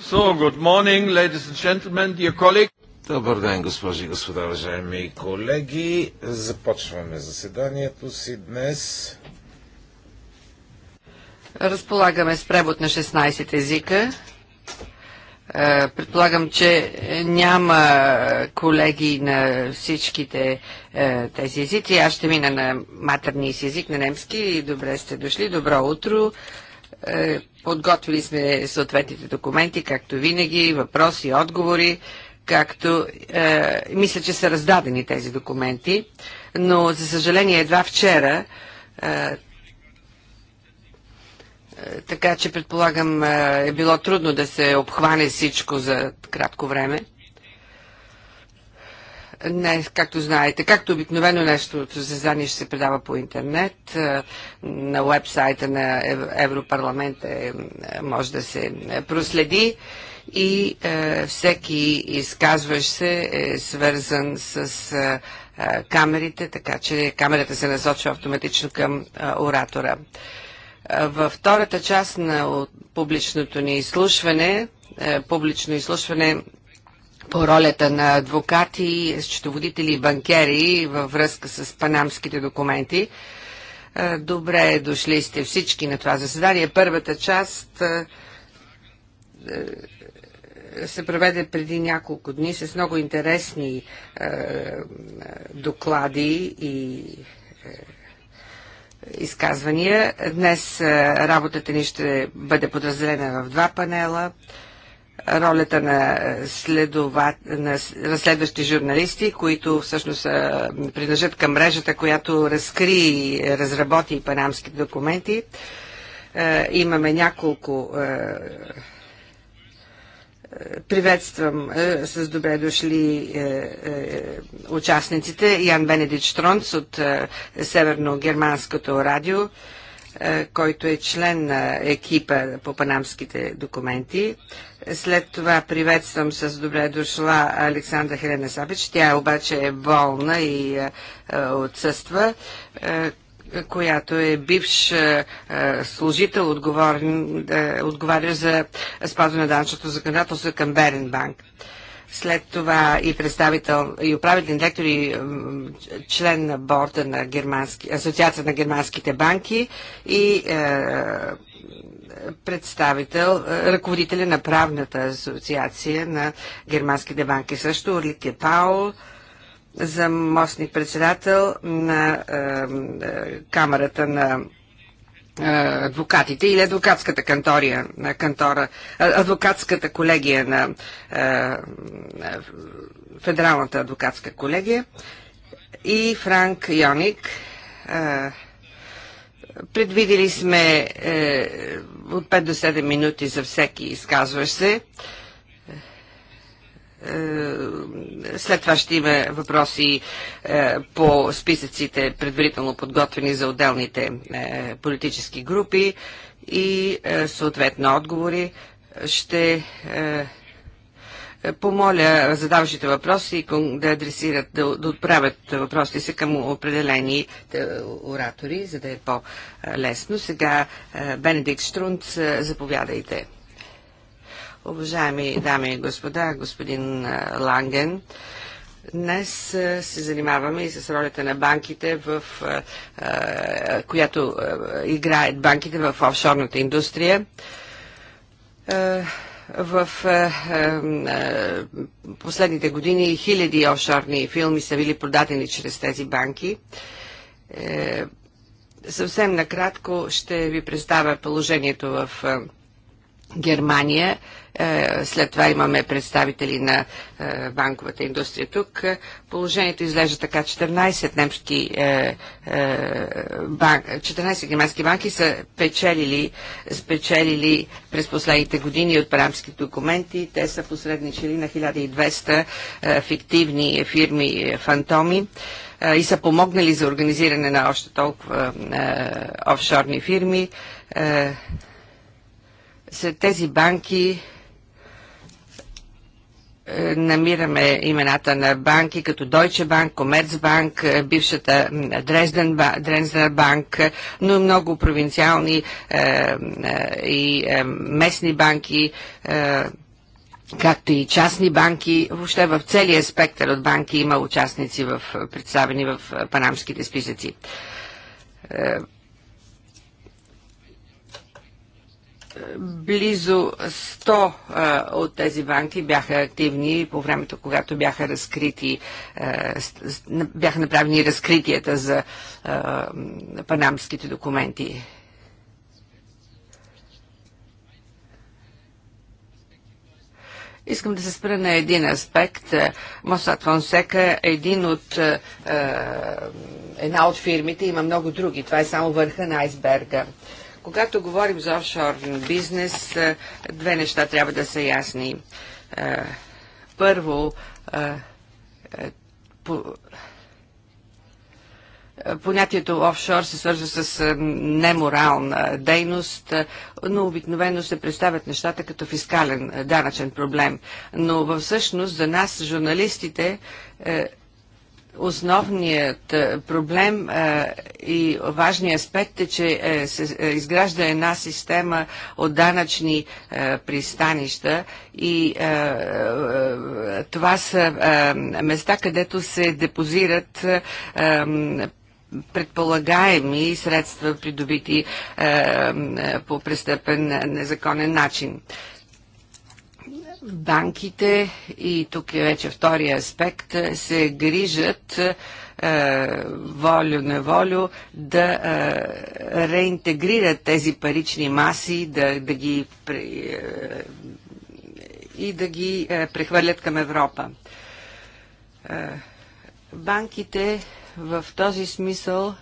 So, good morning, ladies and gentlemen, dear colleagues. Добър ден, госпожи и господа, уважаеми колеги. Започваме заседанието си днес. Разполагаме с превод на 16 езика. Е, предполагам, че няма колеги на всичките е, тези езици. Аз ще мина на матерния си език, на немски. Добре сте дошли, добро утро. Е, подготвили сме съответните документи, както винаги, въпроси и отговори, както е, мисля, че са раздадени тези документи, но за съжаление едва вчера, е, е така че предполагам е, е било трудно да се обхване всичко за кратко време. Не, както знаете, както обикновено от заседание ще се предава по интернет, е, на вебсайта на Европарламент е, може да се проследи и е, всеки изказващ се е свързан с е, е, камерите, така че камерата се насочва автоматично към е, оратора. Във втората част на публичното ни изслушване, публично изслушване по ролята на адвокати, счетоводители и банкери във връзка с панамските документи. Добре дошли сте всички на това заседание. Първата част се проведе преди няколко дни с много интересни доклади и изказвания. Днес работата ни ще бъде подразделена в два панела ролята на, следова... на разследващи журналисти, които всъщност принадлежат към мрежата, която разкри и разработи панамските документи. Имаме няколко приветствам с добре дошли участниците Ян Бенедит Штронц от Северно-германското радио, е, който е член на екипа по панамските документи. След това приветствам с добре дошла Александра Хелена Сабич. Тя обаче е болна и е, е, отсъства която е бивш служител, отговарящ отговаря за спазване на данъчното законодателство към Беренбанк. Банк след това и представител, и управителен директор и член на борда на германски, Асоциация на германските банки и е, представител, е, ръководителя на правната асоциация на германските банки. Също Орлике Паул, замостник председател на е, е, Камерата на адвокатите или адвокатската кантория, кантора, адвокатската колегия на Федералната адвокатска колегия и Франк Йоник. Предвидели сме е, от 5 до 7 минути за всеки изказващ се. Е, след това ще има въпроси е, по списъците, предварително подготвени за отделните е, политически групи и съответно отговори. Ще помоля задаващите въпроси да адресират, да, да отправят въпросите си към определени оратори, за да е по-лесно. Сега Бенедикт Штрунц, заповядайте. Уважаеми дами и господа, господин Ланген, Днес се занимаваме и с ролята на банките, в, която играят банките в офшорната индустрия. В последните години хиляди офшорни филми са били продадени чрез тези банки. Е, съвсем накратко ще ви представя положението в Германия е, след това имаме представители на е, банковата индустрия тук. Положението изглежда така. 14 немски е, банк, 14 германски банки са печелили, спечелили през последните години от парамски документи. Те са посредничили на 1200 фиктивни фирми фантоми и са помогнали за организиране на още толкова офшорни фирми. Сред тези банки е, намираме имената на банки като Deutsche Bank, Commerzbank, е, бившата Дрезден, банк, е, но и много провинциални е, и е, местни банки, е, както и частни банки. Въобще в целия спектър от банки има участници в, представени в панамските списъци близо 100 а, от тези банки бяха активни по времето, когато бяха разкрити, а, бяха направени разкритията за а, панамските документи. Искам да се спра на един аспект. Мосад Фонсека е един от, една от фирмите, има много други. Това е само върха на айсберга. Когато говорим за офшорен бизнес, е, две неща трябва да са ясни. Е, първо, е, понятието офшор се свързва с неморална дейност, но обикновено се представят нещата като фискален данъчен проблем. Но всъщност за нас, журналистите, Основният е, проблем е, и важният аспект е, че е, се изгражда една система от данъчни пристанища и това са места, където се депозират предполагаеми средства, придобити е, по престъпен незаконен начин. Банките, и тук е вече втория аспект, се грижат волю-неволю да е, реинтегрират тези парични маси, да, да ги е, и да ги е, прехвърлят към Европа. банките в този смисъл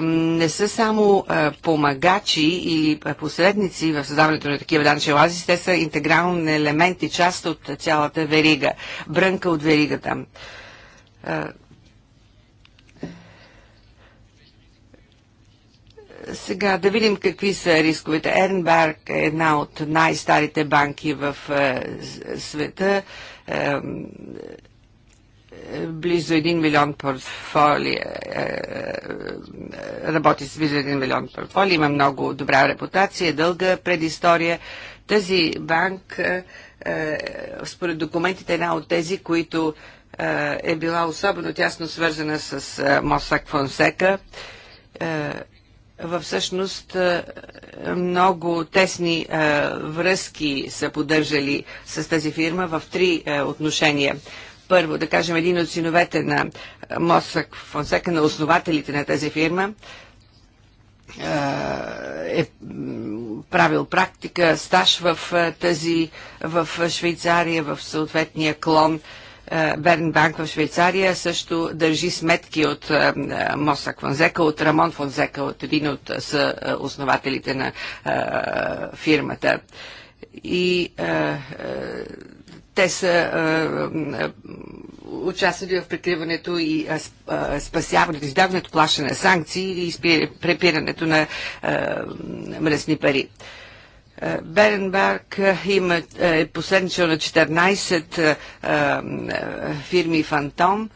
не са само помагачи или посредници в създаването на такива данъчни оазиси, те са интегрални елементи, част от цялата верига, брънка от веригата. Сега да видим какви са рисковете. Ернберг е една от най-старите банки в света близо 1 милион портфоли, е, е, работи с близо 1 милион портфоли, има много добра репутация, дълга предистория. Тази банк е, според документите, една от тези, които е била особено тясно свързана с Мосак Фонсека. Във всъщност много тесни връзки са поддържали с тази фирма в три отношения – първо, да кажем, един от синовете на Мосък Фонсека, на основателите на тази фирма, е правил практика, стаж в тази, в Швейцария, в съответния клон. Бернбанк в Швейцария също държи сметки от Мосак Фонзека, от Рамон Фонзека, от един от основателите на фирмата. И те са участвали в прикриването и спасяването, издаването, плащане на санкции и препирането на мръсни пари. Беренбарк има, е последничал на 14 фирми Фантом.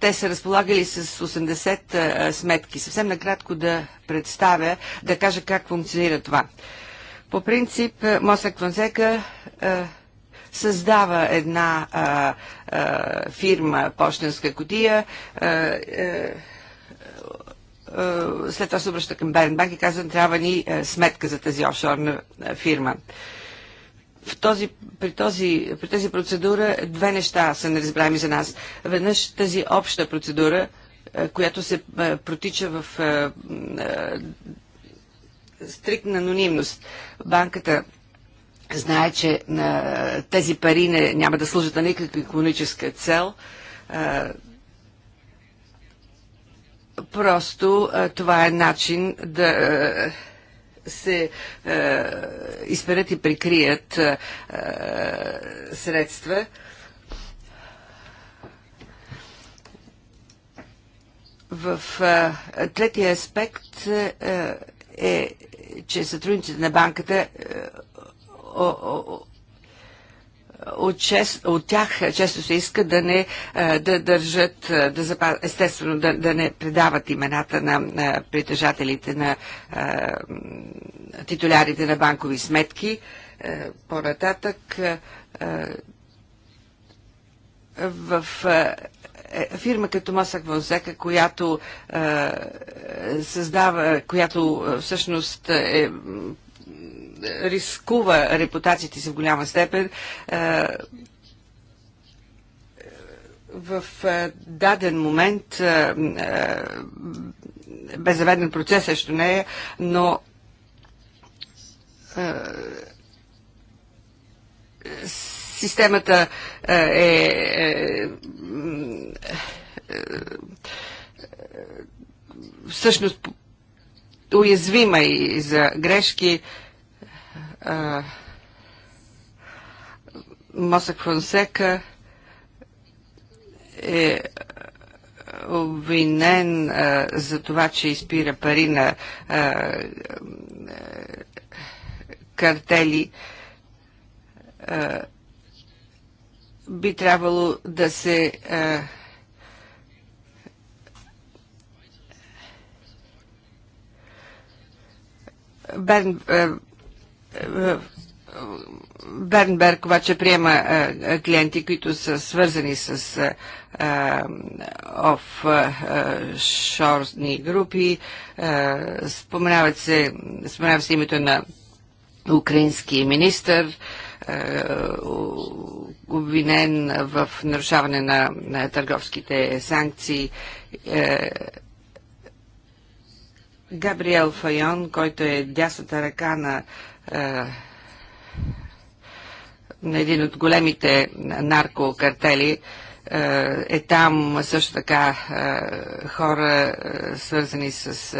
те са разполагали с 80 сметки. Съвсем накратко да представя, да кажа как функционира това. Е, по принцип, Мосък е, Фонсека създава една а, е, а, е, фирма, почтенска котия, а, а, а, след това се обръща към Бернбанк и казва, трябва ни а, сметка за тази офшорна фирма. В този, при, този, при тази процедура две неща са неразбрани за нас. Веднъж тази обща процедура, а, която се а, протича в а, Стриктна анонимност. Банката знае, че на тези пари не, няма да служат на никаква економическа цел. А, просто а, това е начин да се е, изперят и прикрият е, средства. В е, третия аспект е че сътрудниците на банката е, от, чест, от тях често се иска да не е, да държат, е, да запаз, естествено да, да не предават имената на, на притежателите на на титулярите на банкови сметки. По-нататък в е, фирма като Масак Вонсека, която е, създава, която е, всъщност е рискува репутацията си в голяма степен. Е, в е, даден момент е, е бе заведен процес срещу нея, но с Системата е, е, е. всъщност уязвима и за грешки. Мосък Фонсека е обвинен а, за това, че изпира пари на а, картели. А, би трябвало да се Берн, Бернберг обаче приема клиенти, които са свързани с офшорни групи. споменават се, споменава се името на украински министър. Е, обвинен в нарушаване на, на търговските санкции. Е, Габриел Файон, който е дясната ръка на, е, на един от големите наркокартели, е, е там също така е, хора, е, свързани с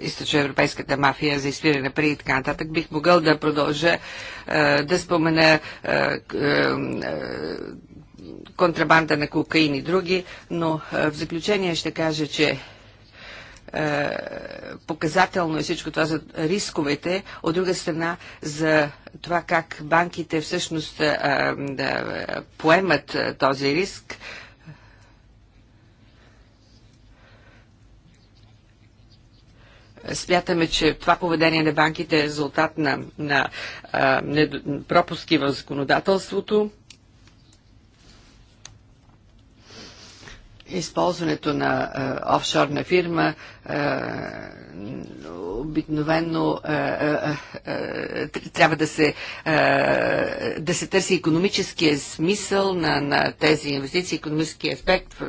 източноевропейската мафия за изпиране при пари и така нататък. Бих могъл да продължа да спомена контрабанда на кокаин и други, но в заключение ще кажа, че е, показателно е всичко това за рисковете, от друга страна за това как банките всъщност е, поемат е, този риск. Смятаме, че това поведение на банките е резултат на, на пропуски в законодателството използването на е, офшорна фирма е, обикновено е, е, е, е, е трябва да се, е, да се търси економическия смисъл на, на тези инвестиции, економически аспект, е,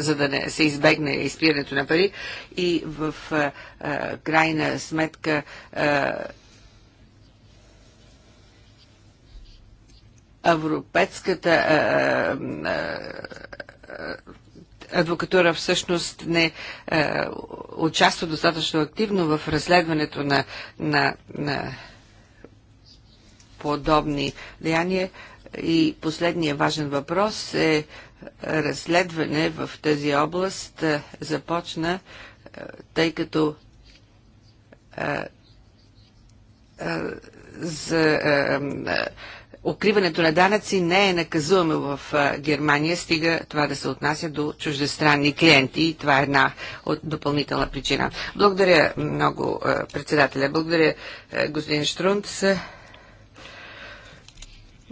за да не се избегне изпирането на пари и в е, е, крайна сметка е, европейската е, е, адвокатура всъщност не е, участва достатъчно активно в разследването на, на, на подобни деяния. И последния важен въпрос е, е разследване в тази област е, започна, е, тъй като е, за укриването на данъци не е наказуемо в Германия, стига това да се отнася до чуждестранни клиенти и това е една от допълнителна причина. Благодаря много председателя. Благодаря господин Штрунц.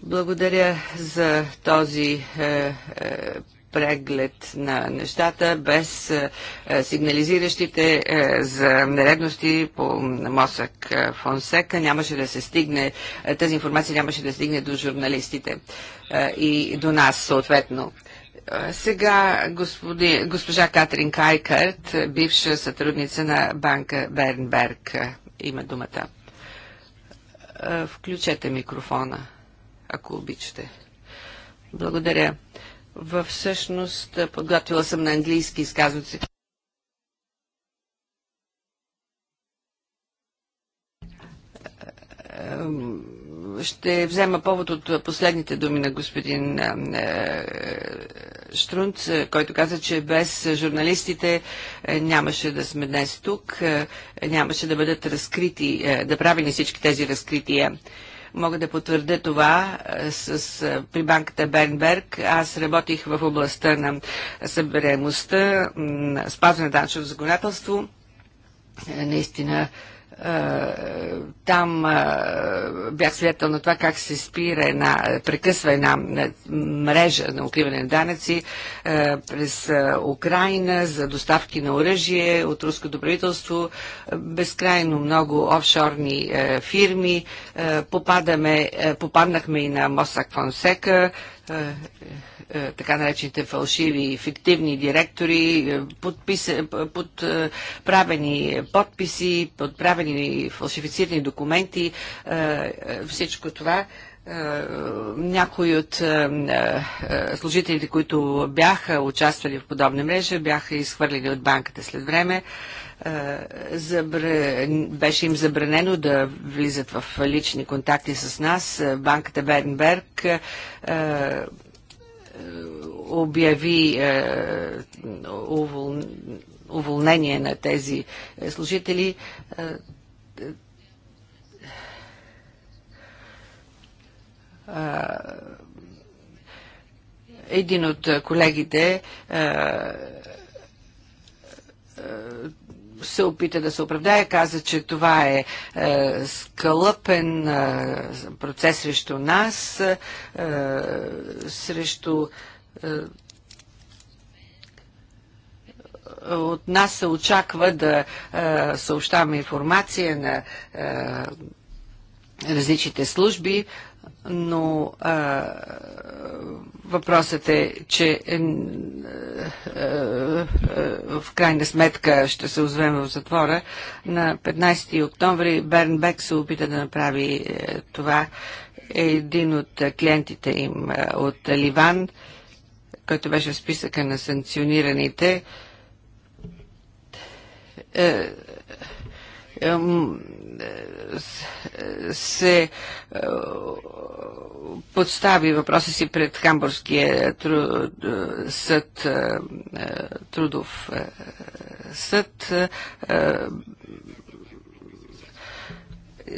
Благодаря за този е, е, преглед на нещата, без е, е, сигнализиращите е, за нередности по Мосък Фонсека. Нямаше да се стигне, тази информация нямаше да стигне до журналистите и до нас съответно. Сега господи, госпожа Катрин Кайкърт, бивша сътрудница на банка Бернберг, има думата. Включете микрофона, ако обичате. Благодаря всъщност е, подготвила съм на английски изказваци. Е, е, ще взема повод от последните думи на господин Штрунц, който каза, че без журналистите нямаше да сме днес тук, нямаше да бъдат разкрити, да правени всички тези разкрития. Мога да потвърдя това с, при банката Бенберг. Аз работих в областта на събираемостта, спазване на данчево законодателство. Е, наистина е, там е, бях свидетел на това как се спира една, прекъсва една е, мрежа на укриване на данъци през Украина за доставки на оръжие от руското правителство. Безкрайно много офшорни фирми. Попадаме, попаднахме и на Мосак Фонсека е, така наречените фалшиви фиктивни директори, е, подправени подписи, подправени фалшифицирани документи, е, всичко това някои от служителите, които бяха участвали в подобна мрежа, бяха изхвърлени от банката след време. Беше им забранено да влизат в лични контакти с нас. Банката Беденберг обяви е, уволнение на тези е, служители. Е, един от колегите се опита да се оправдае, каза, че това е, е скълъпен е, процес срещу нас, е, срещу е, от нас се очаква да е, съобщаваме информация на е, различните служби, но е, Въпросът е, че е, е, е, в крайна сметка ще се озвем в затвора. На 15 октомври Берн Бек се опита да направи е, това. Един от клиентите им е, от Ливан, който беше в списъка на санкционираните, е, се подстави въпроса си пред Хамбургския тру, е, съд, е, е, трудов съд,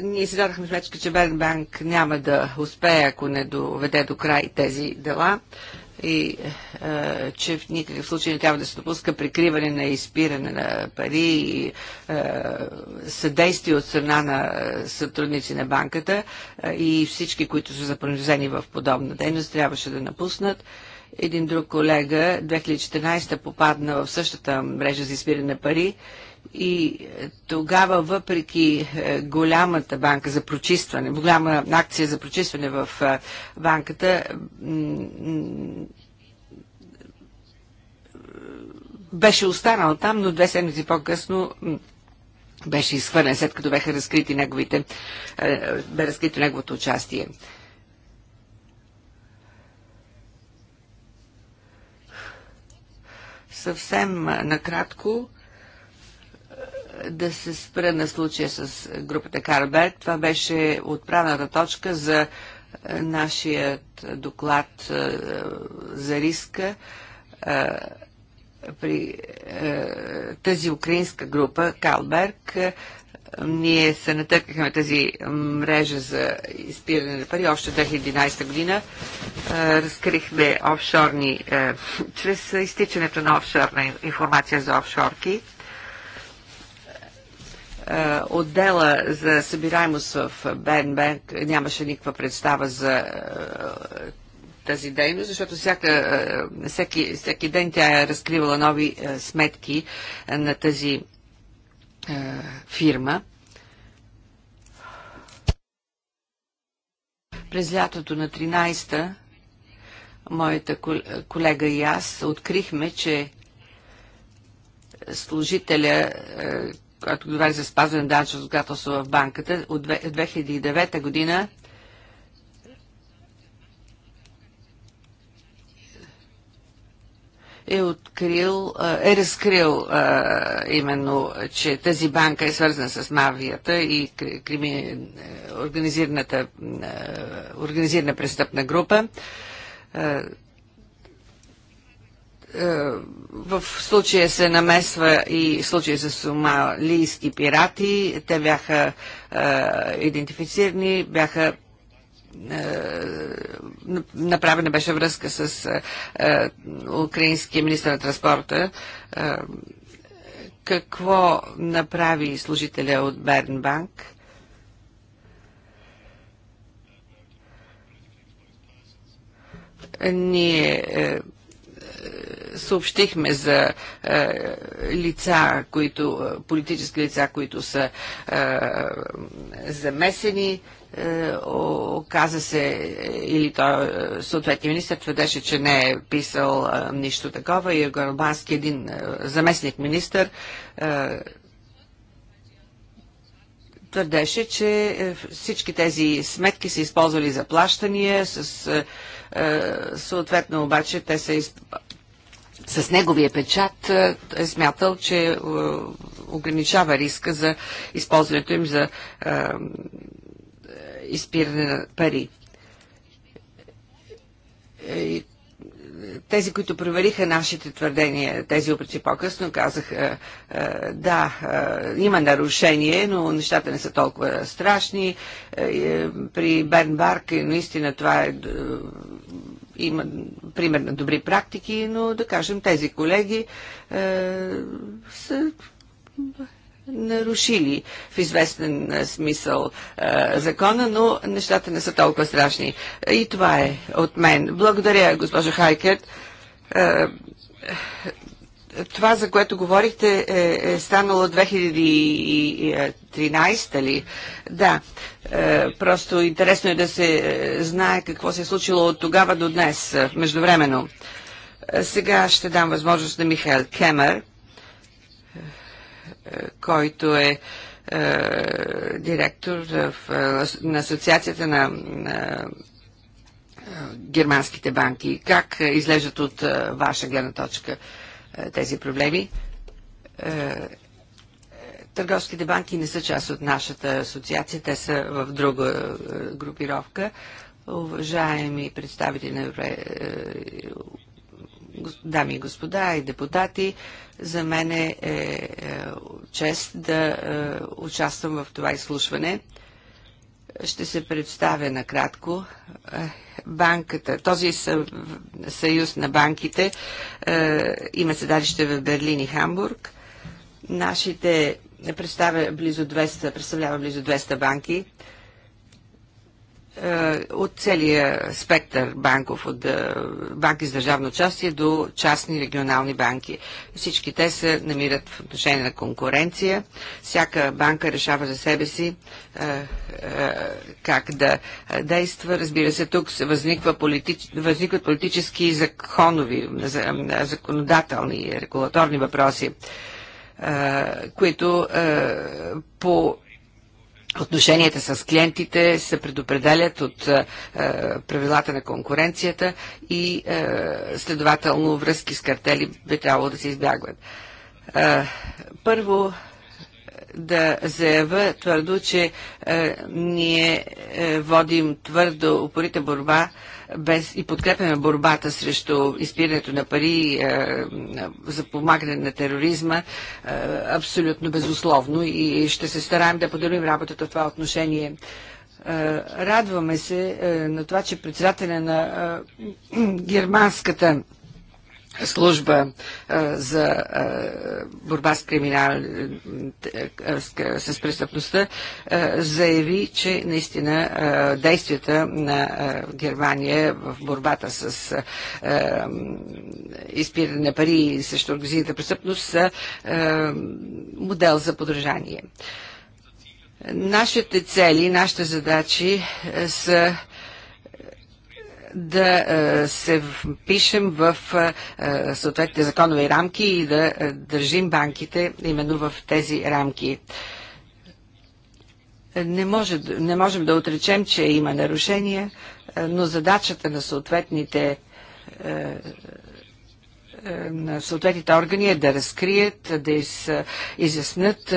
ние си дадахме сметка, че Бенбанк няма да успее, ако не доведе до край тези дела и е, че в никакъв случай не трябва да се допуска прикриване на изпиране на пари и е, съдействие от страна на е, сътрудници на банката е, и всички, които са запронизени в подобна дейност, трябваше да напуснат. Един друг колега 2014 попадна в същата мрежа за изпиране на пари и е, тогава, въпреки е, голямата банка за прочистване, голяма акция за прочистване в е, банката, беше останал там, но две седмици по-късно беше изхвърлен, след като беха разкрити неговите, бе разкрито неговото участие. Съвсем накратко, да се спра на случая с групата Карберг. Това беше отправната точка за е, нашият доклад е, за риска е, при тази украинска група Калберг. Ние се натъркахме тази мрежа за изпиране на пари още 2011 година. Разкрихме офшорни, чрез изтичането на офшорна информация за офшорки е, отдела за събираемост в БНБ нямаше никаква представа за е, тази дейност, защото всяка, е, всеки, всеки ден тя е разкривала нови сметки на тази фирма. През лятото на 13-та моята колега и аз открихме, че служителя, която говори за спазване на данъчно законодателство в банката, от 2009 година е открил, е разкрил е, именно, че тази банка е свързана с мавията и крими, е, организираната, е, организирана престъпна група. Е, е, в случая се намесва и случая с сумалийски пирати. Те бяха е, идентифицирани, бяха е, направена беше връзка с е, е украинския министр на транспорта. Е, какво направи служителя от Бернбанк? Ние е, съобщихме за е, лица, които, политически лица, които са е, замесени. Е, оказа се, или той, е, съответния министр твърдеше, че не е писал е, нищо такова. И Горбански, един е, заместник министр, е, твърдеше, че е, всички тези сметки са използвали за плащания, с, е, е съответно обаче те са изп... с неговия печат е, е смятал, че е, ограничава риска за използването им за е, изпиране на пари тези, които провериха нашите твърдения тези опричи по-късно, казаха е, да, е, има нарушение, но нещата не са толкова страшни. Е, при Берн Барк, наистина това е има пример на добри практики, но да кажем тези колеги са нарушили в известен смисъл закона, но нещата не са толкова страшни. И това е от мен. Благодаря, госпожо Хайкет. това, за което говорихте, е, е станало 2013 ли? Да. Е, просто интересно е да се е, знае какво се е случило от тогава до днес, междувременно. Сега ще дам възможност на Михаил Кемер който е, е директор в, е, на Асоциацията на, на е, германските банки. Как излежат от ваша гледна точка тези проблеми? Търговските банки не са част от нашата асоциация, те са в друга групировка. Уважаеми представители на дами и господа и депутати, за мен е, е чест да е, участвам в това изслушване. Ще се представя накратко. Е, банката, този съюз на банките има седалище в Берлин и Хамбург. Нашите представя близо 200, представлява близо 200 банки. Е, от целия спектър банков, от е, банки с държавно участие до частни регионални банки. Всички те се намират в отношение на конкуренция. Всяка банка решава за себе си е, как да действа. Разбира се, тук възниква политич... възникват политически законови, законодателни, регулаторни въпроси които по Отношенията с клиентите се предопределят от е, е, правилата на конкуренцията и е, следователно връзки с картели би трябвало да се избягват. Е, първо, е, да заявя твърдо, че е, ние е, водим твърдо упорита борба без, и подкрепяме борбата срещу изпирането на пари е, за помагане на тероризма е, абсолютно безусловно и ще се стараем да подарим работата в това отношение. Е, радваме се е, на това, че председателя на е, германската служба а, за а, борба с криминал с престъпността а, заяви, че наистина а, действията на а, Германия в борбата с а, изпиране на пари и срещу организираната престъпност са а, модел за подражание. Нашите цели, нашите задачи са да е, се впишем в е, е, съответните законови рамки и да държим банките именно в тези рамки. Не, може, не можем да отречем, че има нарушения, но задачата на съответните на съответните органи е да разкрият, да из, изяснат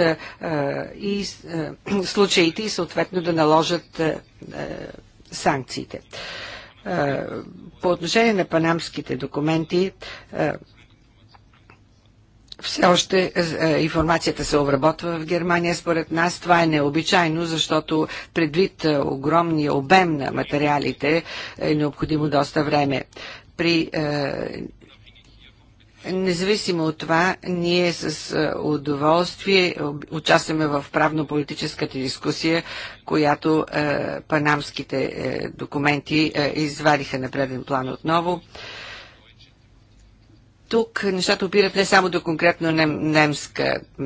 и случаите и съответно да наложат санкциите. По отношение на панамските документи, все още информацията се обработва в Германия. Според нас това е необичайно, защото предвид огромния обем на материалите е необходимо доста време. При Независимо от това, ние с е, удоволствие участваме в правно-политическата дискусия, която е, панамските е, документи извадиха на преден план отново тук нещата опират не само до конкретно нем, немска, е,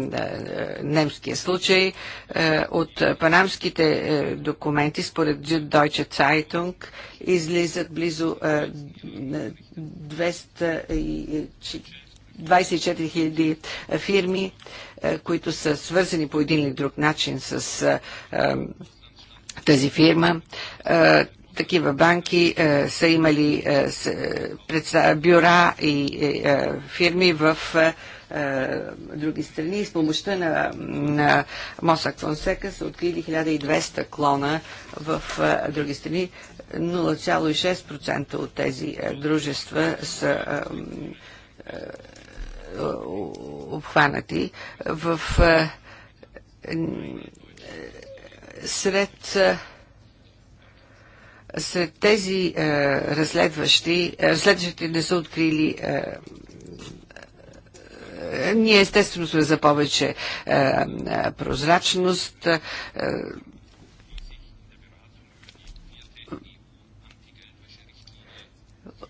немския случай. Е, от панамските е, документи, според Deutsche Zeitung, излизат близо 200 24 хиляди фирми, които са свързани по един или друг начин с тази фирма такива банки е, са имали е, с, е, бюра и е, е фирми в е, е, други страни с помощта на, на Мосак Фонсека са открили 1200 клона в е, други страни. 0,6% от тези е, дружества са е, е, обхванати в е, е сред е, сред тези е, разследващи, е, разследващите не са открили е, е, ние естествено сме за повече е, е прозрачност.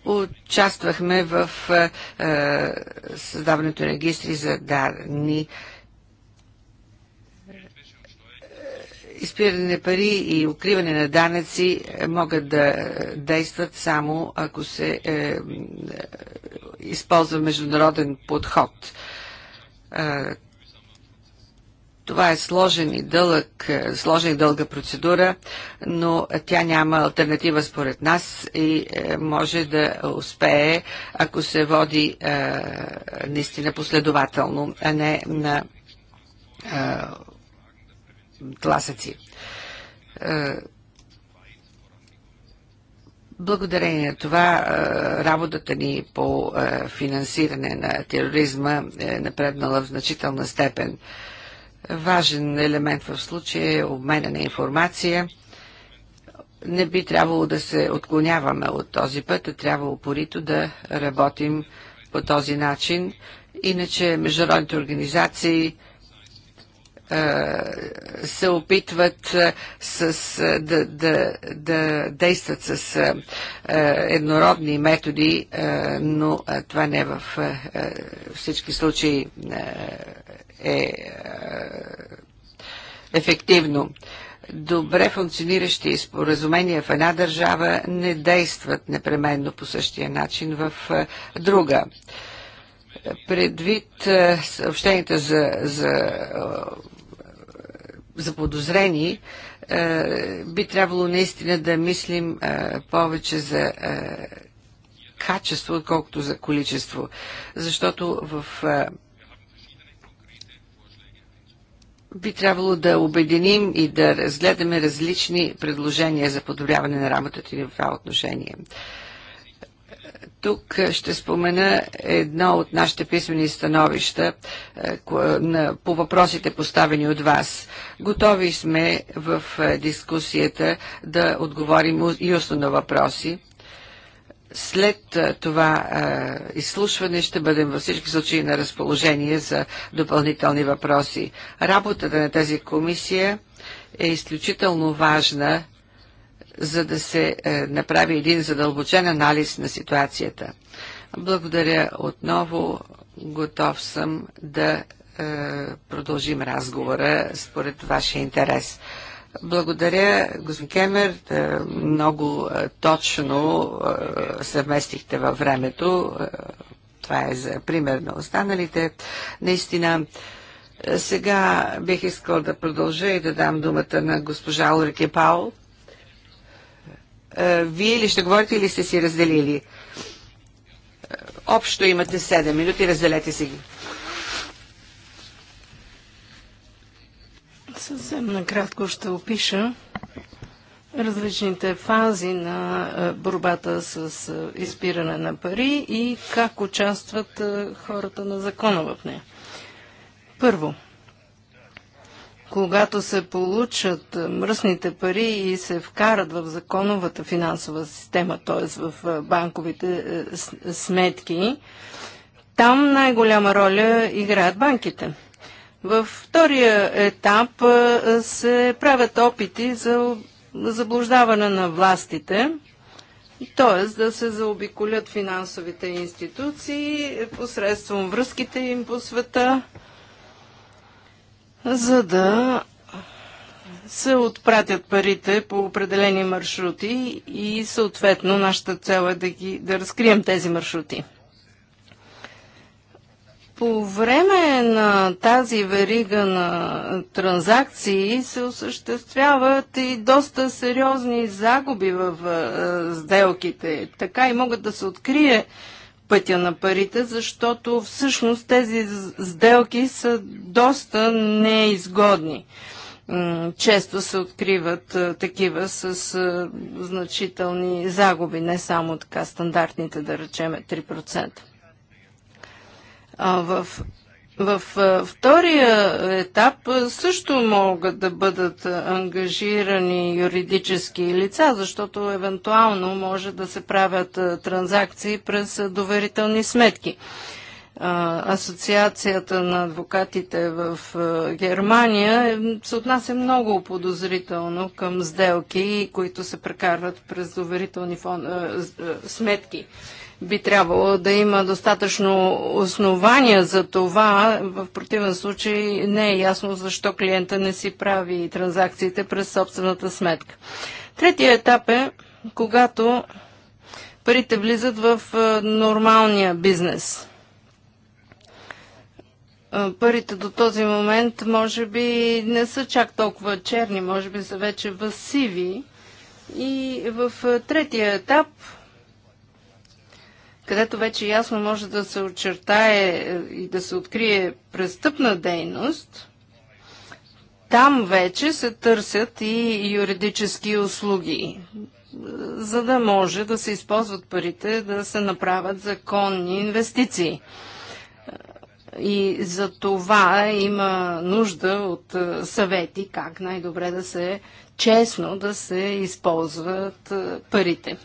участвахме в е, създаването на регистри за дарни е, изпиране на пари и укриване на данъци е, могат да е, действат само ако се е, е използва международен подход. Това е сложен и, дълъг, сложен и дълга процедура, но тя няма альтернатива според нас и може да успее, ако се води е, наистина последователно, а не на е, тласъци. Е, благодарение на това е, работата ни по е, финансиране на тероризма е напреднала в значителна степен. Важен елемент в случая е обмена на информация. Не би трябвало да се отклоняваме от този път, а трябва упорито да работим по този начин. Иначе международните организации се опитват с, да, да, да действат с еднородни методи, но това не е в всички случаи е ефективно добре функциониращи споразумения в една държава не действат непременно по същия начин в друга. Предвид съобщенията за, за заподозрени, е, би трябвало наистина да мислим е, повече за е, качество, отколкото за количество. Защото в би трябвало да обединим и да разгледаме различни предложения за подобряване на работата ни в това отношение. Тук е, ще спомена едно от нашите писмени становища е, по въпросите поставени от вас. Готови сме в е, дискусията да отговорим и на въпроси. След това изслушване ще бъдем във всички случаи на разположение за допълнителни въпроси. Работата на тази комисия е изключително важна за да се е, направи един задълбочен анализ на ситуацията. Благодаря отново. Готов съм да е, продължим разговора според вашия интерес. Благодаря, господин Кемер. Е, много точно съвместихте във времето. Това е за пример на останалите. Наистина, сега бих искал да продължа и да дам думата на госпожа Олрике Паул. Е, вие ли ще говорите или сте си разделили? Общо имате 7 минути, разделете си ги. Съвсем накратко ще опиша различните фази на е, борбата с е, изпиране на пари и как участват хората на закона в нея. Първо, когато се получат мръсните пари и се вкарат в законовата финансова система, т.е. в банковите сметки, там най-голяма роля играят банките. Във втория етап се правят опити за заблуждаване на властите, т.е. да се заобиколят финансовите институции посредством връзките им по света – за да се отпратят парите по определени маршрути и съответно нашата цел е да, ги, да разкрием тези маршрути. По време на тази верига на транзакции се осъществяват и доста сериозни загуби в сделките. Така и могат да се открие пътя на парите, защото всъщност тези сделки са доста неизгодни. Често се откриват такива с значителни загуби, не само така стандартните, да речеме, 3%. в в втория етап също могат да бъдат ангажирани юридически лица, защото евентуално може да се правят транзакции през доверителни сметки. Асоциацията на адвокатите в Германия е, се отнася много подозрително към сделки, които се прекарват през доверителни фон... сметки би трябвало да има достатъчно основания за това. В противен случай не е ясно защо клиента не си прави транзакциите през собствената сметка. Третия етап е, когато парите влизат в нормалния бизнес. Парите до този момент може би не са чак толкова черни, може би са вече възсиви. И в третия етап където вече ясно може да се очертае е, и да се открие престъпна дейност, там вече се търсят и юридически услуги, за да може да се използват парите да се направят законни инвестиции. И за това има нужда от е, съвети как най-добре да се честно да се използват е, парите.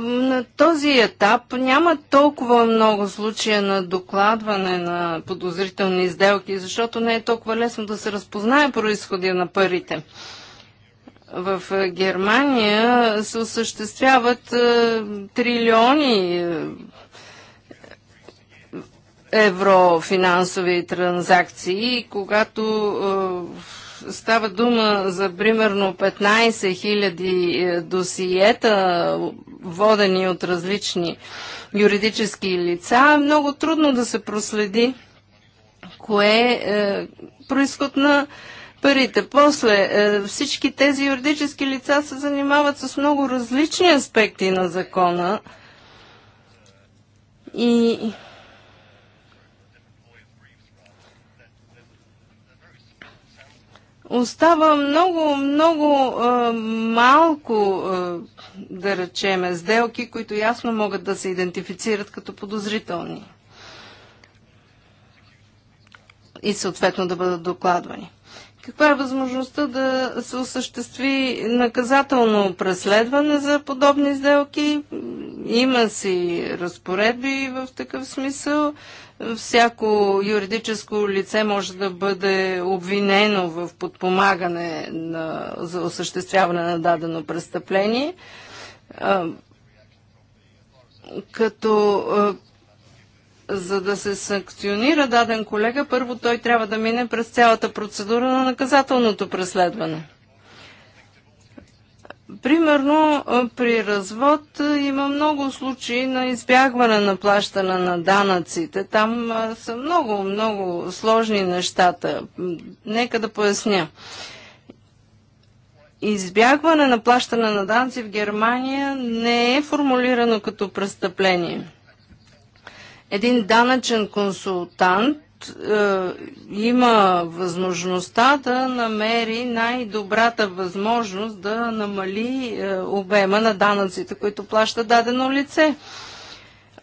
на този етап няма толкова много случая на докладване на подозрителни сделки, защото не е толкова лесно да се разпознае происходя на парите. В Германия се осъществяват е, трилиони еврофинансови евро финансови транзакции, когато е, става дума за примерно 15 000 е, досиета, водени от различни юридически лица, много трудно да се проследи кое е происход на парите. После е, всички тези юридически лица се занимават с много различни аспекти на закона и остава много, много е, малко, е, да речеме, сделки, които ясно могат да се идентифицират като подозрителни и съответно да бъдат докладвани. Каква е възможността да се осъществи наказателно преследване за подобни сделки? Има си разпоредби в такъв смисъл. Всяко юридическо лице може да бъде обвинено в подпомагане на, за осъществяване на дадено престъпление, като за да се санкционира даден колега, първо той трябва да мине през цялата процедура на наказателното преследване. Примерно при развод има много случаи на избягване на плащане на данъците. Там са много, много сложни нещата. Нека да поясня. Избягване на плащане на данъци в Германия не е формулирано като престъпление. Един данъчен консултант е, има възможността да намери най-добрата възможност да намали е, обема на данъците, които плаща дадено лице.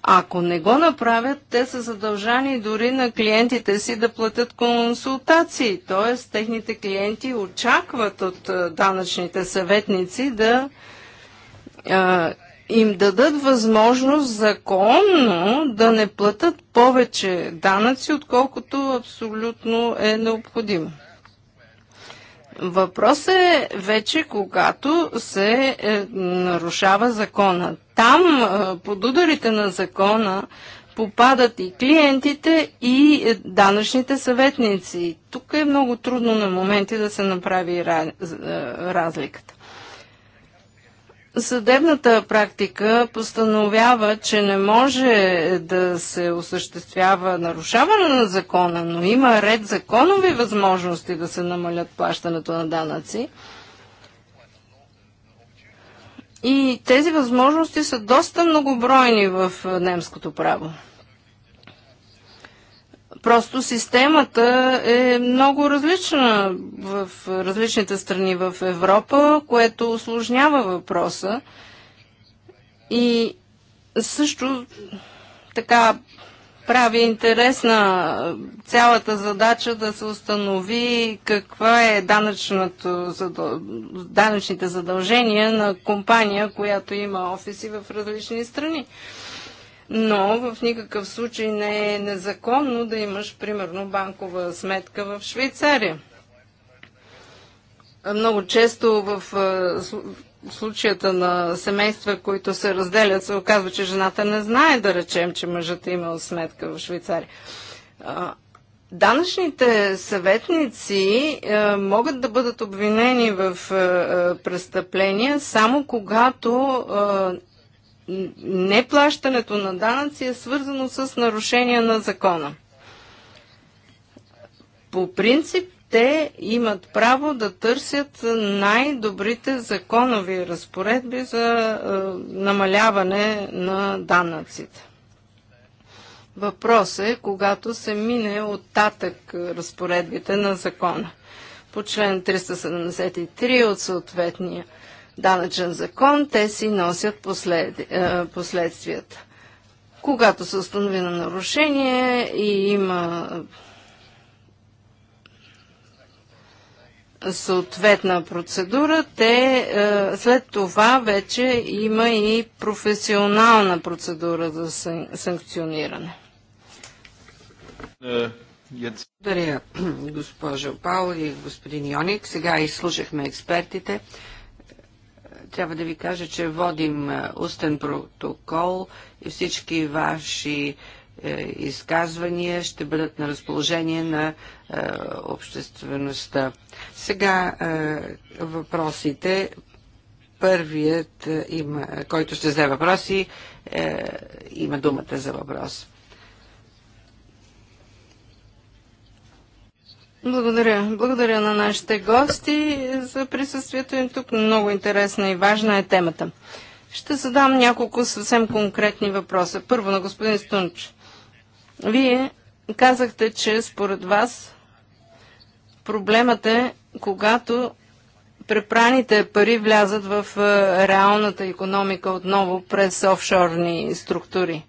Ако не го направят, те са задължани дори на клиентите си да платят консултации, т.е. техните клиенти очакват от е, данъчните съветници да е, им дадат възможност законно да не платят повече данъци, отколкото абсолютно е необходимо. Въпрос е вече когато се е, нарушава закона. Там е, под ударите на закона попадат и клиентите, и е, данъчните съветници. Тук е много трудно на моменти да се направи разликата. Съдебната практика постановява, че не може да се осъществява нарушаване на закона, но има ред законови възможности да се намалят плащането на данъци. И тези възможности са доста многобройни в немското право. Просто системата е много различна в различните страни в Европа, което осложнява въпроса. И също така прави интересна цялата задача да се установи каква е данъчните задължения на компания, която има офиси в различни страни но в никакъв случай не е незаконно да имаш, примерно, банкова сметка в Швейцария. Много често в случаята на семейства, които се разделят, се оказва, че жената не знае да речем, че мъжът е имал сметка в Швейцария. Данъчните съветници могат да бъдат обвинени в престъпления само когато неплащането на данъци е свързано с нарушение на закона. По принцип, те имат право да търсят най-добрите законови разпоредби за е, намаляване на данъците. Въпрос е, когато се мине от татък разпоредбите на закона по член 373 от съответния данъчен закон, те си носят послед, е, последствията. Когато се установи на нарушение и има съответна процедура, те е, след това вече има и професионална процедура за сан, санкциониране. Благодаря, госпожо Паул и господин Йоник. Сега изслушахме експертите трябва да ви кажа, че водим е, устен протокол и всички ваши е, изказвания ще бъдат на разположение на е, обществеността. Сега е, въпросите. Първият, е, има, който ще взе въпроси, е, има думата за въпрос. Благодаря. Благодаря на нашите гости за присъствието им тук. Много интересна и важна е темата. Ще задам няколко съвсем конкретни въпроса. Първо на господин Стунч. Вие казахте, че според вас проблемът е, когато препраните пари влязат в е, реалната економика отново през офшорни структури.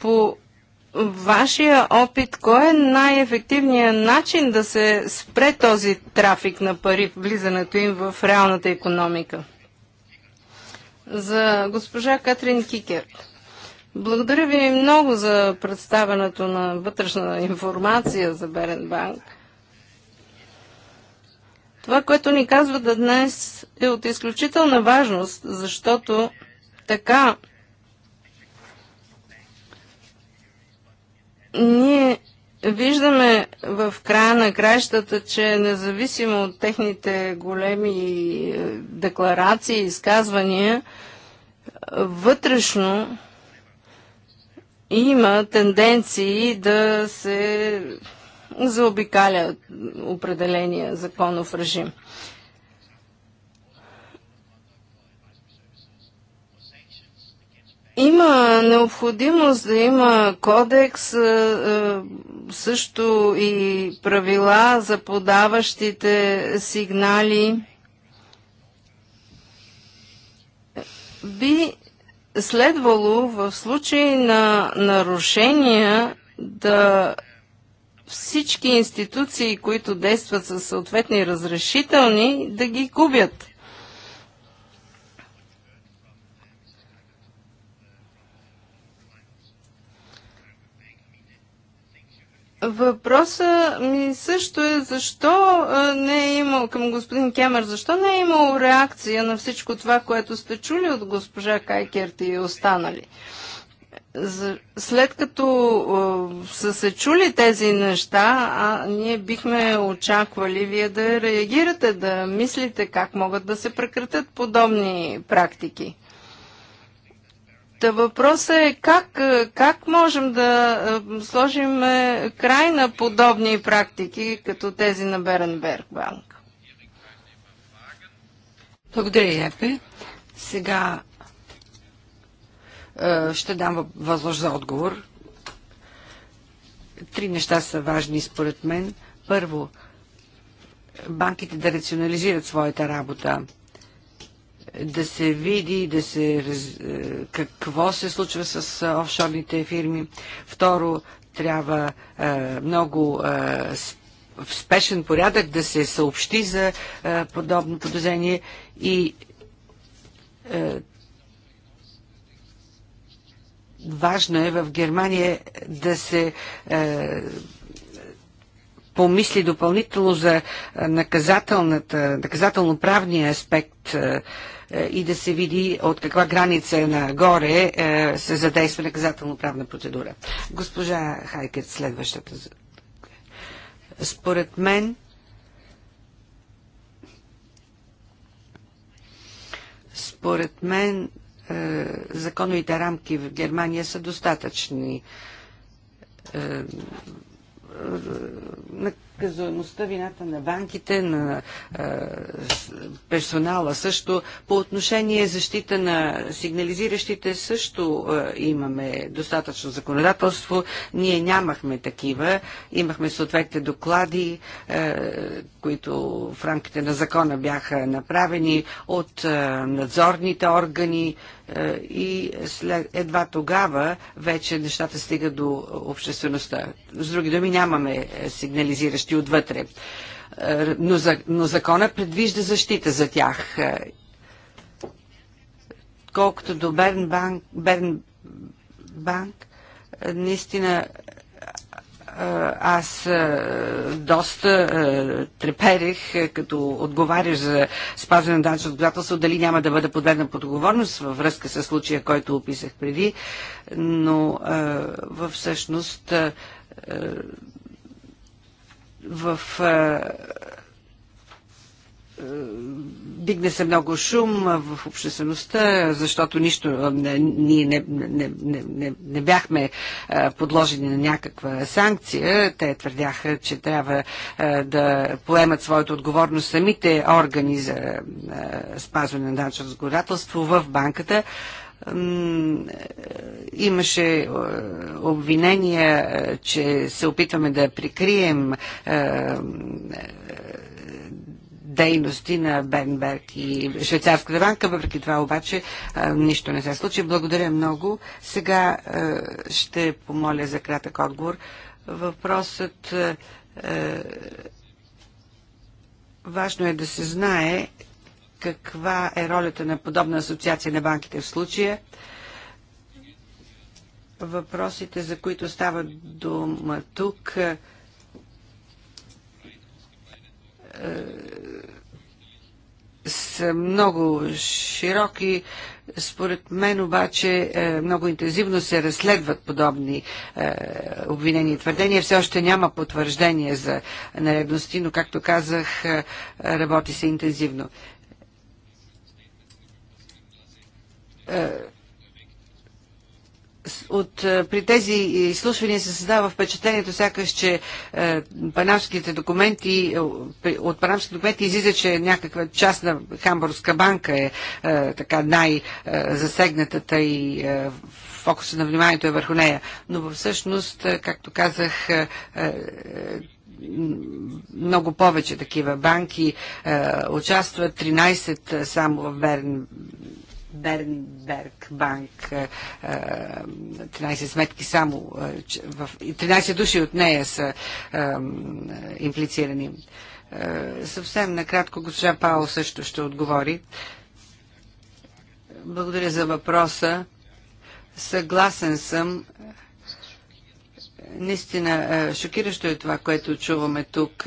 По вашия опит, кой е най-ефективният начин да се спре този трафик на пари, влизането им в реалната економика? За госпожа Катрин Кикер. Благодаря ви много за представянето на вътрешна информация за Беренбанк. Това, което ни казва да днес е от изключителна важност, защото така Ние виждаме в края на кращата, че независимо от техните големи е, декларации и изказвания, вътрешно има тенденции да се заобикаля определения законов режим. Има необходимост да има кодекс, също и правила за подаващите сигнали. Би следвало в случай на нарушения да всички институции, които действат със съответни разрешителни, да ги губят. Въпросът ми също е защо не е имал към господин Кемер, защо не е имал реакция на всичко това, което сте чули от госпожа Кайкерт и останали. След като са се чули тези неща, а ние бихме очаквали вие да реагирате, да мислите как могат да се прекратят подобни практики. Та въпросът е как, е, как можем да е, сложим е, край на подобни практики, като тези на Беренберг банк? Благодаря, Епе. Сега ще дам възможност за отговор. Три неща са важни според мен. Първо, банките да рационализират своята работа да се види да се, е, какво се случва с е, офшорните фирми. Второ, трябва е, много в спешен порядък да се съобщи за подобно подозрение и важно е в Германия да се помисли допълнително за наказателната, наказателно-правния аспект е, и да се види от каква граница нагоре е, се задейства наказателно-правна процедура. Госпожа Хайкет, следващата. Според мен, според мен е, законовите рамки в Германия са достатъчни безнаказаността, вината на банките, на а, персонала също. По отношение защита на сигнализиращите също а, имаме достатъчно законодателство. Ние нямахме такива. Имахме съответните доклади, а, които в рамките на закона бяха направени от а, надзорните органи и след, едва тогава вече нещата стигат до обществеността. С други думи, нямаме сигнализиращи идващи отвътре. Е, но, но закона предвижда защита за тях. Е, колкото до Бернбанк, Бернбанк е, наистина аз доста треперих като отговаряш за спазване на данъчно отговорателство, дали няма да бъде подведена под отговорност във връзка с случая, който описах преди, но всъщност в дигне се много шум в обществеността, защото нищо, ние не, не, не, не, не бяхме подложени на някаква санкция. Те твърдяха, че трябва да поемат своята отговорност самите органи за спазване на данъчно законодателство в банката. Е, имаше е, обвинения, е, че се опитваме да прикрием дейности на Бенберг и Швейцарската банка. Въпреки това обаче нищо не се случи. Благодаря много. Сега ще помоля за кратък отговор. Въпросът важно е да се знае, каква е ролята на подобна асоциация на банките в случая. Въпросите, за които става дума тук, е, са много широки. Според мен обаче е, много интензивно се разследват подобни е, обвинения и твърдения. Все още няма потвърждение за наредности, но както казах, работи се интензивно. Е, от, е, при тези изслушвания се създава впечатлението сякаш, че е, панамските документи, е, от панамските документи излиза, че някаква част на Хамбургска банка е, е така най-засегнатата и е, фокуса на вниманието е върху нея. Но всъщност, както казах, е, е, много повече такива банки участват, 13 само в Берн Бернберг банк. 13 е, е, сметки само. 13 е, души от нея са имплицирани. Съвсем накратко госпожа Пао също ще отговори. Благодаря за въпроса. Съгласен съм. Наистина, шокиращо е това, което чуваме тук.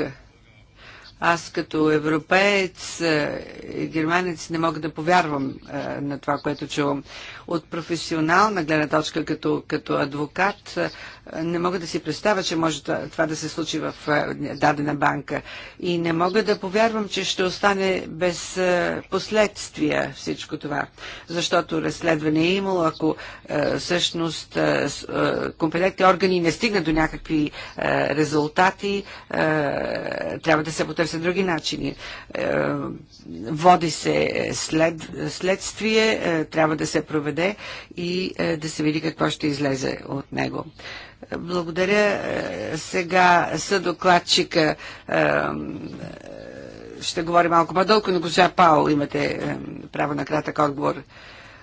Аз като европеец, е, германец не мога да повярвам е, на това, което чувам. От професионална гледна точка като, като адвокат, е, не мога да си представя, че може това да се случи в е, дадена банка. И не мога да повярвам, че ще остане без е, последствия всичко това. Защото разследване е имало, ако е, всъщност компетентни органи не стигнат до някакви резултати, трябва да се потърсят други начини. Води се след, следствие, трябва да се проведе и да се види какво ще излезе от него. Благодаря. Е, сега съдокладчика е, ще говори малко по-дълго, но госпожа Паул имате е, право на кратък отговор.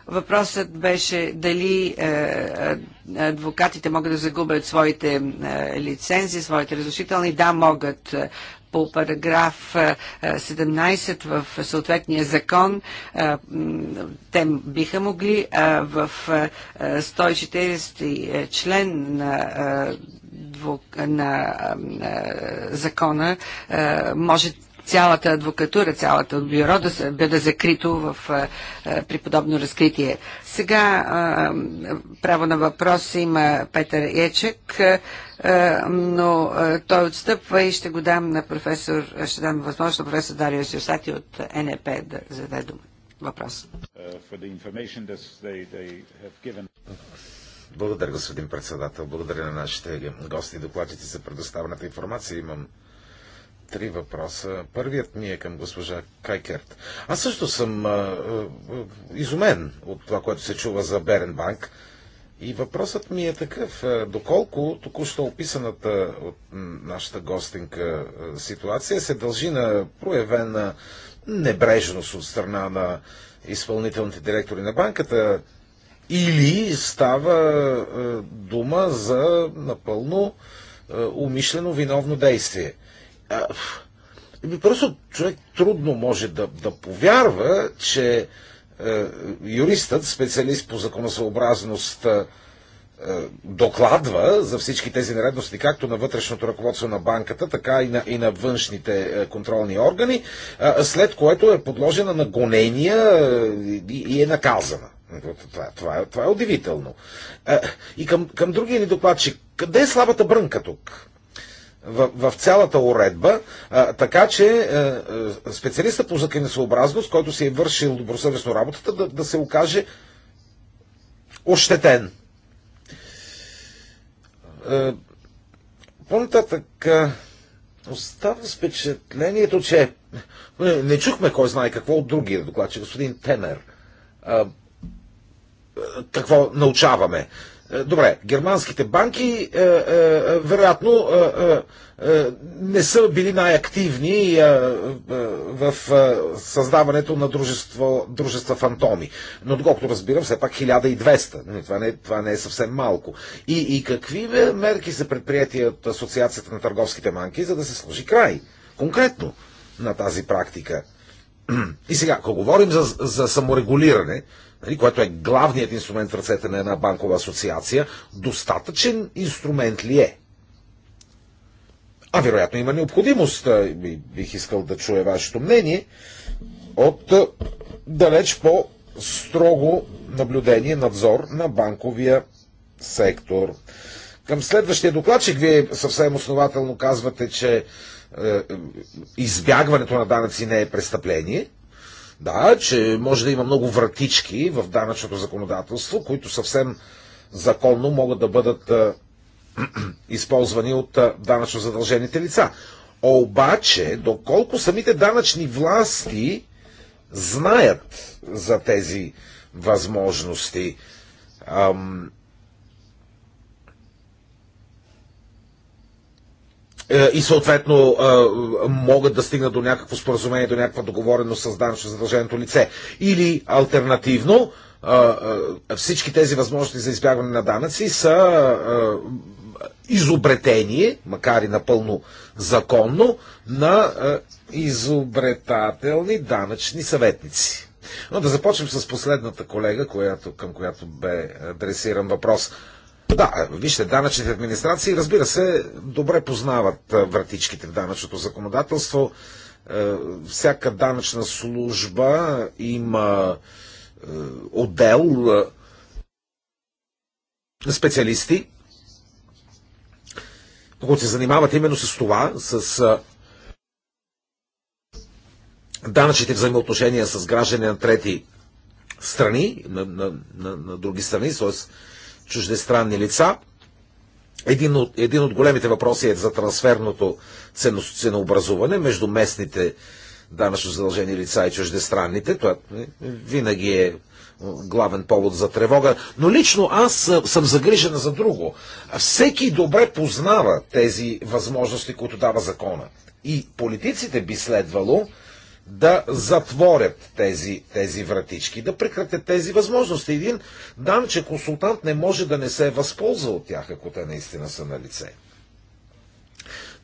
Въпросът беше дали адвокатите могат да загубят своите лицензии, своите разрешителни. Да, могат по параграф 17 е, в съответния закон, е, те биха могли е, в 140 член на, на закона може цялата адвокатура, цялата бюро да бъде закрито в, е, е, при подобно разкритие. Сега е, право на въпрос има Петър Ечек, но той отстъпва и ще го дам на професор, ще дам възможност на професор Дарио Сиосати от НЕП да зададе дума. Въпрос. Благодаря, господин председател. Благодаря на нашите гости и докладчици за предоставената информация. Имам три въпроса. Първият ми е към госпожа Кайкерт. Аз също съм а, а, изумен от това, което се чува за Беренбанк. И въпросът ми е такъв. Доколко току-що описаната от нашата гостинка ситуация се дължи на проявена небрежност от страна на изпълнителните директори на банката или става дума за напълно умишлено виновно действие. А просто човек трудно може да, да повярва, че а, е, юристът, специалист по законосъобразност, а, е, е, докладва за всички тези нередности, както на вътрешното ръководство на банката, така и на, и на външните контролни органи, а, след което е подложена на гонения и, и е наказана. Това, това, е, това е удивително. и към, към другия ни докладчик, къде е слабата брънка тук? в, в цялата уредба, а, така че а, е, е, специалиста по законосъобразност, който си е вършил добросъвестно работата, да, да се окаже ощетен. Е, по-нататък остава с впечатлението, че не, не чухме кой знае какво от другия доклад, че господин Темер. А, какво научаваме? Е, добре, германските банки е, е, е вероятно е, е, не са били най-активни в създаването на дружество, дружества фантоми. Но доколкото разбирам, все пак 1200. Нали, това не, това не е съвсем малко. И, и какви мерки са предприяти от Асоциацията на търговските банки, за да се сложи край конкретно на тази практика? И сега, ако говорим за, за саморегулиране, Нали, което е главният инструмент в ръцете на една банкова асоциация, достатъчен инструмент ли е? А вероятно има необходимост, бих искал да чуя вашето мнение, от далеч по-строго наблюдение, надзор на банковия сектор. Към следващия докладчик вие съвсем основателно казвате, че е, е избягването на данъци не е престъпление – да, че може да има много вратички в данъчното законодателство, които съвсем законно могат да бъдат използвани от данъчно задължените лица. Обаче, доколко самите данъчни власти знаят за тези възможности, ам, Е, и съответно е, могат да стигнат до някакво споразумение, до някаква договореност с данъчно задълженото лице. Или альтернативно, е, всички тези възможности за избягване на данъци са изобретение, макар и напълно законно, на изобретателни данъчни съветници. Но да започнем с последната колега, която, към която бе адресиран въпрос. Да, вижте, данъчните администрации, разбира се, добре познават вратичките в данъчното законодателство. Е, всяка данъчна служба има е, отдел е, специалисти, които се занимават именно с това, с данъчните взаимоотношения с граждани на трети страни, на, на, на, на други страни, т.е чуждестранни лица. Един от, един от големите въпроси е за трансферното ценообразуване между местните данъчно задължени лица и чуждестранните. Това е, винаги е главен повод за тревога. Но лично аз съм загрижена за друго. Всеки добре познава тези възможности, които дава закона. И политиците би следвало да затворят тези, тези вратички, да прекратят тези възможности. Един дан, че консултант не може да не се възползва от тях, ако те наистина са на лице.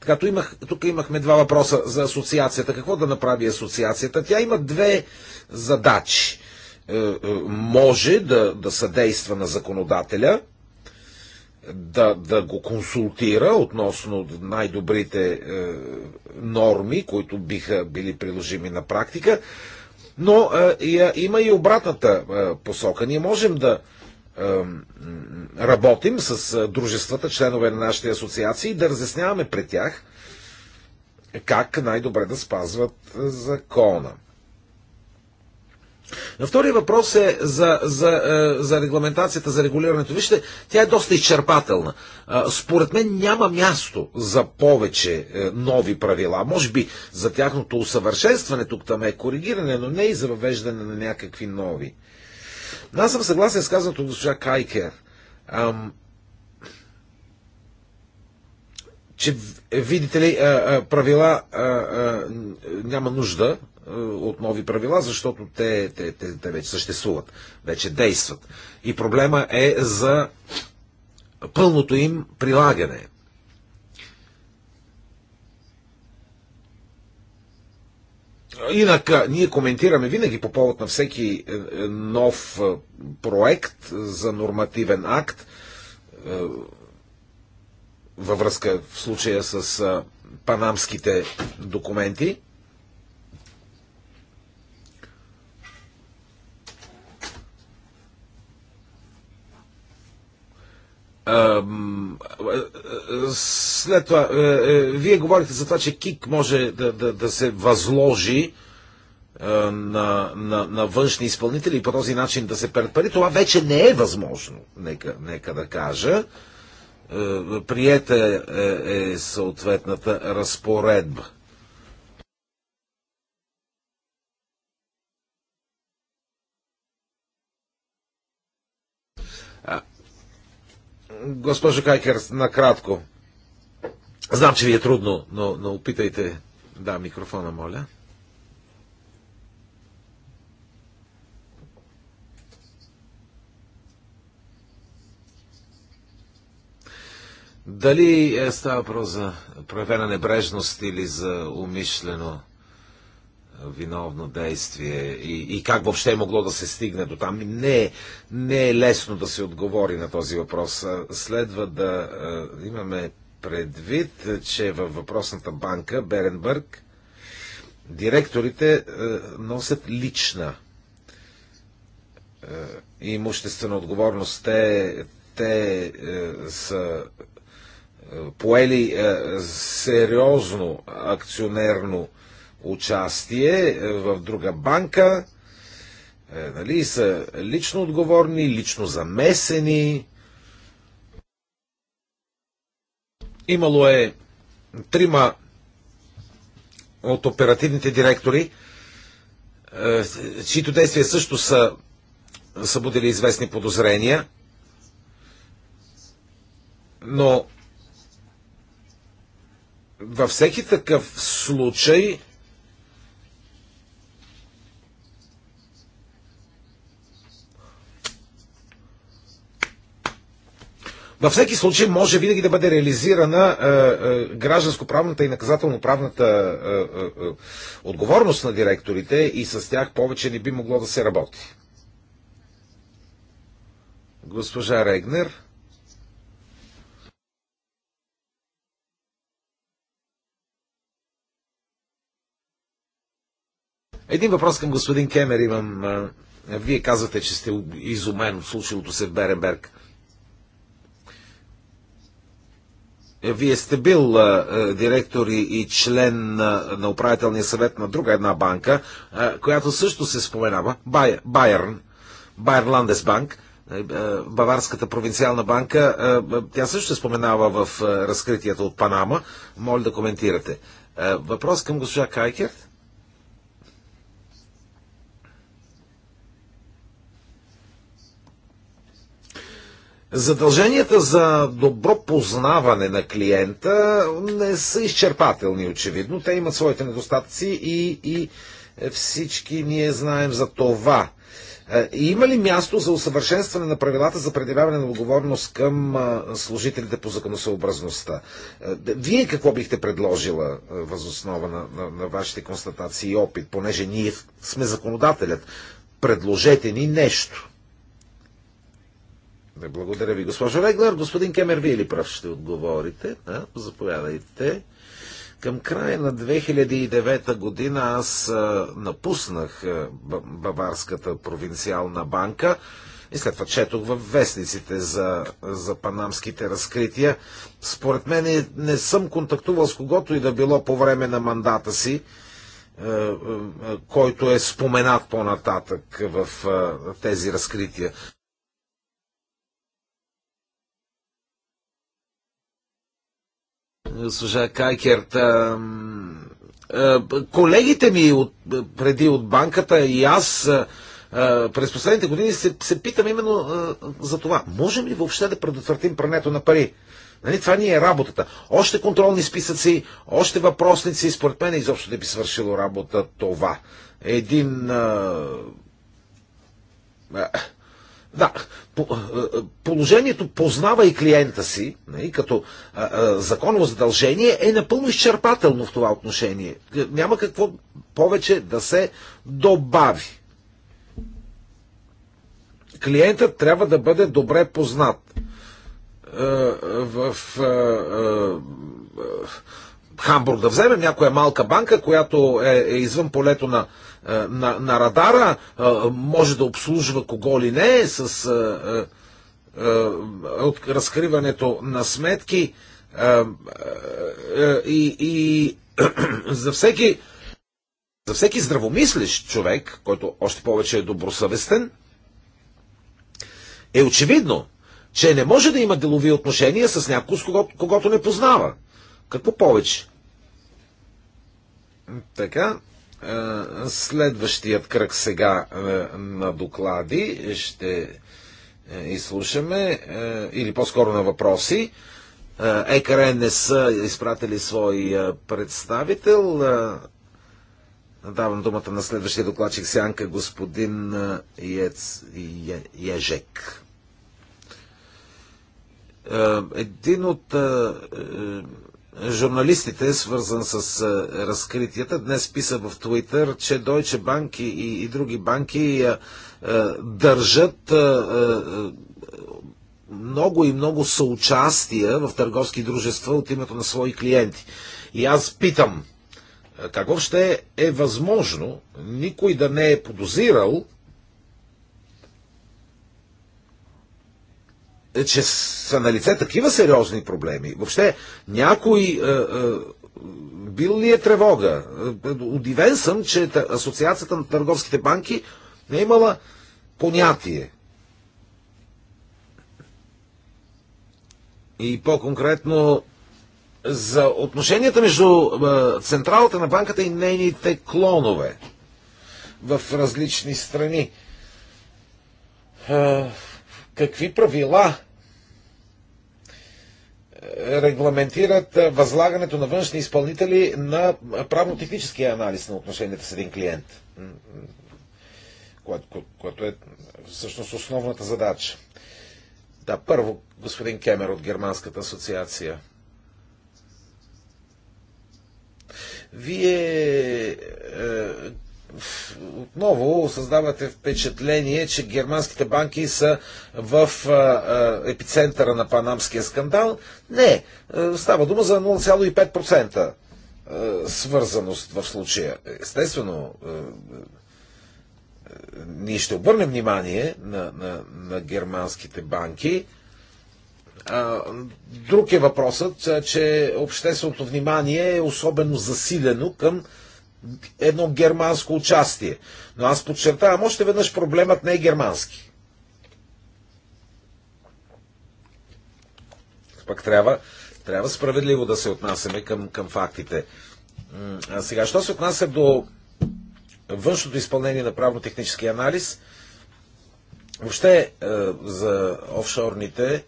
Така, тук, имах, тук имахме два въпроса за асоциацията. Какво да направи асоциацията? Тя има две задачи. Е, е, може да, да съдейства на законодателя, да, да го консултира относно най-добрите е, норми, които биха били приложими на практика. Но е, има и обратната е, посока. Ние можем да е, работим с е, дружествата, членове на нашите асоциации, да разясняваме пред тях как най-добре да спазват е, закона. На втория въпрос е за, за, е, за регламентацията, за регулирането. Вижте, тя е доста изчерпателна. Според мен няма място за повече е, нови правила. Може би за тяхното усъвършенстване тук там е коригиране, но не и за въвеждане на някакви нови. Но аз съм съгласен с казаното от госпожа Кайкер. Ам, че, е, видите ли, правила няма нужда е, от нови правила, защото те, те, те, те вече съществуват, вече действат. И проблема е за пълното им прилагане. Инак, ние коментираме винаги по повод на всеки е, е, нов проект за нормативен акт, във връзка в случая с панамските документи. След това, е, е, вие говорите за това, че КИК може да, да, да се възложи е, на, на, на външни изпълнители и по този начин да се перат пари. Това вече не е възможно, нека, нека да кажа. Приета е съответната разпоредба. Госпожо Кайкер, накратко. Знам, че ви е трудно, но, но опитайте. Да, микрофона, моля. Дали е става въпрос за проявена небрежност или за умишлено виновно действие и, и как въобще е могло да се стигне до там. Не, не е лесно да се отговори на този въпрос. Следва да имаме предвид, че във въпросната банка Беренбърг директорите носят лична имуществена отговорност. Те, те са поели сериозно акционерно участие е, в друга банка, е, нали, са лично отговорни, лично замесени. Имало е трима от оперативните директори, е, чието действия също са събудили известни подозрения, но във всеки такъв случай Във всеки случай може винаги да бъде реализирана е, е, гражданско-правната и наказателно-правната е, е, е, отговорност на директорите и с тях повече не би могло да се работи. Госпожа Регнер. Един въпрос към господин Кемер имам. Е, вие казвате, че сте изумен от случилото се в Беренберг. Е, вие сте бил директор и член на управителния съвет на друга една банка, която също се споменава, Байерн, Байерн Ландесбанк, Баварската провинциална банка, тя също се споменава в разкритията от Панама. Моля да коментирате. Въпрос към госпожа Кайкерт. Задълженията за добро познаване на клиента не са изчерпателни, очевидно. Те имат своите недостатъци и, и всички ние знаем за това. Е, има ли място за усъвършенстване на правилата за предявяване на отговорност към служителите по законосъобразността? Е, вие какво бихте предложила е, възоснова на, на, на вашите констатации и опит, понеже ние сме законодателят? Предложете ни нещо. Благодаря ви, госпожо Реглер. Господин Кемер, вие ли прав ще отговорите? А? заповядайте. Към края на 2009 година аз напуснах Баварската провинциална банка и след това четох във вестниците за, за панамските разкрития. Според мен не съм контактувал с когото и да било по време на мандата си, който е споменат по-нататък в тези разкрития. госпожа Кайкерт. Колегите ми от, преди от банката и аз през последните години се, се питам именно за това. Можем ли въобще да предотвратим прането на пари? Нали, това ни е работата. Още контролни списъци, още въпросници, според мен изобщо не би свършило работа това. Един... А... Да, е, е, положението познава и клиента си, като а, е, а, законово задължение, е напълно изчерпателно в това отношение. Няма какво повече да се добави. Клиентът трябва да бъде добре познат. А, в а, а, Хамбург да вземем някоя малка банка, която е, е извън полето на е, на, на радара, е, може да обслужва кого ли не с е, от разкриването на сметки и, и за всеки за всеки здравомислещ човек, който още повече е добросъвестен, е очевидно, че не може да има делови отношения с някого, с когото, когото не познава. Какво повече? Така, е, следващият кръг сега е, на доклади ще е, изслушаме, или по-скоро на въпроси. ЕКР не са изпратили свой представител. Давам думата на следващия докладчик Сянка, господин Ец... Ежек. Един от журналистите, свързан с е, разкритията, днес писа в Твитър, че Deutsche Bank и, и други банки а, е, а, е, държат а, много и много съучастия в търговски дружества от името на свои клиенти. И аз питам, какво ще е възможно никой да не е подозирал че са на лице такива сериозни проблеми. Въобще, някой е, е, бил ли е тревога? Е, удивен съм, че Асоциацията на търговските банки не е имала понятие. И по-конкретно за отношенията между е, Централата на банката и нейните клонове в различни страни. Е, какви правила регламентират възлагането на външни изпълнители на правно-техническия анализ на отношенията с един клиент, което, е всъщност основната задача. Да, първо, господин Кемер от Германската асоциация. Вие е, отново създавате впечатление, че германските банки са в епицентъра на панамския скандал. Не, е, става дума за 0,5% е, свързаност в случая. Естествено, е, ние ще обърнем внимание на, на, на германските банки. Друг е въпросът, че общественото внимание е особено засилено към едно германско участие. Но аз подчертавам още веднъж проблемът не е германски. Пък трябва, трябва справедливо да се отнасяме към, към фактите. А сега, що се отнася до външното изпълнение на правно-технически анализ, въобще е, за офшорните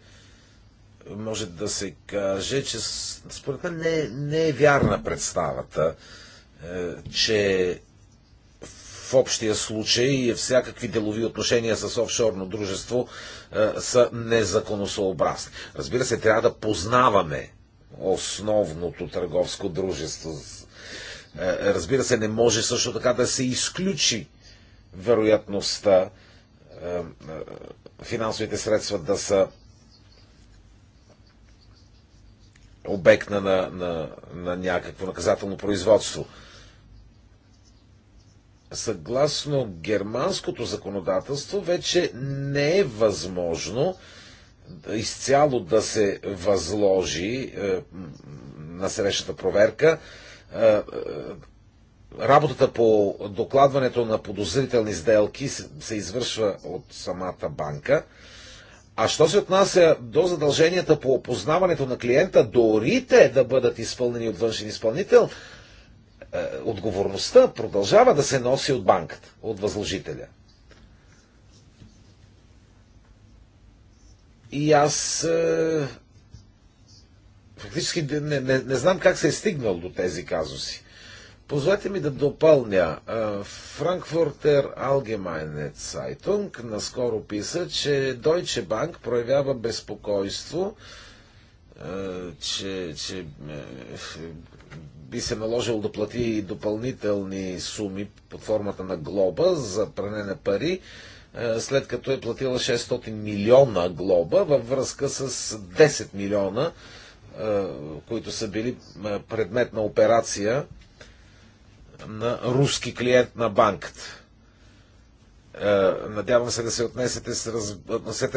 може да се каже, че според мен не, не е вярна представата е, че в общия случай всякакви делови отношения с офшорно дружество е, са незаконосообразни. Разбира се, трябва да познаваме основното търговско дружество. Е, разбира се, не може също така да се изключи вероятността финансовите средства да са обект на, на, на някакво наказателно производство съгласно германското законодателство вече не е възможно изцяло да се възложи е, на срещата проверка е, е, работата по докладването на подозрителни сделки се, се извършва от самата банка. А що се отнася до задълженията по опознаването на клиента, дори те да бъдат изпълнени от външен изпълнител, е, отговорността продължава да се носи от банката, от възложителя. И аз е, фактически не, не, не знам как се е стигнал до тези казуси. Позволете ми да допълня. Е, Франкфуртер Allgemeine Zeitung наскоро писа, че Deutsche Bank проявява безпокойство, е, че, че би се наложило да плати допълнителни суми под формата на глоба за пране на пари, е, след като е платила 600 милиона глоба във връзка с 10 милиона, е, които са били е, предмет на операция на руски клиент на банката. Надявам се да се отнесете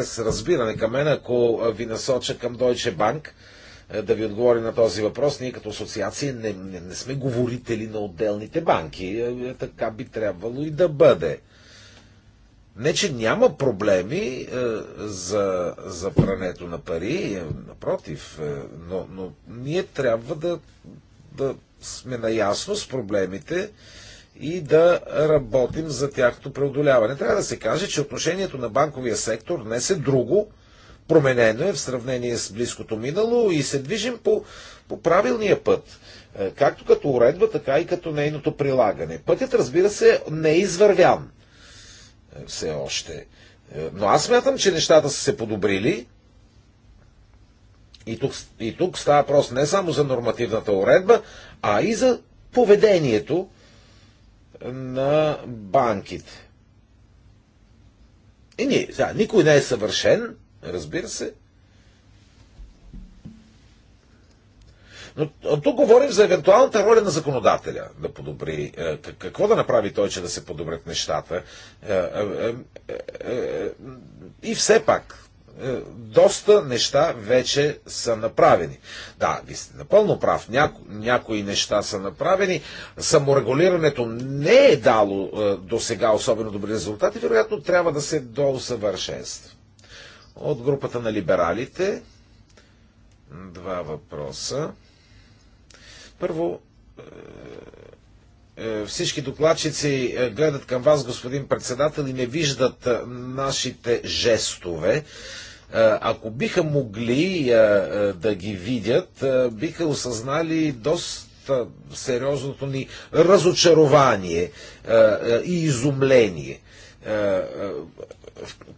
с, разбиране към мен, ако ви насоча към Deutsche Bank – е, да ви отговори на този въпрос. Ние като асоциация не, не, не сме говорители на отделните банки. Е, е, така би трябвало и да бъде. Не, че няма проблеми е, за, за прането на пари, е, напротив, е, но, но ние трябва да, да сме наясно с проблемите и да работим за тяхното преодоляване. Трябва да се каже, че отношението на банковия сектор не е друго, променено е в сравнение с близкото минало и се движим по, по правилния път, е, както като уредба, така и като нейното прилагане. Пътят, разбира се, не е извървян е, все още. Е, но аз мятам, че нещата са се подобрили. И тук, и тук става въпрос не само за нормативната уредба, а и за поведението на банките. И ние, да, никой не е съвършен, разбира се. Но тук говорим за евентуалната роля на законодателя да подобри. Е, какво да направи той, че да се подобрят нещата? Е, е, и все пак, доста неща вече са направени. Да, ви сте напълно прав. Няко, някои неща са направени. Саморегулирането не е дало до сега особено добри резултати. Вероятно трябва да се доусъвършенства. От групата на либералите два въпроса. Първо, е, е, всички докладчици е, гледат към вас, господин председател, и не виждат нашите жестове. Ако биха могли да ги видят, биха осъзнали доста сериозното ни разочарование и изумление.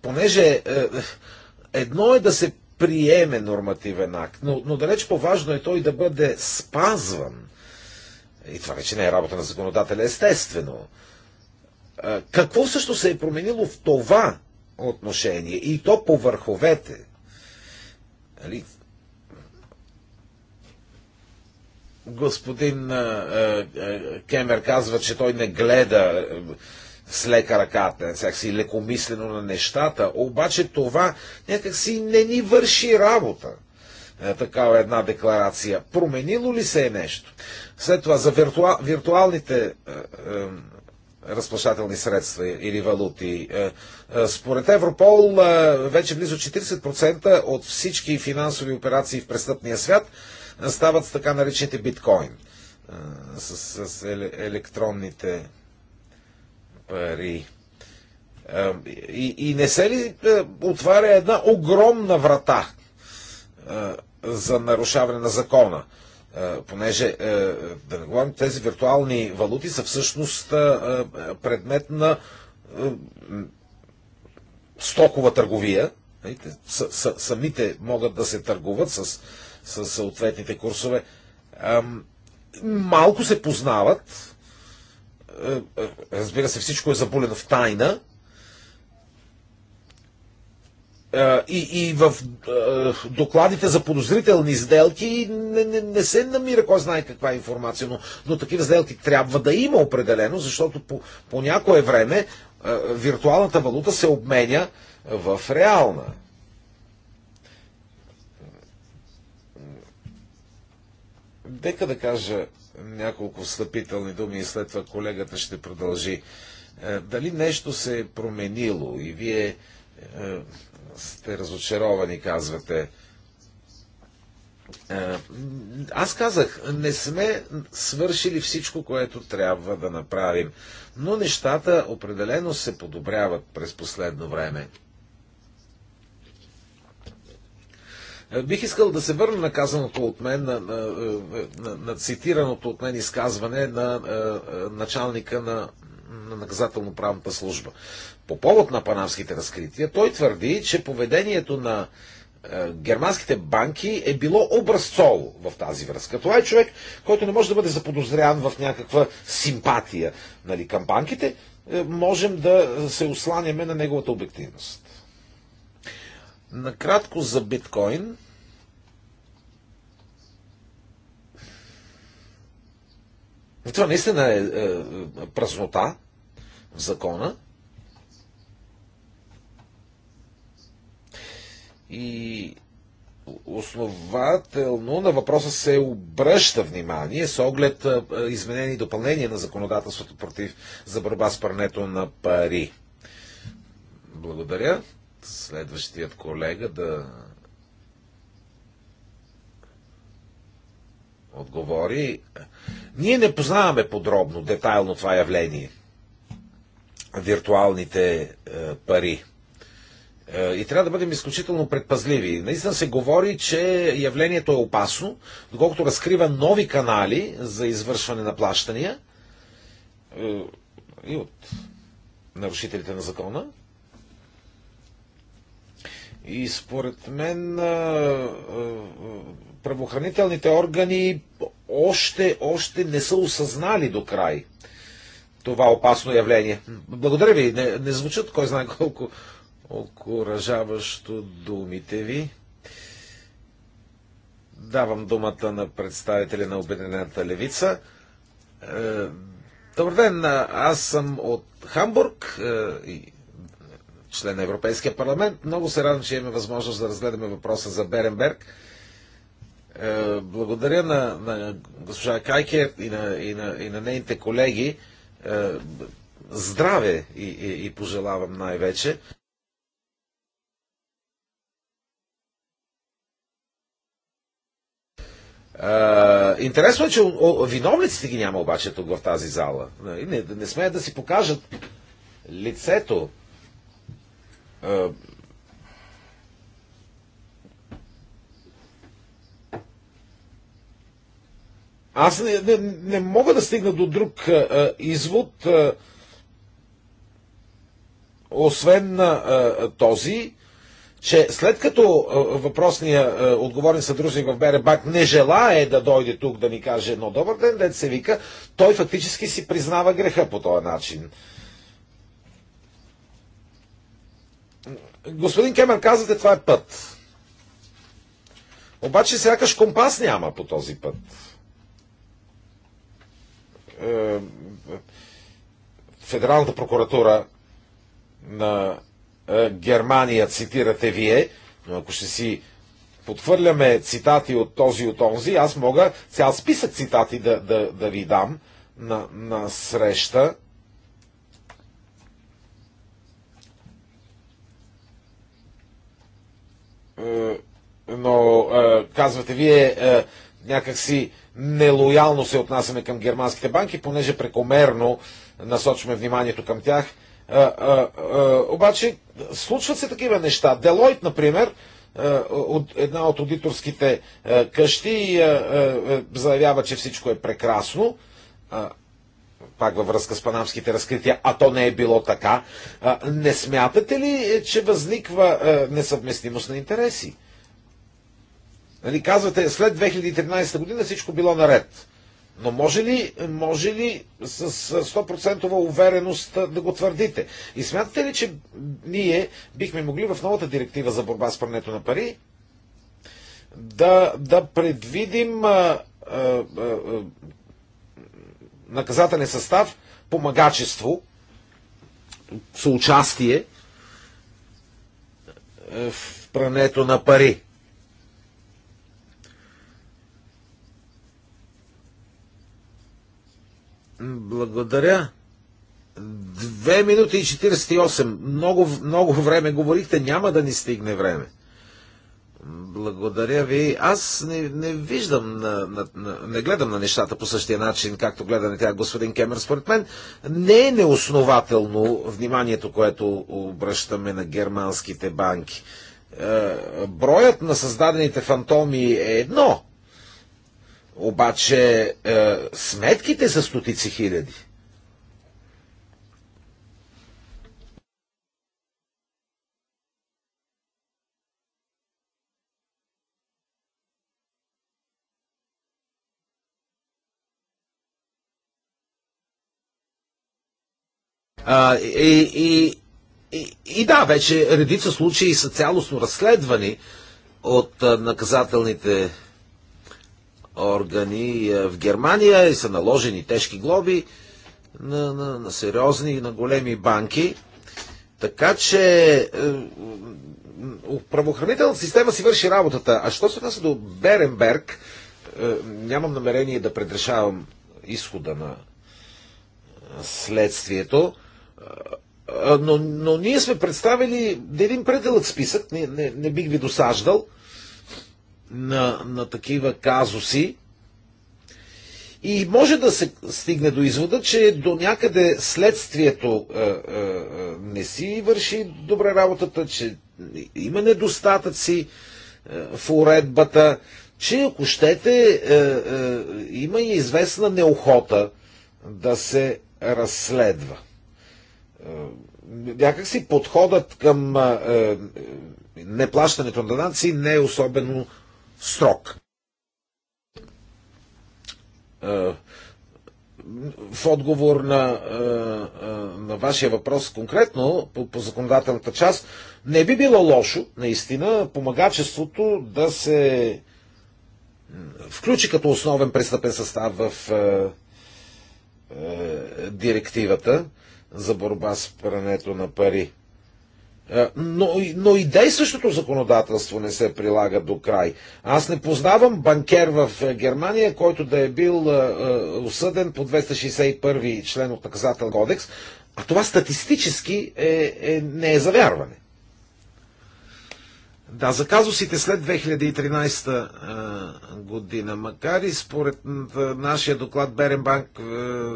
Понеже едно е да се приеме нормативен акт, но, но далеч по-важно е той да бъде спазван. И това вече не е работа на законодателя, естествено. Какво също се е променило в това отношение? И то по върховете. Нали? Господин Кемер казва, че той не гледа с лека ръката, сякакси лекомислено на нещата, обаче това някакси не ни върши работа. Е, такава една декларация. Променило ли се е нещо? След това за виртуал, виртуалните е, е, разплащателни средства или валути. Е, е според Европол е, вече близо 40% от всички финансови операции в престъпния свят стават с така наречените биткоин, с, с електронните пари. И, и не се ли отваря една огромна врата за нарушаване на закона? Понеже, да не говорим, тези виртуални валути са всъщност предмет на стокова търговия. Самите могат да се търгуват с, с съответните курсове. Малко се познават, е, е, разбира се, всичко е забулено в тайна. Е, и, и в докладите за подозрителни сделки не, не, не се намира кой знае каква е информация, но, но такива сделки трябва да има определено, защото по, по някое време виртуалната валута се обменя в реална. Дека да кажа няколко встъпителни думи и след това колегата ще продължи. Е, дали нещо се е променило и вие е, сте разочаровани, казвате? Е, аз казах, не сме свършили всичко, което трябва да направим, но нещата определено се подобряват през последно време. Е, бих искал да се върна на казаното от мен, на, на, е, на, на цитираното от мен изказване на е, началника на, на наказателно-правната служба. По повод на панамските разкрития, той твърди, че поведението на германските банки е било образцово в тази връзка. Това е човек, който не може да бъде заподозрян в някаква симпатия нали, към банките. Можем да се осланяме на неговата обективност. Накратко за биткоин. Това наистина е, е празнота в закона. И основателно на въпроса се обръща внимание с оглед е, изменени и допълнение на законодателството против за борба с прането на пари. Благодаря следващият колега да отговори. Ние не познаваме подробно, детайлно това явление. Виртуалните е, пари. Е, и трябва да бъдем изключително предпазливи. Наистина се говори, че явлението е опасно, доколкото разкрива нови канали за извършване на плащания е, и от нарушителите на закона, и според мен правоохранителните органи още, още не са осъзнали до край това опасно явление. Благодаря ви. Не, не звучат кой знае колко окоръжаващо думите ви. Давам думата на представители на Обединената левица. Е, добър ден, аз съм от Хамбург е, и член на Европейския парламент. Много се радвам, че имаме възможност да разгледаме въпроса за Беренберг. Е, благодаря на, на госпожа Кайкер и на, и на, и на нейните колеги. Е, здраве и, и, и пожелавам най-вече. Uh, интересно е, че виновниците ги няма обаче тук в тази зала. Не, не смеят да си покажат лицето. Аз не, не, не мога да стигна до друг а, извод, а, освен а, този, че след като а, въпросния а, отговорен съдружник в Беребак не желае да дойде тук да ни каже едно добър ден, дет се вика, той фактически си признава греха по този начин. А, Господин Кемер, казвате, това е път. Обаче сякаш компас няма по този път. Е, Федералната прокуратура на е, Германия, цитирате вие, но ако ще си подхвърляме цитати от този и от онзи, аз мога цял списък цитати да, да, да ви дам на, на среща. но казвате вие някакси нелоялно се отнасяме към германските банки, понеже прекомерно насочваме вниманието към тях. Обаче случват се такива неща. Делойт, например, от една от аудиторските къщи заявява, че всичко е прекрасно, пак във връзка с панамските разкрития, а то не е било така. Не смятате ли, е, че възниква е, несъвместимост на интереси? Нали, казвате, след 2013 година всичко било наред. Но може ли, може ли с 100% увереност е, да го твърдите? И смятате ли, че ние бихме могли в новата директива за борба с прането на пари да, да предвидим а, а, наказателен състав помагачество, съучастие е, в прането на пари. Благодаря. Две минути и 48. Много, много време говорихте, няма да ни стигне време. Благодаря ви. Аз не, не виждам, на, на, на, не гледам на нещата по същия начин, както гледа на тя господин Кемер. Според мен не е неоснователно вниманието, което обръщаме на германските банки. Е, броят на създадените фантоми е едно, обаче е, сметките са стотици хиляди. и, и, и, и да, вече редица случаи са цялостно разследвани от наказателните органи в Германия и са наложени тежки глоби на, на, на сериозни и на големи банки. Така че е, правоохранителната система си върши работата. А що се отнася до Беренберг, е, нямам намерение да предрешавам изхода на е, следствието но, но ние сме представили един пределък списък, не, не, не бих ви досаждал на, на такива казуси. И може да се стигне до извода, че до някъде следствието е, е, е не си върши добре работата, че има недостатъци е, в уредбата, че ако щете, е, е, има и известна неохота да се разследва някакси подходът към неплащането на данъци не е особено строг. В отговор на, на вашия въпрос конкретно по, по законодателната част, не би било лошо, наистина, помагачеството да се включи като основен престъпен състав в е, е, директивата за борба с прането на пари. Но, но и действащото законодателство не се прилага до край. Аз не познавам банкер в е, Германия, който да е бил е, е, осъден по 261 член от наказател кодекс, а това статистически е, е, не е завярване. Да, за казусите след 2013 година, макар и според нашия доклад Беренбанк а,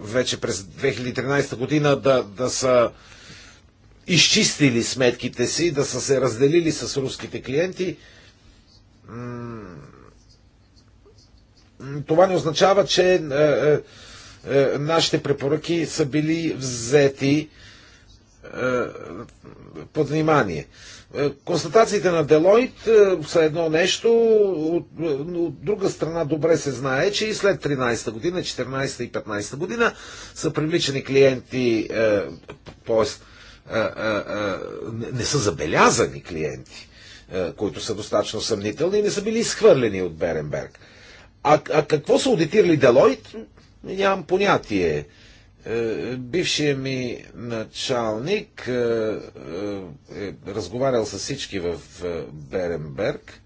вече през 2013 година да, да са изчистили сметките си, да са се разделили с руските клиенти. Това не означава, че е, е, е, нашите препоръки са били взети е, под внимание. Е, констатациите на Делойт е, са едно нещо, от, е, от друга страна добре се знае, че и след 13-та година, 14-та и 15-та година са привличани клиенти, т.е. не са забелязани клиенти, които са достатъчно съмнителни и не са били изхвърлени от Беренберг. А, а какво са аудитирали Делойт? Нямам понятие. Е, бившия ми началник е, е, е разговарял с всички в Беренберг.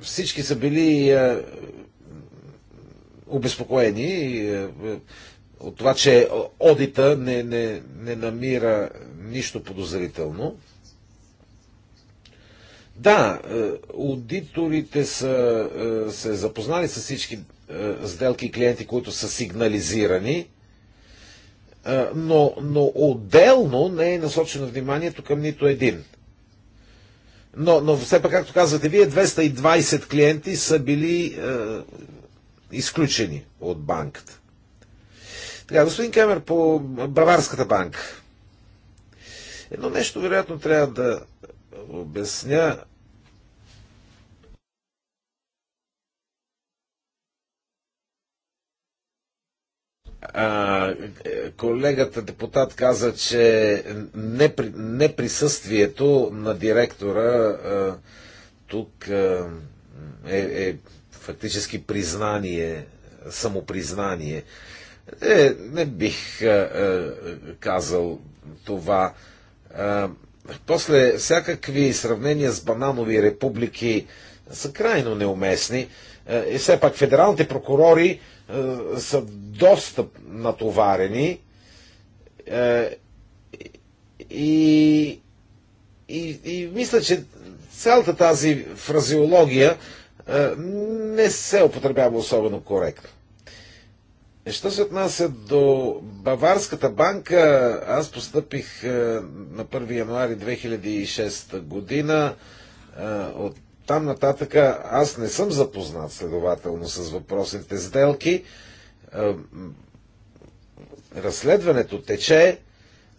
Всички са били обезпокоени от това, че одита не, не, не намира нищо подозрително. Да, аудиторите са се запознали с всички е, сделки и клиенти, които са сигнализирани, е, но, но отделно не е насочено вниманието към нито един. Но, но все пак, както казвате вие, 220 клиенти са били е, изключени от банката. Така, господин Кемер, по Баварската банка. Едно нещо, вероятно, трябва да обясня. колегата депутат каза, че неприсъствието на директора тук е, е фактически признание, самопризнание. Е, не бих а, казал това. А, после всякакви сравнения с бананови републики са крайно неуместни. Е, и все пак федералните прокурори е, са доста натоварени е, и, и, и мисля, че цялата тази фразеология не се употребява особено коректно. Що се отнася до Баварската банка, аз постъпих на 1 януари 2006 година от Оттам нататък аз не съм запознат следователно с въпросните сделки. Е, разследването тече.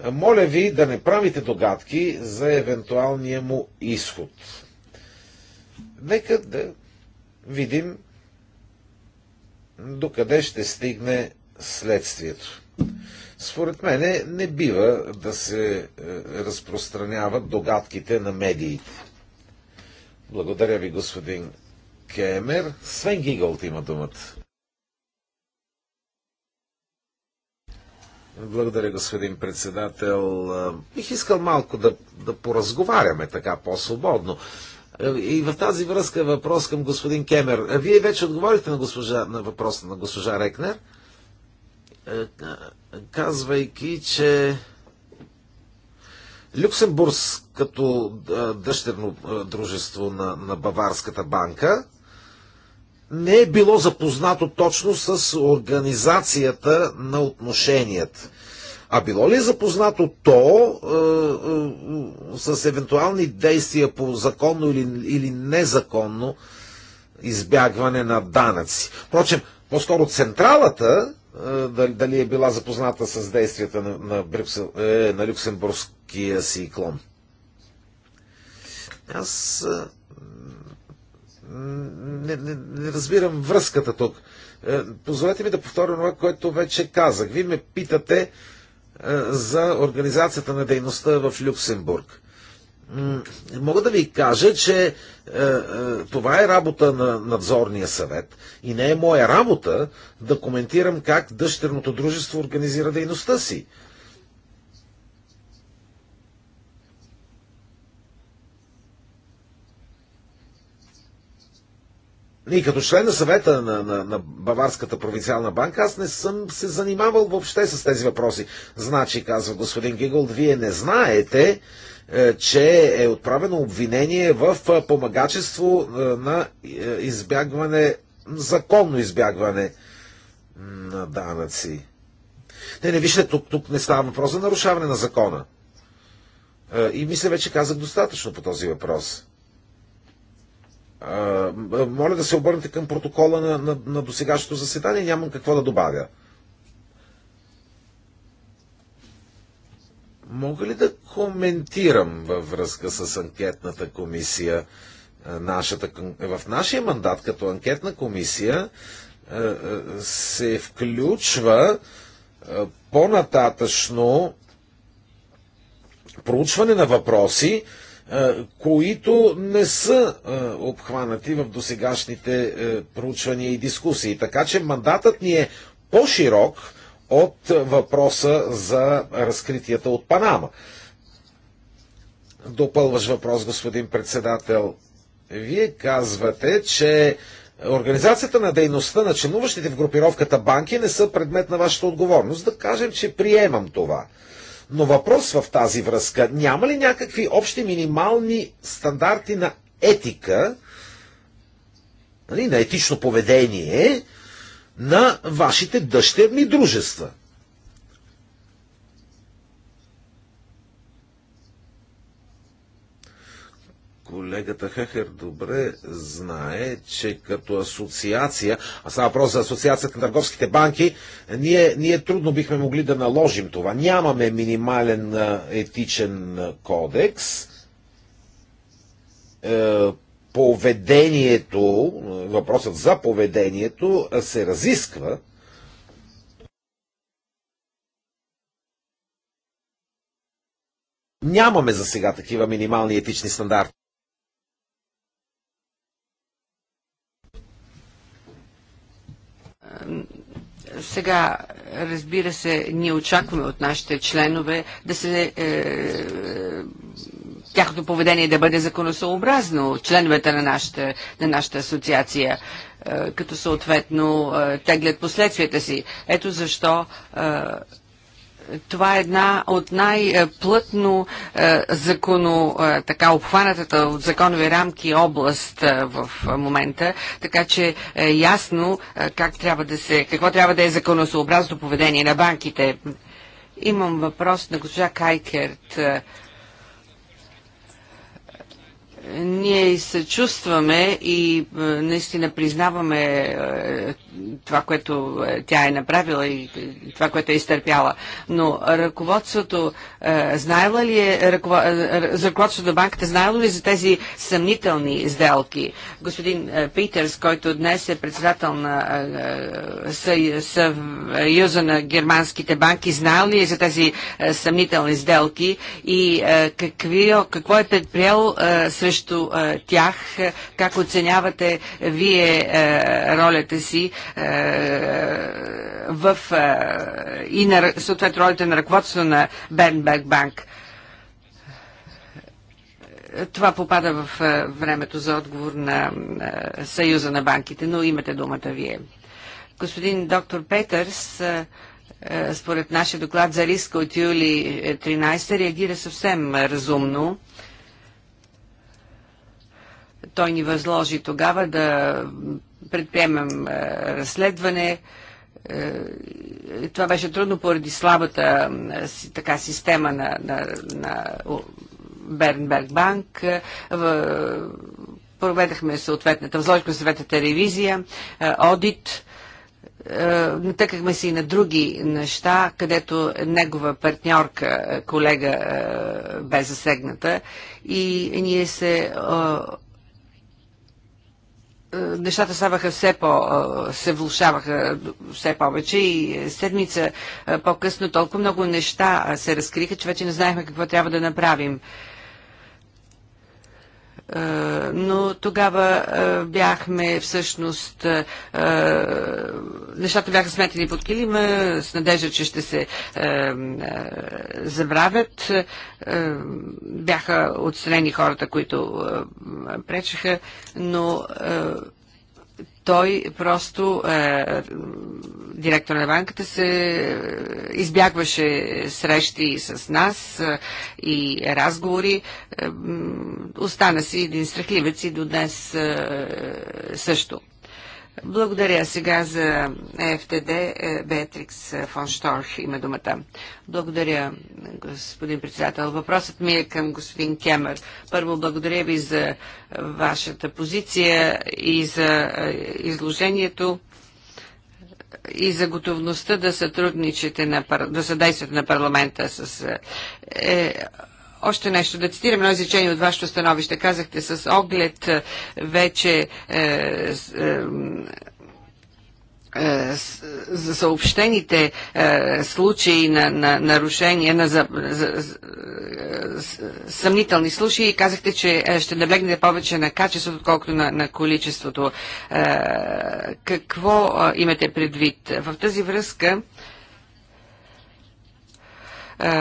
Е, моля ви да не правите догадки за евентуалния му изход. Нека да видим докъде ще стигне следствието. Според мен не бива да се е, разпространяват догадките на медиите. Благодаря ви, господин Кемер. Свен Гиголт има думата. Благодаря, господин председател. Бих искал малко да, да поразговаряме така по-свободно. И в тази връзка е въпрос към господин Кемер. Вие вече отговорихте на, госпожа, на въпроса на госпожа Рекнер, казвайки, че Люксембурс като дъщерно дружество на, на Баварската банка не е било запознато точно с организацията на отношенията. А било ли е запознато то е, е, с евентуални действия по законно или, или незаконно избягване на данъци? Впрочем, по-скоро централата, е, дали е била запозната с действията на, на, Брюксел, е, на Люксембургск морския сиклон. Аз не, не, не разбирам връзката тук. Е, позволете ми да повторя това, което вече казах. Вие ме питате е, за организацията на дейността в Люксембург. Мога да ви кажа, че е, това е работа на надзорния съвет и не е моя работа да коментирам как дъщерното дружество организира дейността си. И като член на съвета на, на, на Баварската провинциална банка, аз не съм се занимавал въобще с тези въпроси. Значи, казва господин Гигъл, вие не знаете, е, че е отправено обвинение в е, помагачество е, на избягване, законно избягване на данъци. Не, не, вижте, тук, тук не става въпрос за нарушаване на закона. И мисля, вече казах достатъчно по този въпрос моля да се обърнете към протокола на, на, на досегашното заседание. Нямам какво да добавя. Мога ли да коментирам във връзка с анкетната комисия? Нашата, е, в нашия мандат като анкетна комисия се включва по-нататъчно проучване на въпроси, които не са обхванати в досегашните е, проучвания и дискусии. Така че мандатът ни е по-широк от въпроса за разкритията от Панама. Допълваш въпрос, господин председател. Вие казвате, че Организацията на дейността на членуващите в групировката банки не са предмет на вашата отговорност. Да кажем, че приемам това. Но въпрос в тази връзка, няма ли някакви общи минимални стандарти на етика, нали, на етично поведение на вашите дъщерни дружества? колегата Хехер добре знае, че като асоциация, а става въпрос за асоциацията на търговските банки, ние, ние трудно бихме могли да наложим това. Нямаме минимален етичен кодекс. Е, поведението, въпросът за поведението се разисква Нямаме за сега такива минимални етични стандарти. Сега, разбира се, ние очакваме от нашите членове да се. Е, тяхното поведение да бъде законосообразно, членовете на нашата, на нашата асоциация, е, като съответно е, теглят последствията си. Ето защо. Е, това е една от най-плътно е, законо, е, така обхванатата от законови рамки област е, в момента, така че е ясно как трябва да се, какво трябва да е законосообразно поведение на банките. Имам въпрос на госпожа Кайкерт ние се чувстваме и е, наистина признаваме е, това, което е, тя е направила и това, което е изтърпяла. Но ръководството знаела ли е, за ръководството на банката знаело ли за тези съмнителни сделки? Господин Питерс, който днес е председател на Съюза на германските банки, знаел ли е за тези съмнителни сделки и какви, какво е предприел срещу срещу а, тях. Как оценявате вие а, ролята си а, в а, и на, съответно ролята на ръководство на Бернбек Банк? Това попада в а, времето за отговор на а, Съюза на банките, но имате думата вие. Господин доктор Петърс, а, според нашия доклад за риска от юли 13 реагира съвсем разумно той ни възложи тогава да предприемем е, разследване. Е, е, това беше трудно поради слабата така, система на, на, на Бернберг банк. Проведахме съответната, възложихме съответната ревизия, одит натъкахме се и на други неща, където негова партньорка, колега бе засегната и ние се е, нещата ставаха все по... Е, се влушаваха все повече и седмица е, по-късно толкова много неща се разкриха, че вече не знаехме какво трябва да направим. Е, но тогава е, бяхме всъщност е, нещата бяха сметени под килима с надежда, че ще се забравят. Бяха отстранени хората, които пречеха, но той просто, е, директор на банката, се е, избягваше срещи с нас е, и разговори. Е, остана си един страхливец и до днес е, също. Благодаря сега за ЕФТД. Е, Беатрикс е, фон Шторх има думата. Благодаря, господин председател. Въпросът ми е към господин Кемер. Първо, благодаря ви за вашата позиция и за е, изложението и за готовността да сътрудничите на, да съдействате на парламента с е, още нещо, да цитирам едно изречение от вашето становище. Казахте с оглед е, вече е, е, за съобщените случаи на, на нарушения, на за, за, за, съмнителни случаи, казахте, че ще наблегнете повече на качеството, отколкото на, на количеството. какво имате предвид? В тази връзка е, е,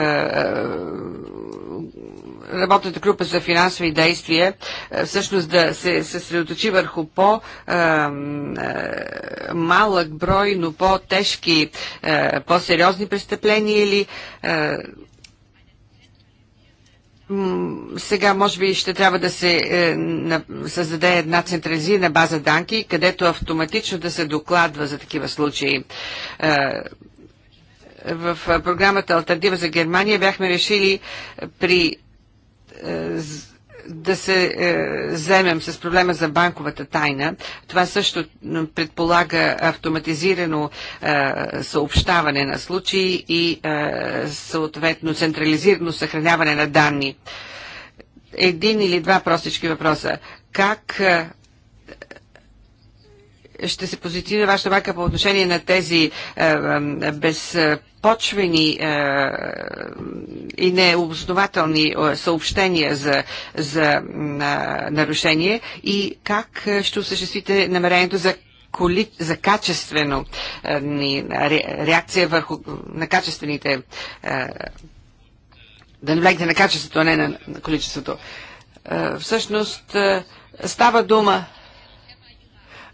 работната група за финансови действия е, всъщност да се съсредоточи върху по-малък брой, но по-тежки, по-сериозни престъпления или сега може би ще трябва да се създаде една централизирана база данки, където автоматично да се докладва за такива случаи в програмата Альтернатива за Германия бяхме решили при да се е, вземем с проблема за банковата тайна. Това също предполага автоматизирано е, съобщаване на случаи и е, съответно централизирано съхраняване на данни. Един или два простички въпроса. Как е, ще се позитира вашата майка по отношение на тези е, е, безпочвени е, и необоснователни съобщения за, за нарушение и как ще осъществите намерението за за качествено реакция върху на качествените да наблегнете на качеството, а не на количеството. Всъщност става дума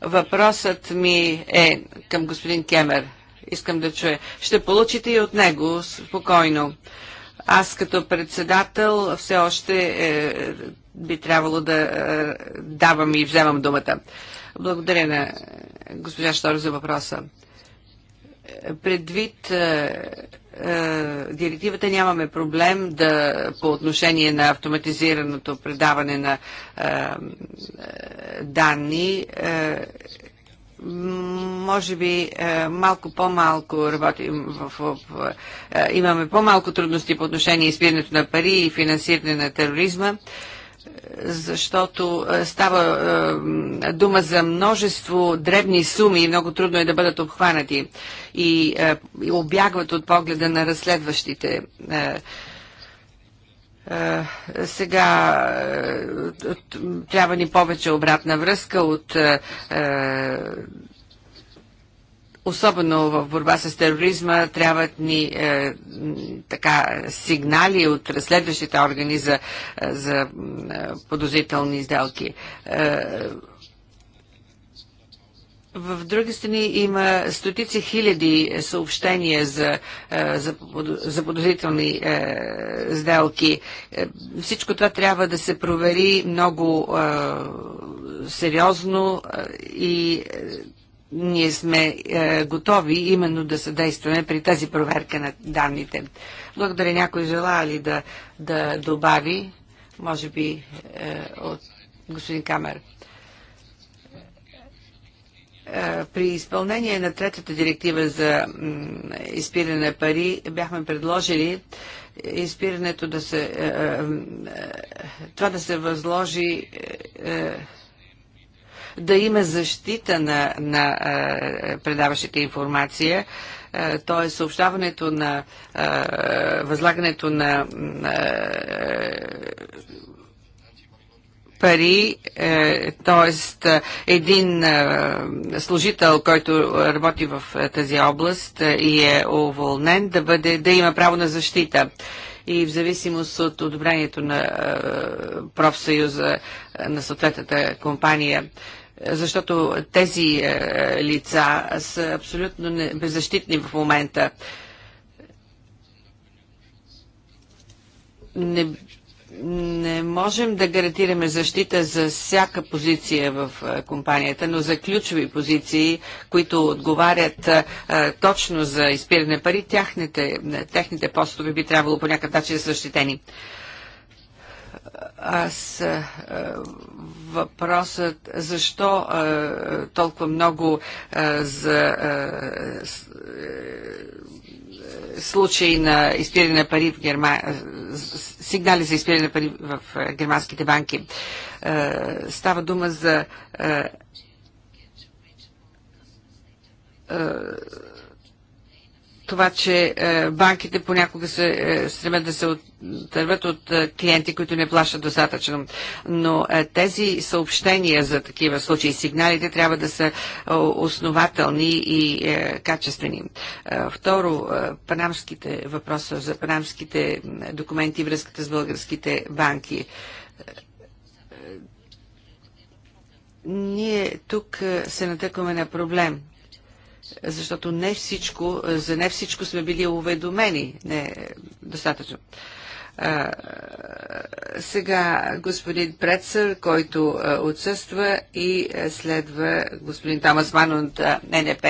Въпросът ми е към господин Кемер. Искам да чуя. Ще получите и от него спокойно. Аз като председател все още е, би трябвало да е, давам и вземам думата. Благодаря на госпожа Штор за въпроса. Предвид е, е, директивата нямаме проблем да, по отношение на автоматизираното предаване на е, данни. Е, може би малко по-малко работим в, в, в имаме по-малко трудности по отношение изпирането на пари и финансиране на тероризма защото е, става е, дума за множество дребни суми и много трудно е да бъдат обхванати и, е, обягват от погледа на разследващите. сега трябва ни повече обратна връзка от особено в борба с тероризма, трябват ни е, така, сигнали от разследващите органи за, е, за е, подозрителни сделки. Е, в други страни има стотици хиляди съобщения за, е, за, за подозрителни е, сделки. Всичко това трябва да се провери много е, сериозно и ние сме е, готови именно да съдействаме при тази проверка на данните. Благодаря някой желая ли да, да добави, може би е, от господин Камер. Е, при изпълнение на третата директива за изпиране на пари бяхме предложили е, изпирането да се, е, е, е, това да се възложи да има защита на, на е, предаващите информация е, т.е. съобщаването на е, възлагането на пари, т.е. един служител, който работи в тази област и е уволнен, да, бъде, да има право на защита и в зависимост от одобрението на профсъюза на съответната компания защото тези е, лица са абсолютно беззащитни в момента. Не, не можем да гарантираме защита за всяка позиция в е, компанията, но за ключови позиции, които отговарят е, точно за изпиране пари, тяхните, техните постове би трябвало по някакъв начин да са защитени аз е, е, въпросът защо е, толкова много за случаи на изпиране на пари в Германия сигнали за изпиране на пари в германските банки. Става дума за това, че е, банките понякога се е, стремят да се отърват от е, клиенти, които не плащат достатъчно. Но тези съобщения за такива случаи, сигналите трябва да са основателни и качествени. Второ, панамските въпроса за панамските документи и връзката с българските банки. Ние тук се натъкваме на проблем – защото не всичко, за не всичко сме били уведомени. Не, достатъчно. А, сега господин Прецър, който а, отсъства и а, следва господин Тамасман от ННП.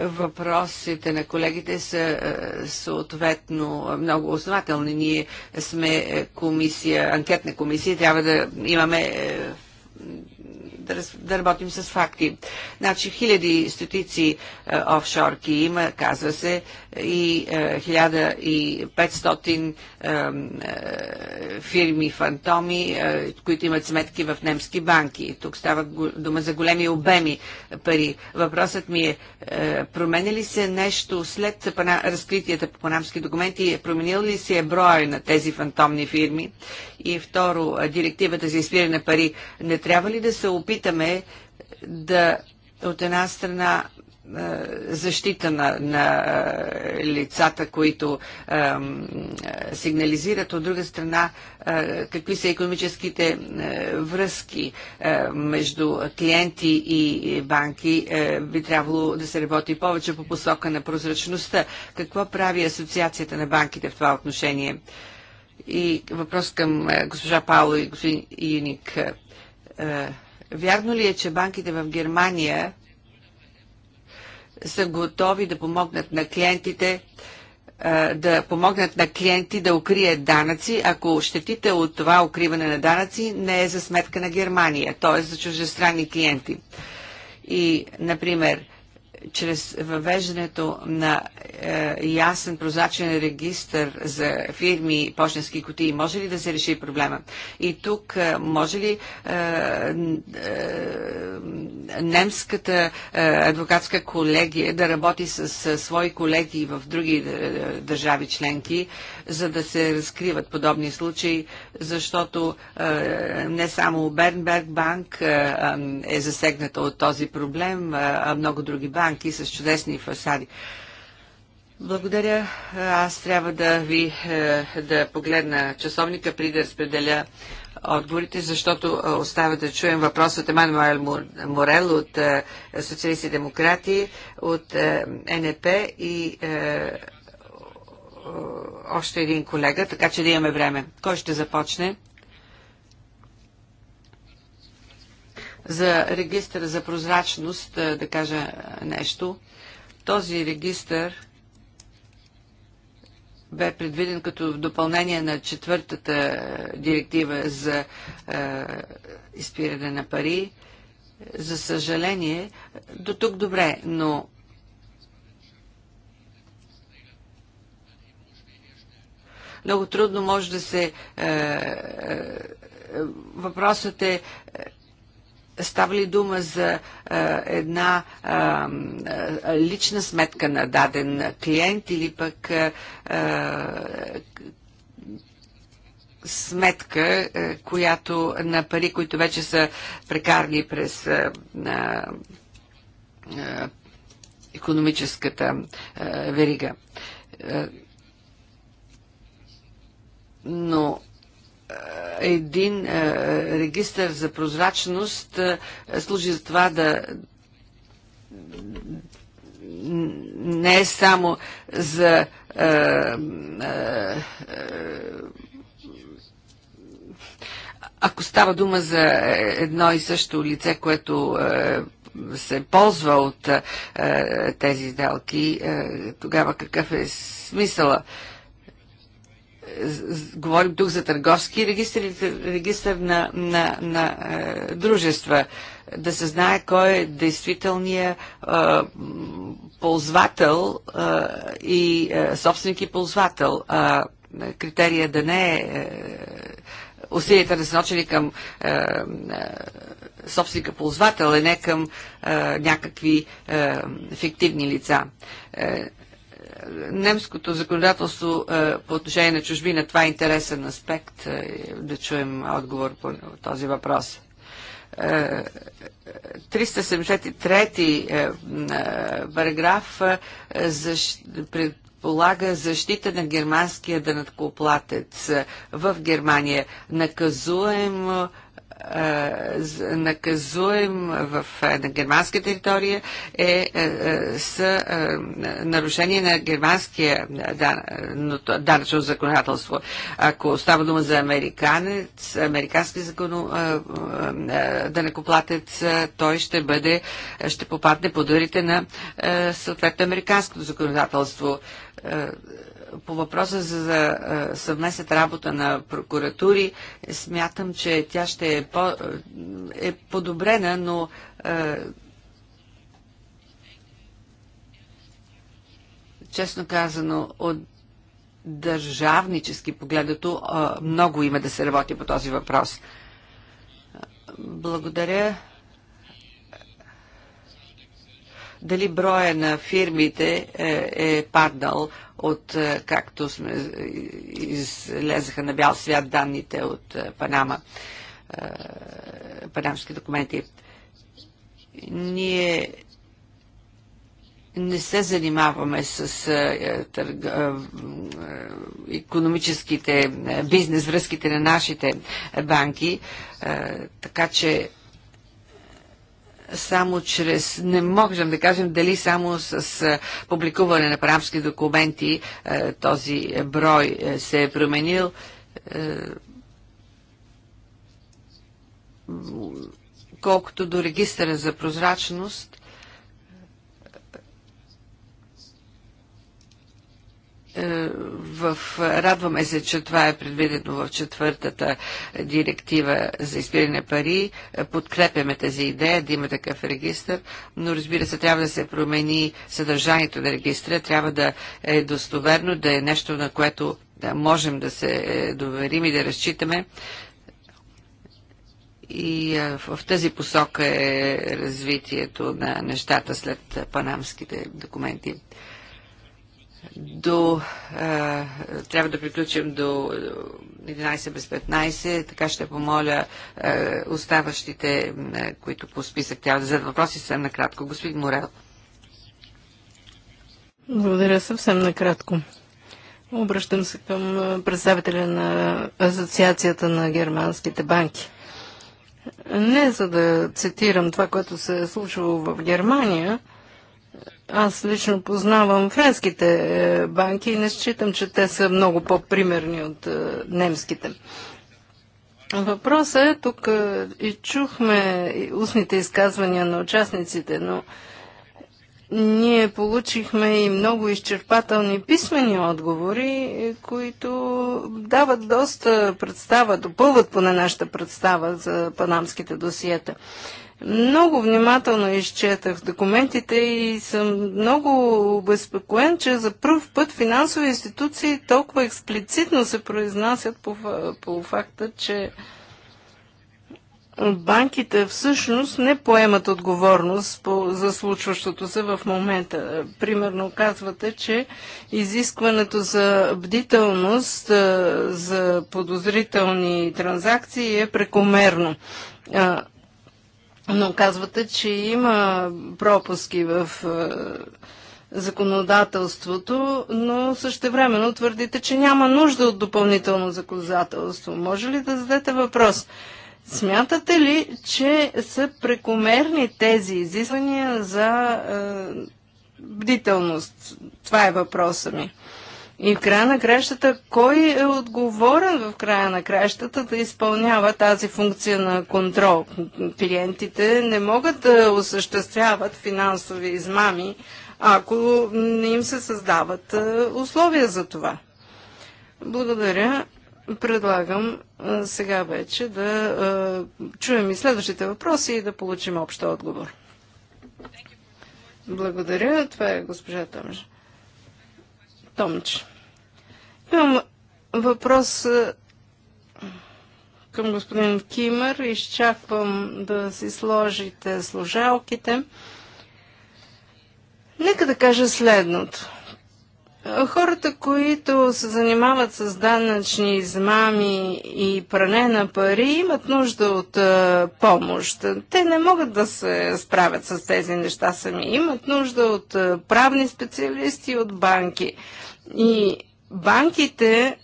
Въпросите на колегите са съответно много основателни. Ние сме комисия, анкетна комисия, трябва да имаме е, да, раз, да работим с факти. Значи хиляди, стотици е, офшорки има, казва се, и 1500 е, е, е, фирми фантоми, които имат сметки в немски банки. Тук става дума за големи обеми пари. Въпросът ми е, променя ли се нещо след разкритията по панамски документи? Променил ли се е броя на тези фантомни фирми? И второ, директивата за изпиране на пари. Не трябва ли да се опитаме да от една страна е, защита на, на е, лицата, които е, сигнализират, от друга страна е, какви са економическите е, връзки е, между клиенти и банки, би трябвало да се работи повече по посока на прозрачността. Какво прави Асоциацията на банките в това отношение? И въпрос към госпожа Пауло и господин Юник. Вярно ли е, че банките в Германия са готови да помогнат на клиентите да помогнат на клиенти да укрият данъци, ако щетите от това укриване на данъци не е за сметка на Германия, т.е. за чуждестранни клиенти. И, например, чрез въвеждането на е, ясен прозрачен регистр за фирми, почтенски кутии, може ли да се реши проблема? И тук е, може ли е, е, немската е, адвокатска колегия да работи с, е, свои колеги в други е, държави членки, е, за да се разкриват подобни случаи, защото е, не само Бернберг банк е, е, е засегната от този проблем, а много други банки с чудесни фасади. Благодаря. Аз трябва да ви да погледна часовника, при да разпределя отговорите, защото остава да чуем въпрос от Емануел Морел от Социалисти демократи, от НП и е, още един колега, така че да имаме време. Кой ще започне? За регистър за прозрачност е, да кажа е, нещо. Този регистър бе предвиден като допълнение на четвъртата директива за е, изпиране на пари. За съжаление, до тук добре, но Много трудно може да се... Е, е, въпросът е, е става ли дума за една лична сметка на даден клиент или пък сметка, която на пари, които вече са прекарни през економическата верига но е, един е, регистр за прозрачност е, служи за това да не е само за ако става дума за едно и също лице, което се ползва от тези сделки, тогава какъв е смисъла? говорим тук за търговски регистр, регистр на, на, на е, дружества, да се знае кой е действителният е, ползвател е, и е, собственик и ползвател. Е, критерия да не е, е усилията да са насочени към е, е, собственика ползвател, а не към е, някакви е, фиктивни лица. Е, немското законодателство е, по отношение на чужбина, това е интересен аспект. Е, да чуем отговор по този въпрос. 373 е, параграф предполага защита на германския данъкоплатец в Германия. Наказуем е, наказуем в, е, на германска територия е, е с нарушение на германския данъчно законодателство. Ако става дума за американец, американски закон, данъкоплатец, той ще бъде, ще попадне под на съответно американското законодателство по въпроса за съвместната работа на прокуратури, смятам, че тя ще е, по, е, е подобрена, но честно казано, от държавнически погледато много има да се работи по този въпрос. Благодаря дали броя на фирмите е, е паднал от е, както сме, е, излезаха на бял свят данните от е, Панама, панамски документи. Ние не се занимаваме с търг, економическите бизнес връзките на нашите банки, така че само чрез, не можем да кажем дали само с публикуване на правски документи този брой се е променил. Колкото до регистъра за прозрачност, Е, в, радваме се, че това е предвидено в четвъртата директива за изпиране пари. Е, подкрепяме тази идея да има такъв регистр, но разбира се, трябва да се промени съдържанието на регистра, трябва да е достоверно, да е нещо, на което да можем да се е, доверим и да разчитаме. И в тази посока е развитието на нещата след панамските документи до, е, трябва да приключим до 11 без 15, така ще помоля е, оставащите, е, които по списък трябва да зададат въпроси, съвсем накратко. Господин Морел. Благодаря съвсем накратко. Обръщам се към е, представителя на Асоциацията на германските банки. Не за да цитирам това, което се е случило в Германия, аз лично познавам френските е, банки и не считам, че те са много по-примерни от е, немските. Въпросът е, тук е, и чухме устните изказвания на участниците, но ние получихме и много изчерпателни писмени отговори, които дават доста представа, допълват поне нашата представа за панамските досиета. Много внимателно изчетах документите и съм много обезпекоен, че за първ път финансови институции толкова експлицитно се произнасят по, по факта, че банките всъщност не поемат отговорност по, за случващото се в момента. Примерно казвате, че изискването за бдителност за подозрителни транзакции е прекомерно но казвате, че има пропуски в е, законодателството, но същевременно твърдите, че няма нужда от допълнително законодателство. Може ли да зададете въпрос? Смятате ли, че са прекомерни тези изисквания за е, бдителност? Това е въпроса ми. И в края на кращата, кой е отговорен в края на кращата да изпълнява тази функция на контрол? Клиентите не могат да осъществяват финансови измами, ако не им се създават е, условия за това. Благодаря. Предлагам е, сега вече да е, чуем и следващите въпроси и да получим общ отговор. Благодаря. Това е госпожа Томж. Томч. Имам въпрос е, към господин Кимър, Изчаквам да си сложите служалките. Нека да кажа следното. Хората, които се занимават с данъчни измами и пране на пари, имат нужда от е, помощ. Те не могат да се справят с тези неща сами. Имат нужда от е, правни специалисти, от банки. И банките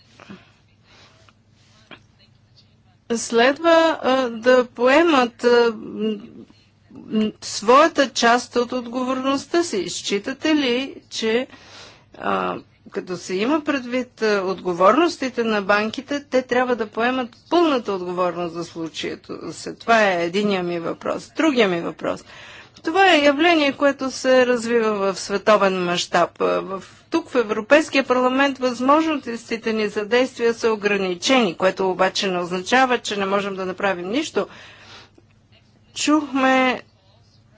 следва а, да поемат а, своята част от отговорността си. Считате ли, че а, като се има предвид отговорностите на банките, те трябва да поемат пълната отговорност за случаето? Това е единия ми въпрос. Другия ми въпрос – това е явление, което се развива в световен мащаб. В, тук в Европейския парламент възможностите ни за действия са ограничени, което обаче не означава, че не можем да направим нищо. Чухме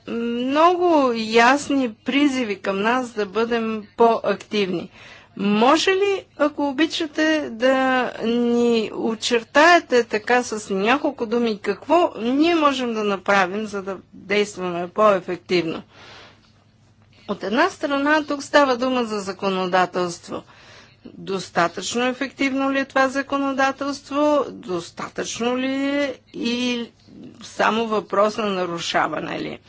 много ясни призиви към нас да бъдем по-активни. Може ли, ако обичате, да ни очертаете така с няколко думи какво ние можем да направим, за да действаме по-ефективно? От една страна, тук става дума за законодателство. Достатъчно ефективно ли е това законодателство? Достатъчно ли е и само въпрос на нарушаване ли?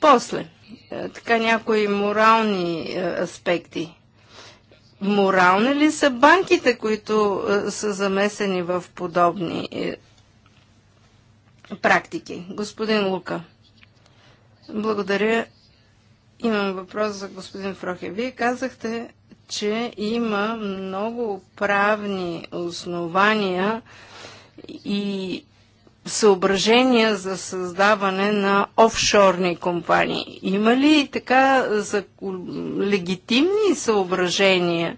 После, е, така някои морални е, аспекти морални ли са банките, които е, са замесени в подобни е, практики? Господин Лука. Благодаря. Имам въпрос за господин Фрохе. Вие казахте, че има много правни основания и съображения за създаване на офшорни компании. Има ли така за легитимни съображения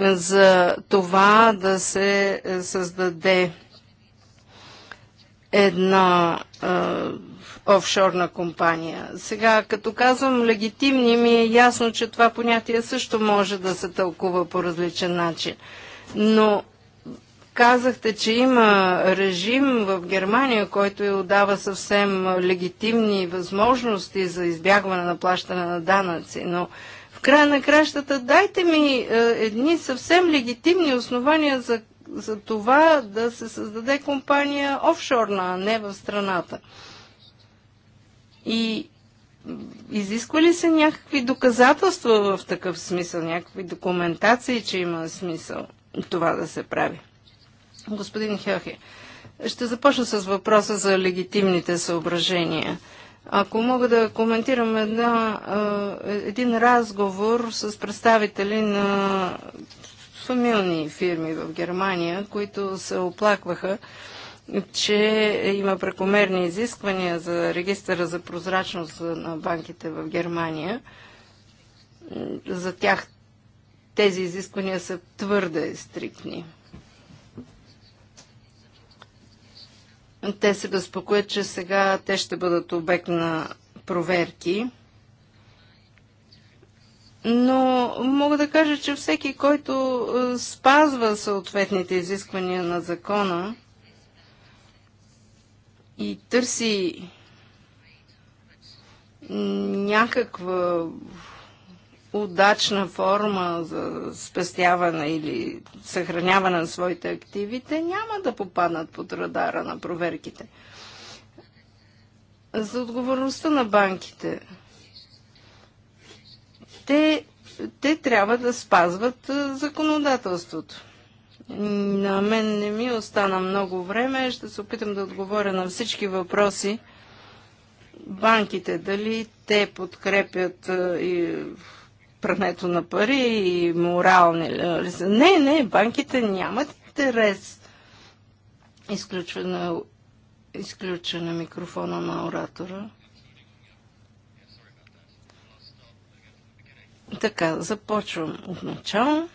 за това да се е, създаде една е, офшорна компания. Сега, като казвам легитимни, ми е ясно, че това понятие също може да се тълкува по различен начин. Но Казахте, че има режим в Германия, който е дава съвсем легитимни възможности за избягване на плащане на данъци, но в края на кращата дайте ми е, едни съвсем легитимни основания за, за това да се създаде компания офшорна, а не в страната. И изисква ли се някакви доказателства в такъв смисъл, някакви документации, че има смисъл това да се прави? Господин Хелхи, ще започна с въпроса за легитимните съображения. Ако мога да коментирам една, е, един разговор с представители на фамилни фирми в Германия, които се оплакваха, че има прекомерни изисквания за регистъра за прозрачност на банките в Германия. За тях тези изисквания са твърде стриктни. Те се безпокоят, че сега те ще бъдат обект на проверки. Но мога да кажа, че всеки, който е, спазва съответните изисквания на закона и търси някаква удачна форма за спестяване или съхраняване на своите активите, няма да попаднат под радара на проверките. За отговорността на банките. Те, те трябва да спазват законодателството. На мен не ми остана много време. Ще се опитам да отговоря на всички въпроси. Банките, дали те подкрепят и прането на пари и морални. Не, не, банките нямат интерес. Изключване, изключване микрофона на оратора. Така, започвам от начало.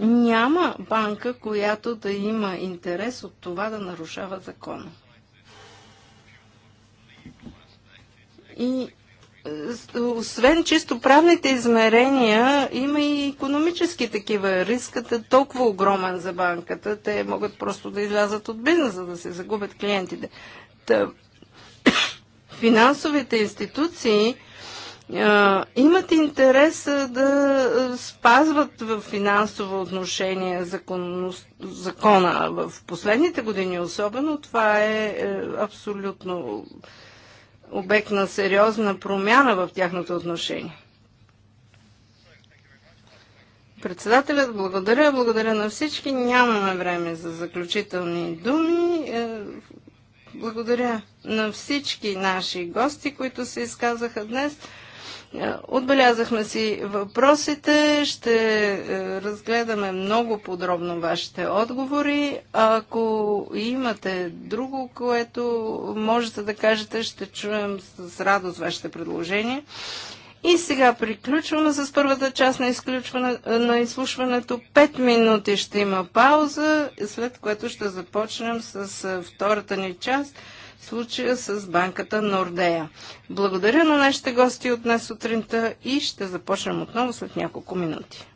Няма банка, която да има интерес от това да нарушава закона. И освен чисто правните измерения, има и економически такива. Рискът е толкова огромен за банката. Те могат просто да излязат от бизнеса, да се загубят клиентите. Та, финансовите институции а, имат интерес да спазват в финансово отношение закон, закона. В последните години особено това е, е абсолютно обект на сериозна промяна в тяхното отношение. Председателят, благодаря, благодаря на всички. Нямаме време за заключителни думи. Е, благодаря на всички наши гости, които се изказаха днес. Е, отбелязахме си въпросите, ще е, разгледаме много подробно вашите отговори. Ако имате друго, което можете да кажете, ще чуем с радост вашите предложения. И сега приключваме с първата част на, изключване, на изслушването. Пет минути ще има пауза, след което ще започнем с е, втората ни част – случая с банката Нордея. Благодаря на нашите гости от днес сутринта и ще започнем отново след няколко минути.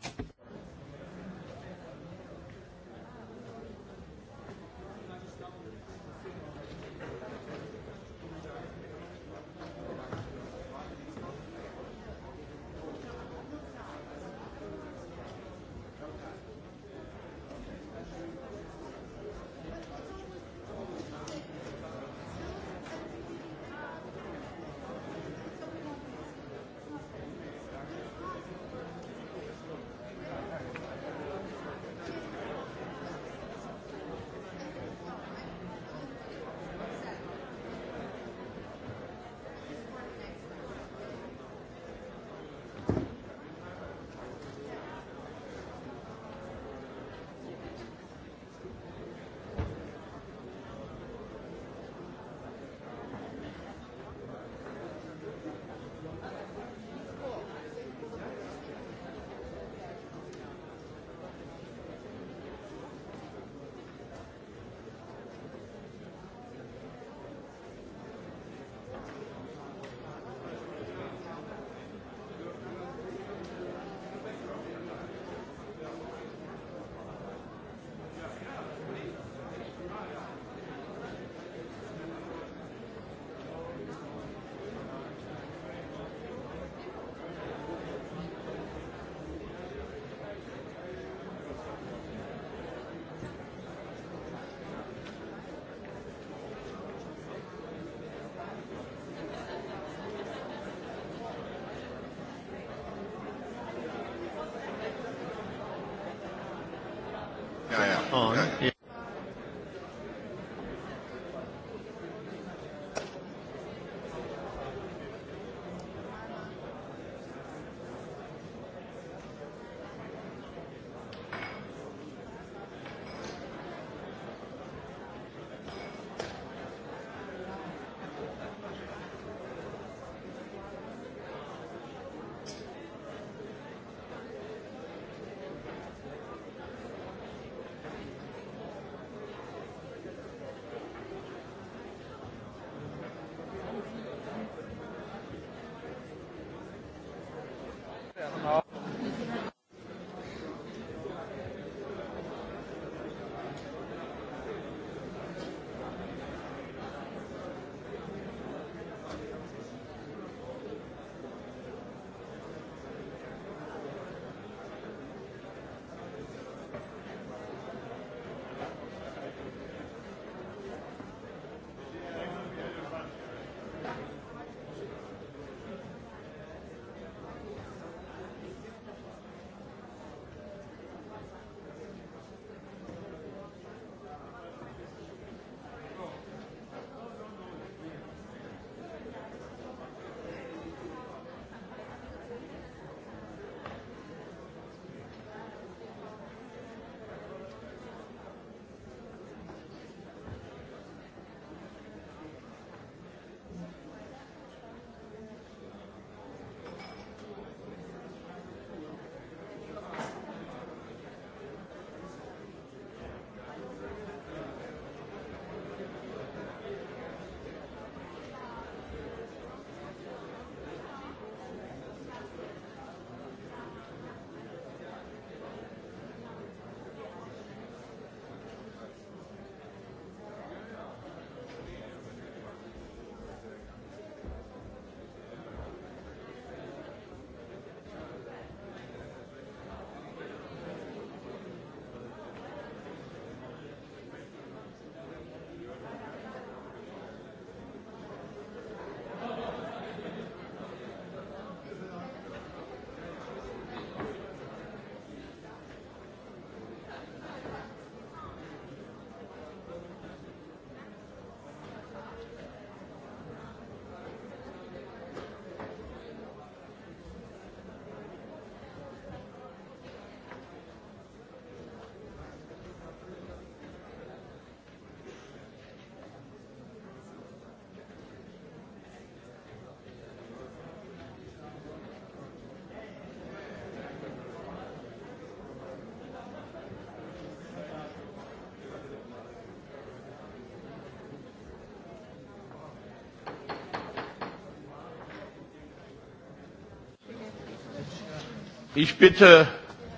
Ich bitte,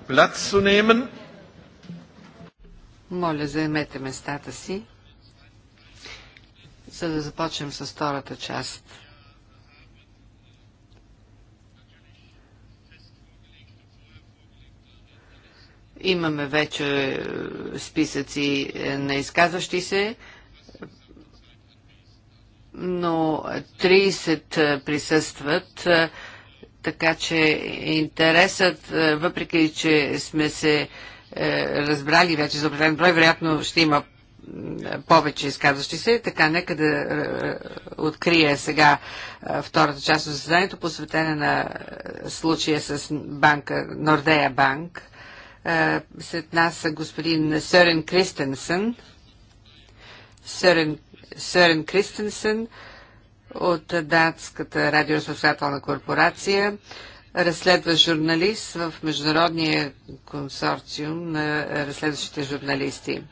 Platz zu nehmen. Моля, заемете местата си, за да започнем с втората част. Имаме вече е, списъци е, на изказващи се, но 30 е, присъстват. Така че интересът, е, въпреки че сме се е, разбрали вече за определен брой, вероятно ще има повече изказващи се. Така, нека да е, е открия сега е, втората част от заседанието, посветена на случая с банка, Нордея Банк. Е, след нас са господин Сърен Кристенсен. Сърен, Сърен Кристенсен от Датската радиосъобщателна корпорация, разследва журналист в Международния консорциум на разследващите журналисти.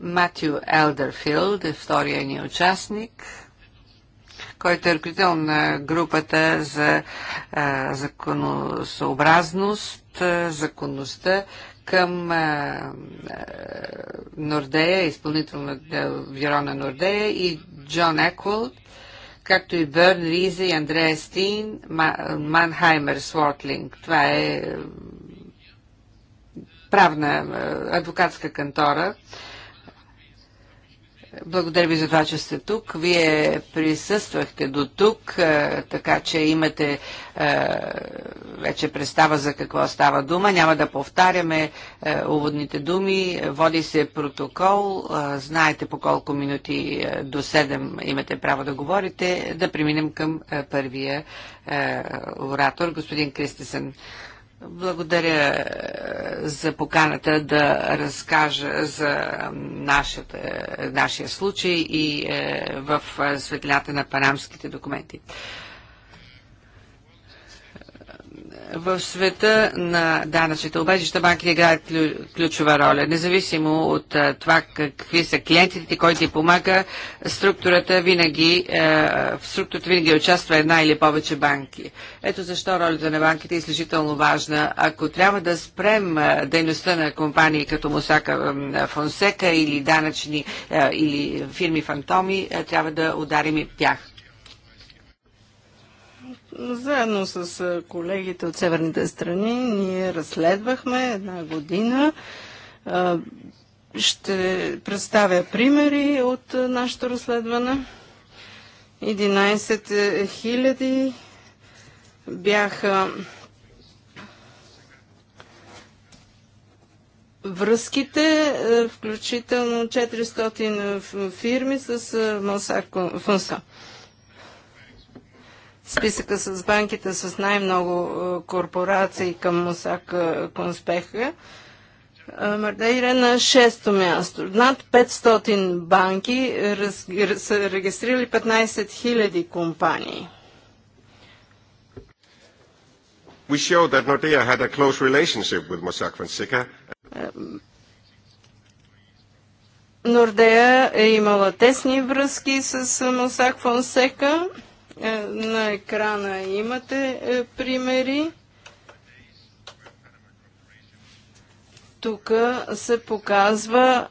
Матю Елдерфилд е втория ни участник, който е ръководител на групата за а, законосъобразност, законността към а, Нордея, изпълнителна бюро на Нордея и Джон Екволд, както и Бърн Ризе и Андрея Стин, Манхаймер, Свортлинг. Това е правна адвокатска кантора. Благодаря ви за това, че сте тук. Вие присъствахте до тук, така че имате вече представа за какво става дума. Няма да повтаряме уводните думи. Води се протокол. Знаете по колко минути до 7 имате право да говорите. Да преминем към първия оратор, господин Кристесен. Благодаря е, за поканата да разкажа за нашата, нашия случай и е, в е, светлината на панамските документи в света на данъчните обежища банките играят ключова роля. Независимо от това какви са клиентите, кой ти помага, структурата винаги, в структурата винаги участва една или повече банки. Ето защо ролята на банките е изключително важна. Ако трябва да спрем дейността на компании като Мусака Фонсека или данъчни или фирми фантоми, трябва да ударим и тях. Заедно с колегите от северните страни ние разследвахме една година. Ще представя примери от нашето разследване. 11 000 е, бяха връзките, е, включително 400 е, фирми с Мосако Фунса списъка с банките с най-много е, корпорации към Мусак е, Конспеха. Е, Мардейра на шесто място. Над 500 банки раз, са регистрирали 15 000 компании. We showed that Nordea had a close relationship with Mossack Fonseca. Нордея е имала тесни връзки с Мосак Фонсека. Е, на екрана имате е, примери. Тук се показва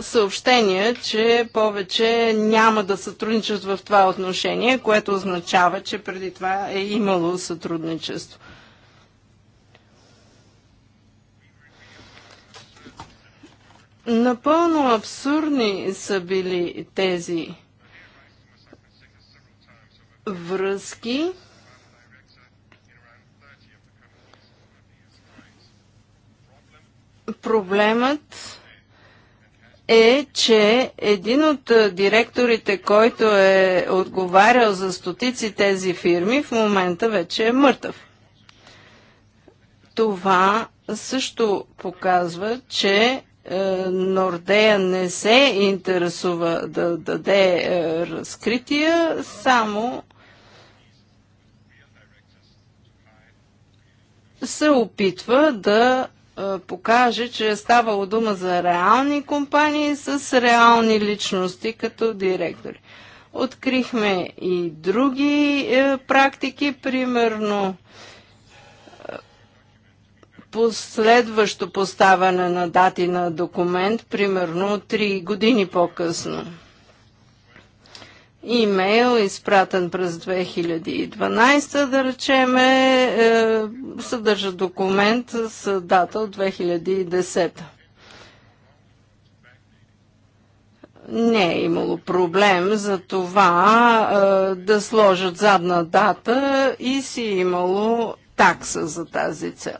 съобщение, че повече няма да сътрудничат в това отношение, което означава, че преди това е имало сътрудничество. Напълно абсурдни са били тези връзки. Проблемът е, че един от директорите, който е отговарял за стотици тези фирми, в момента вече е мъртъв. Това също показва, че е, Нордея не се интересува да даде е, разкрития, само се опитва да е, покаже, че е ставало дума за реални компании с реални личности като директори. Открихме и други практики, примерно последващо поставяне на дати на документ, примерно 3 години по-късно. Имейл, изпратен през 2012, да речем, е, съдържа документ с дата от 2010. не е имало проблем за това е, да сложат задна дата и си е имало такса за тази цел.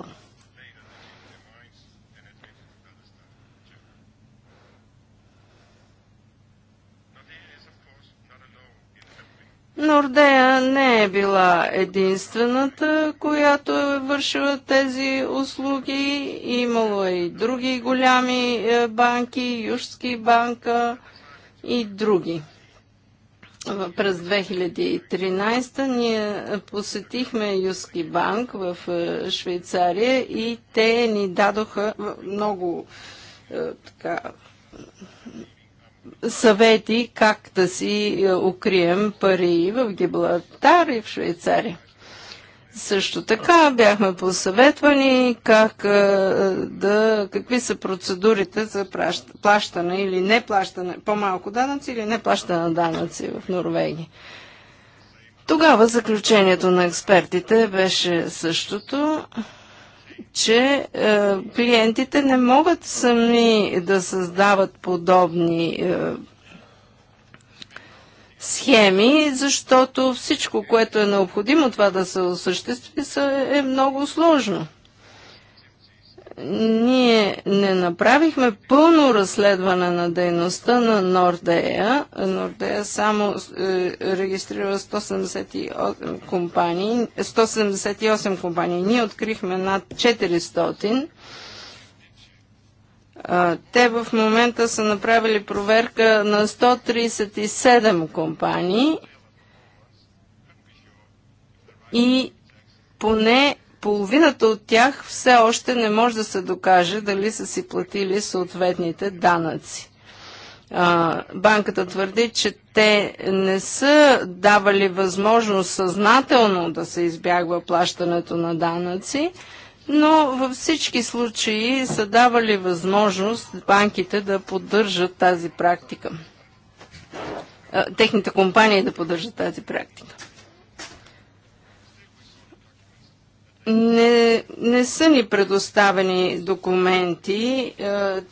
Нордея не е била единствената, която е вършила тези услуги. Имало е и други голями е, банки, Южски банка и други. През 2013 ние посетихме Юски банк в е, Швейцария и те ни дадоха много така, съвети как да си е, укрием пари в Гибралтар и в Швейцария. Също така бяхме посъветвани как, е, да, какви са процедурите за плащане или не плащане, по-малко данъци или не плащане на данъци в Норвегия. Тогава заключението на експертите беше същото че е, клиентите не могат сами да създават подобни е, схеми, защото всичко, което е необходимо това да се осъществи, е много сложно ние не направихме пълно разследване на дейността на Нордея. Нордея само е, регистрира 178 компании. 178 компании. Ние открихме над 400. Те в момента са направили проверка на 137 компании и поне половината от тях все още не може да се докаже дали са си платили съответните данъци. А, банката твърди, че те не са давали възможност съзнателно да се избягва плащането на данъци, но във всички случаи са давали възможност банките да поддържат тази практика. А, техните компании да поддържат тази практика. не, не са ни предоставени документи, е,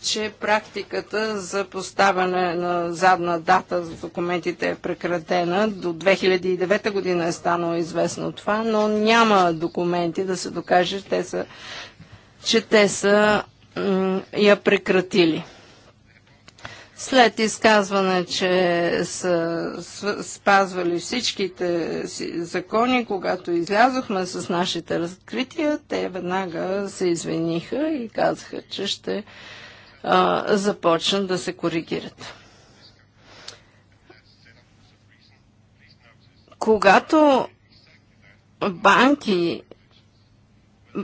че практиката за поставяне на задна дата за документите е прекратена. До 2009 година е станало известно това, но няма документи да се докаже, че те са, че те са я прекратили след изказване, че са спазвали всичките си закони, когато излязохме с нашите разкрития, те веднага се извиниха и казаха, че ще а, започнат да се коригират. Когато банки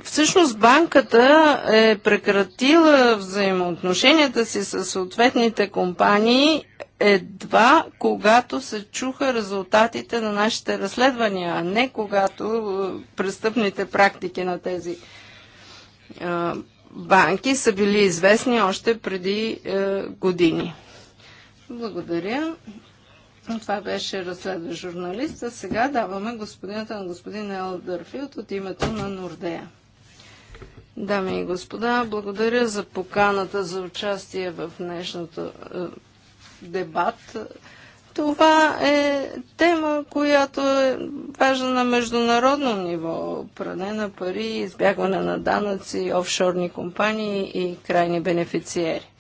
Всъщност банката е прекратила взаимоотношенията си с съответните компании едва когато се чуха резултатите на нашите разследвания, а не когато е, престъпните практики на тези е, банки са били известни още преди е, години. Благодаря. Това беше разследващ журналист. А сега даваме господината на господин Елдърфилд от името на Нордея. Дами и господа, благодаря за поканата за участие в днешното е, дебат. Това е тема, която е важна на международно ниво. Пране на пари, избягване на данъци, офшорни компании и крайни бенефициери.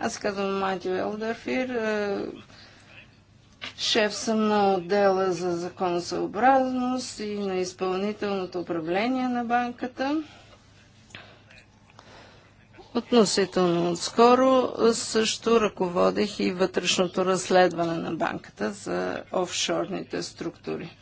Аз казвам Матио Елдърфир, е, шеф съм на отдела за законосъобразност и на изпълнителното управление на банката. Относително отскоро също ръководех и вътрешното разследване на банката за офшорните структури.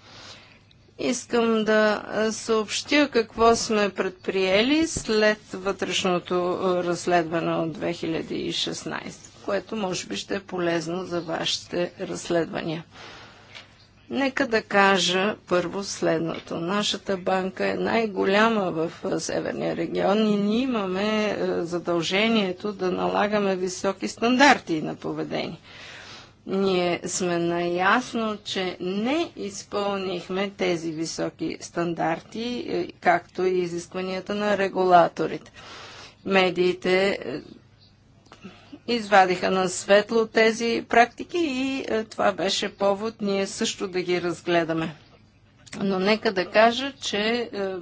Искам да съобщя какво сме предприели след вътрешното е, разследване от 2016, което може би ще е полезно за вашите разследвания. Нека да кажа първо следното. Нашата банка е най-голяма в е, Северния регион и ние имаме е, задължението да налагаме високи стандарти на поведение. Ние сме наясно, че не изпълнихме тези високи стандарти, е, както и изискванията на регулаторите медиите извадиха на светло тези практики и е, това беше повод ние също да ги разгледаме. Но нека да кажа, че е,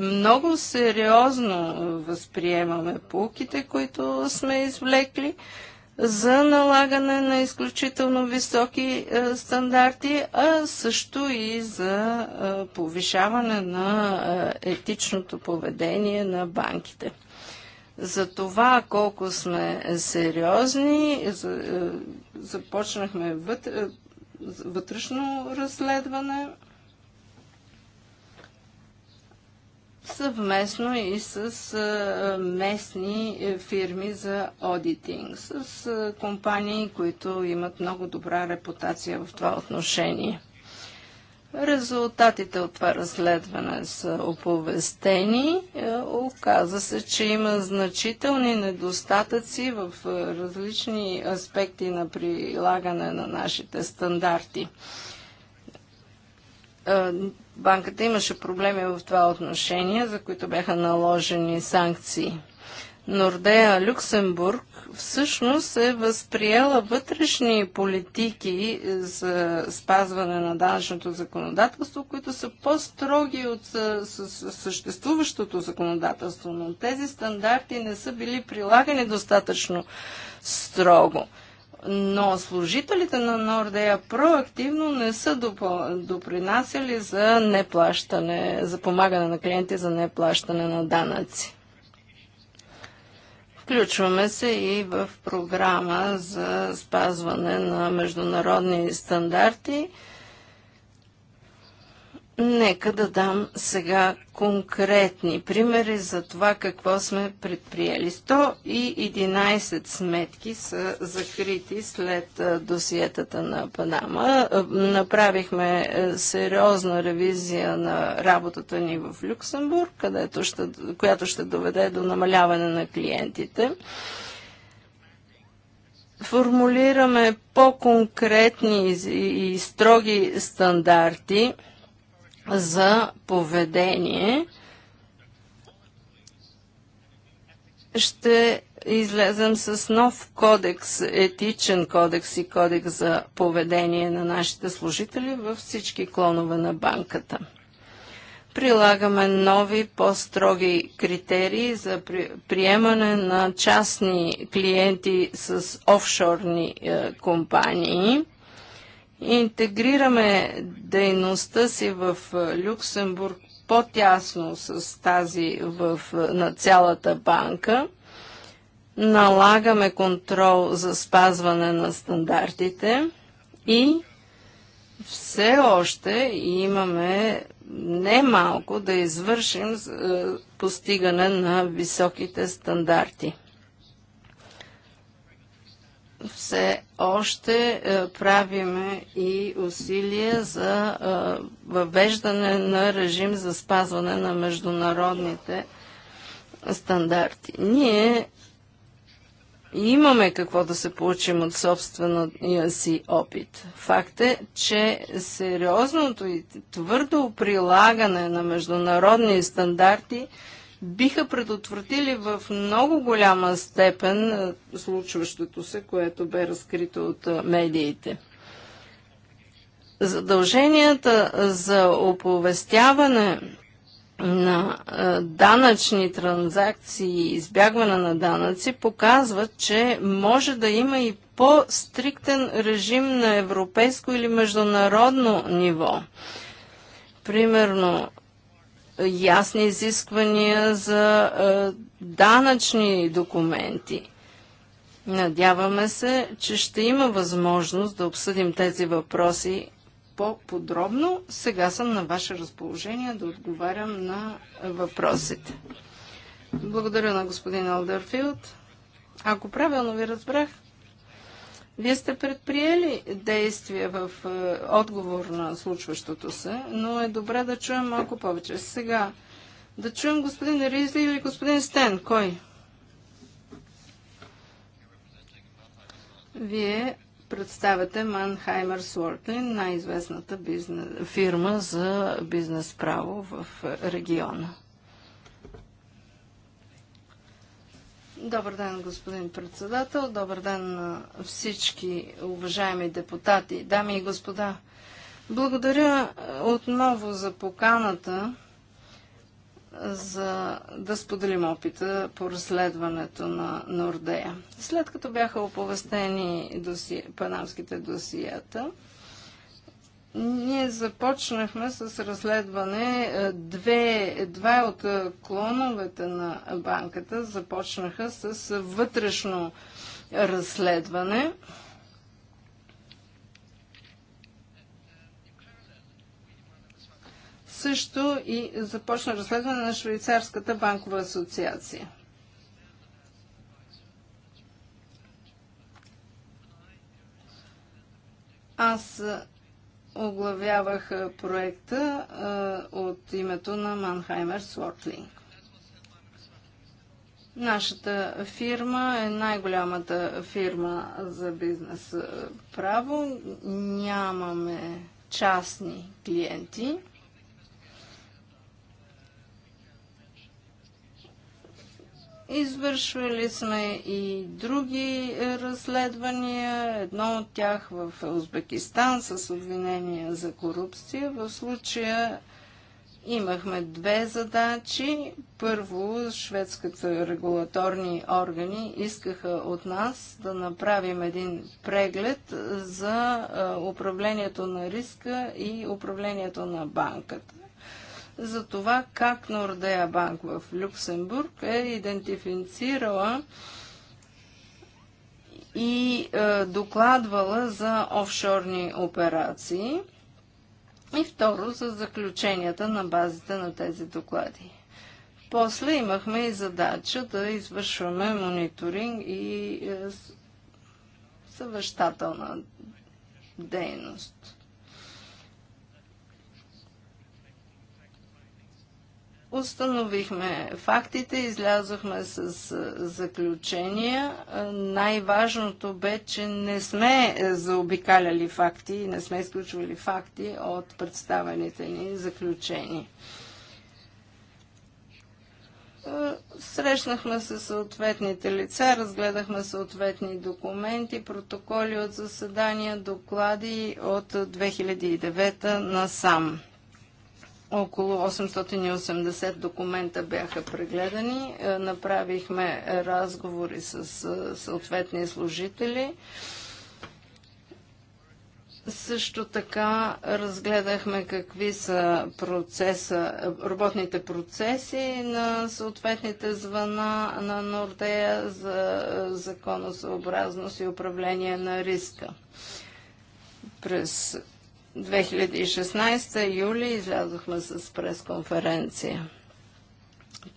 много сериозно е, възприемаме полките, които сме извлекли за налагане на изключително високи стандарти, а също и за повишаване на етичното поведение на банките за това колко сме сериозни. Е, започнахме е, вътрешно разследване съвместно и с е, местни фирми за аудитинг, с компании, които имат много добра репутация в това отношение. Резултатите от това разследване са оповестени. Е, оказа се, че има значителни недостатъци в е, различни аспекти на прилагане на нашите стандарти. Е, банката имаше проблеми в това отношение, за които бяха наложени санкции. Нордея Люксембург всъщност е възприела вътрешни политики е, за спазване на данъчното законодателство, които са по-строги от е, съществуващото законодателство, но тези стандарти не са били прилагани достатъчно строго. Но служителите на Нордея проактивно не са допринасяли за неплащане, за помагане на клиенти за неплащане на данъци. Включваме се и в програма за спазване на международни стандарти – Нека да дам сега конкретни примери за това какво сме предприели. 111 сметки са закрити след досиетата на Панама. Направихме е, сериозна ревизия на работата ни в Люксембург, където ще, която ще доведе до намаляване на клиентите формулираме по-конкретни и строги стандарти за поведение ще излезем с нов кодекс, етичен кодекс и кодекс за поведение на нашите служители във всички клонове на банката. Прилагаме нови, по-строги критерии за при, приемане на частни клиенти с офшорни е, компании – интегрираме дейността си в Люксембург по-тясно с тази в, на цялата банка, налагаме контрол за спазване на стандартите и все още имаме немалко да извършим постигане на високите стандарти все още е, правиме и усилия за е, въвеждане на режим за спазване на международните стандарти. Ние имаме какво да се получим от собствения си опит. Факт е, че сериозното и твърдо прилагане на международни стандарти – биха предотвратили в много голяма степен е, случващото се, което бе разкрито от е, медиите. Задълженията за оповестяване на е, данъчни транзакции и избягване на данъци показват, че може да има и по-стриктен режим на европейско или международно ниво. Примерно, ясни изисквания за е, данъчни документи. Надяваме се, че ще има възможност да обсъдим тези въпроси по-подробно. Сега съм на ваше разположение да отговарям на въпросите. Благодаря на господин Алдерфилд. Ако правилно ви разбрах, вие сте предприели действия в е, отговор на случващото се, но е добре да чуем малко повече. Сега да чуем господин Ризли или господин Стен. Кой? Вие представяте Манхаймер Суортлин, най-известната фирма за бизнес право в региона. Добър ден, господин председател. Добър ден на всички уважаеми депутати, дами и господа. Благодаря отново за поканата за да споделим опита по разследването на Нордея. След като бяха оповестени доси... панамските досията, ние започнахме с разследване. Е, две, два от е, клоновете на банката започнаха с вътрешно разследване. Също и започна разследване на Швейцарската банкова асоциация. Аз е, оглавявах проекта а, от името на Манхаймер Свортлинг. Нашата фирма е най-голямата фирма за бизнес право. Нямаме частни клиенти. Извършвали сме и други е, разследвания, едно от тях в Узбекистан с обвинения за корупция. В случая имахме две задачи. Първо, шведската регулаторни органи искаха от нас да направим един преглед за е, управлението на риска и управлението на банката за това как Нордея банк в Люксембург е идентифицирала и е, докладвала за офшорни операции и второ за заключенията на базите на тези доклади. После имахме и задача да извършваме мониторинг и е, съвещателна дейност. Установихме фактите, излязохме с заключения. Най-важното бе, че не сме е, заобикаляли факти и не сме изключвали факти от представените ни заключения. Срещнахме се съответните лица, разгледахме съответни документи, протоколи от заседания, доклади от 2009 насам. Около 880 документа бяха прегледани. Е, направихме разговори с е, съответни служители. Също така разгледахме какви са процеса, работните процеси на съответните звъна на Нордея за е, законосъобразност и управление на риска. През 2016 юли излязохме с пресконференция,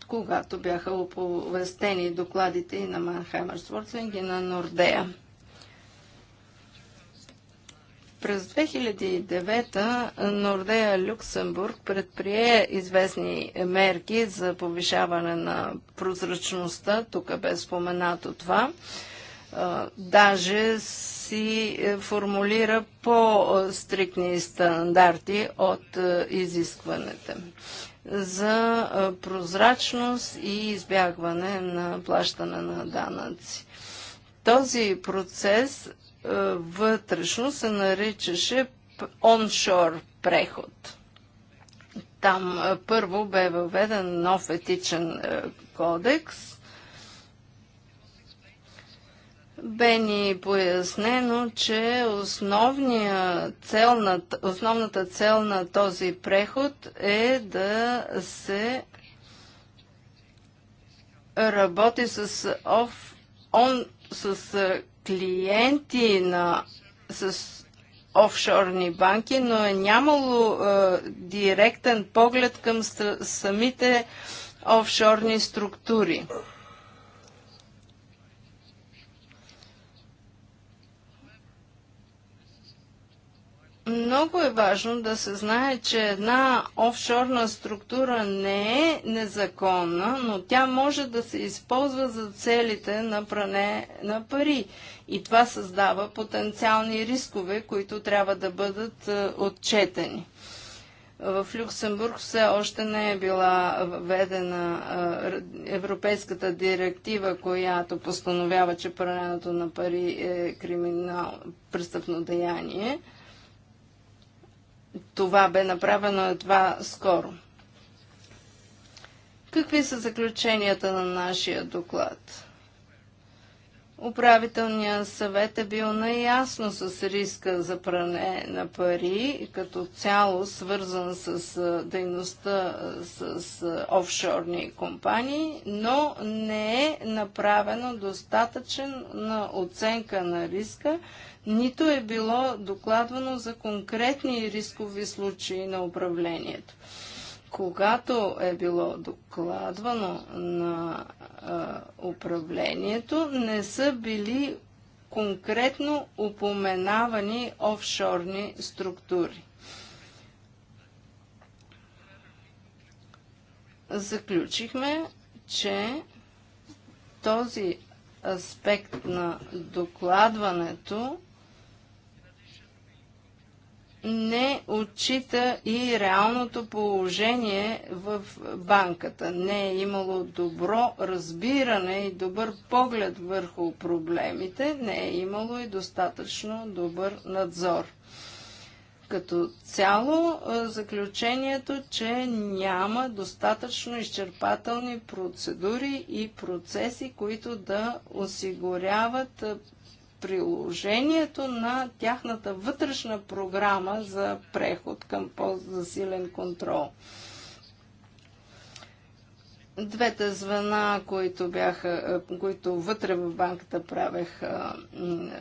когато бяха оповестени докладите и на Манхаймер Свортлинг и на Нордея. През 2009 Нордея Люксембург предприе известни мерки за повишаване на прозрачността. Тук бе споменато това. Даже с си е, формулира по-стрикни стандарти от е, изискването за е, прозрачност и избягване на плащане на данъци. Този процес вътрешно се наричаше оншор преход. Там първо бе въведен нов етичен кодекс, бе ни пояснено, че цел на, основната цел на този преход е да се работи с, оф, он, с клиенти на, с офшорни банки, но е нямало е, директен поглед към самите офшорни структури. Много е важно да се знае, че една офшорна структура не е незаконна, но тя може да се използва за целите на пране на пари. И това създава потенциални рискове, които трябва да бъдат е, отчетени. В Люксембург все още не е била введена е, европейската директива, която постановява, че прането на пари е криминал престъпно деяние това бе направено едва скоро. Какви са заключенията на нашия доклад? Управителният съвет е бил наясно с риска за пране на пари, като цяло свързан с дейността с офшорни компании, но не е направено достатъчен на оценка на риска нито е било докладвано за конкретни рискови случаи на управлението. Когато е било докладвано на а, управлението, не са били конкретно упоменавани офшорни структури. Заключихме, че този аспект на докладването не отчита и реалното положение в банката. Не е имало добро разбиране и добър поглед върху проблемите, не е имало и достатъчно добър надзор. Като цяло, заключението, че няма достатъчно изчерпателни процедури и процеси, които да осигуряват приложението на тяхната вътрешна програма за преход към по-засилен контрол. Двете звена, които, бяха, е, които вътре в банката правех е,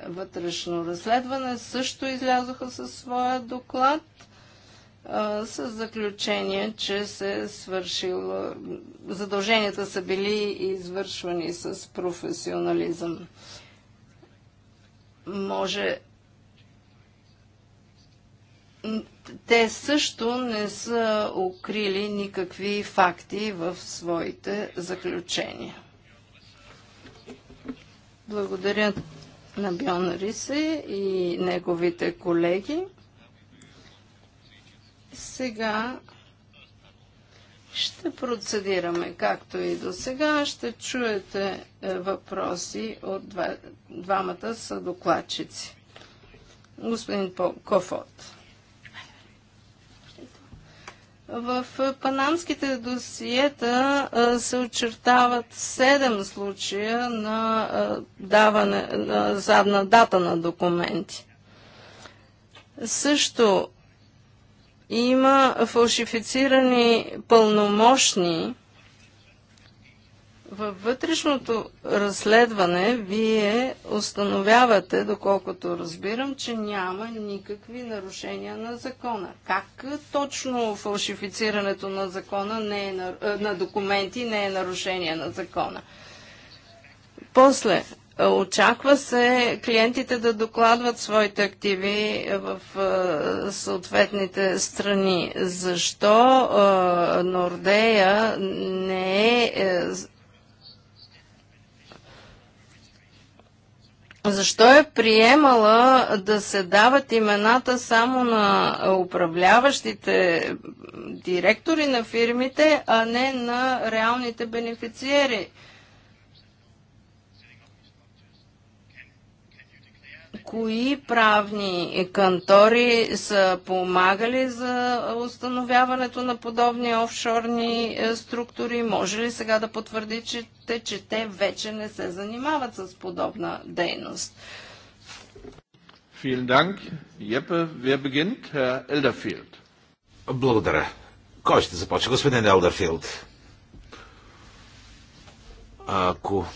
вътрешно разследване, също излязоха със своя доклад е, с заключение, че се свършил, задълженията са били извършвани с професионализъм може те също не са укрили никакви факти в своите заключения. Благодаря на Бьон Рисе и неговите колеги. Сега ще процедираме както и до сега. Ще чуете е, въпроси от два, двамата са докладчици. Господин Кофот. В е, панамските досиета е, се очертават 7 случая на даване на задна дата на документи. Също има фалшифицирани пълномощни. Във вътрешното разследване вие установявате, доколкото разбирам, че няма никакви нарушения на закона. Как точно фалшифицирането на закона не е, на, на документи не е нарушение на закона? После, Очаква се клиентите да докладват своите активи в съответните страни. Защо Нордея не е, е. Защо е приемала да се дават имената само на управляващите директори на фирмите, а не на реалните бенефициери? кои правни кантори са помагали за установяването на подобни офшорни е, структури? Може ли сега да потвърдите, че, те вече не се занимават с подобна дейност? Благодаря. Кой ще започне? Господин Елдерфилд. Ако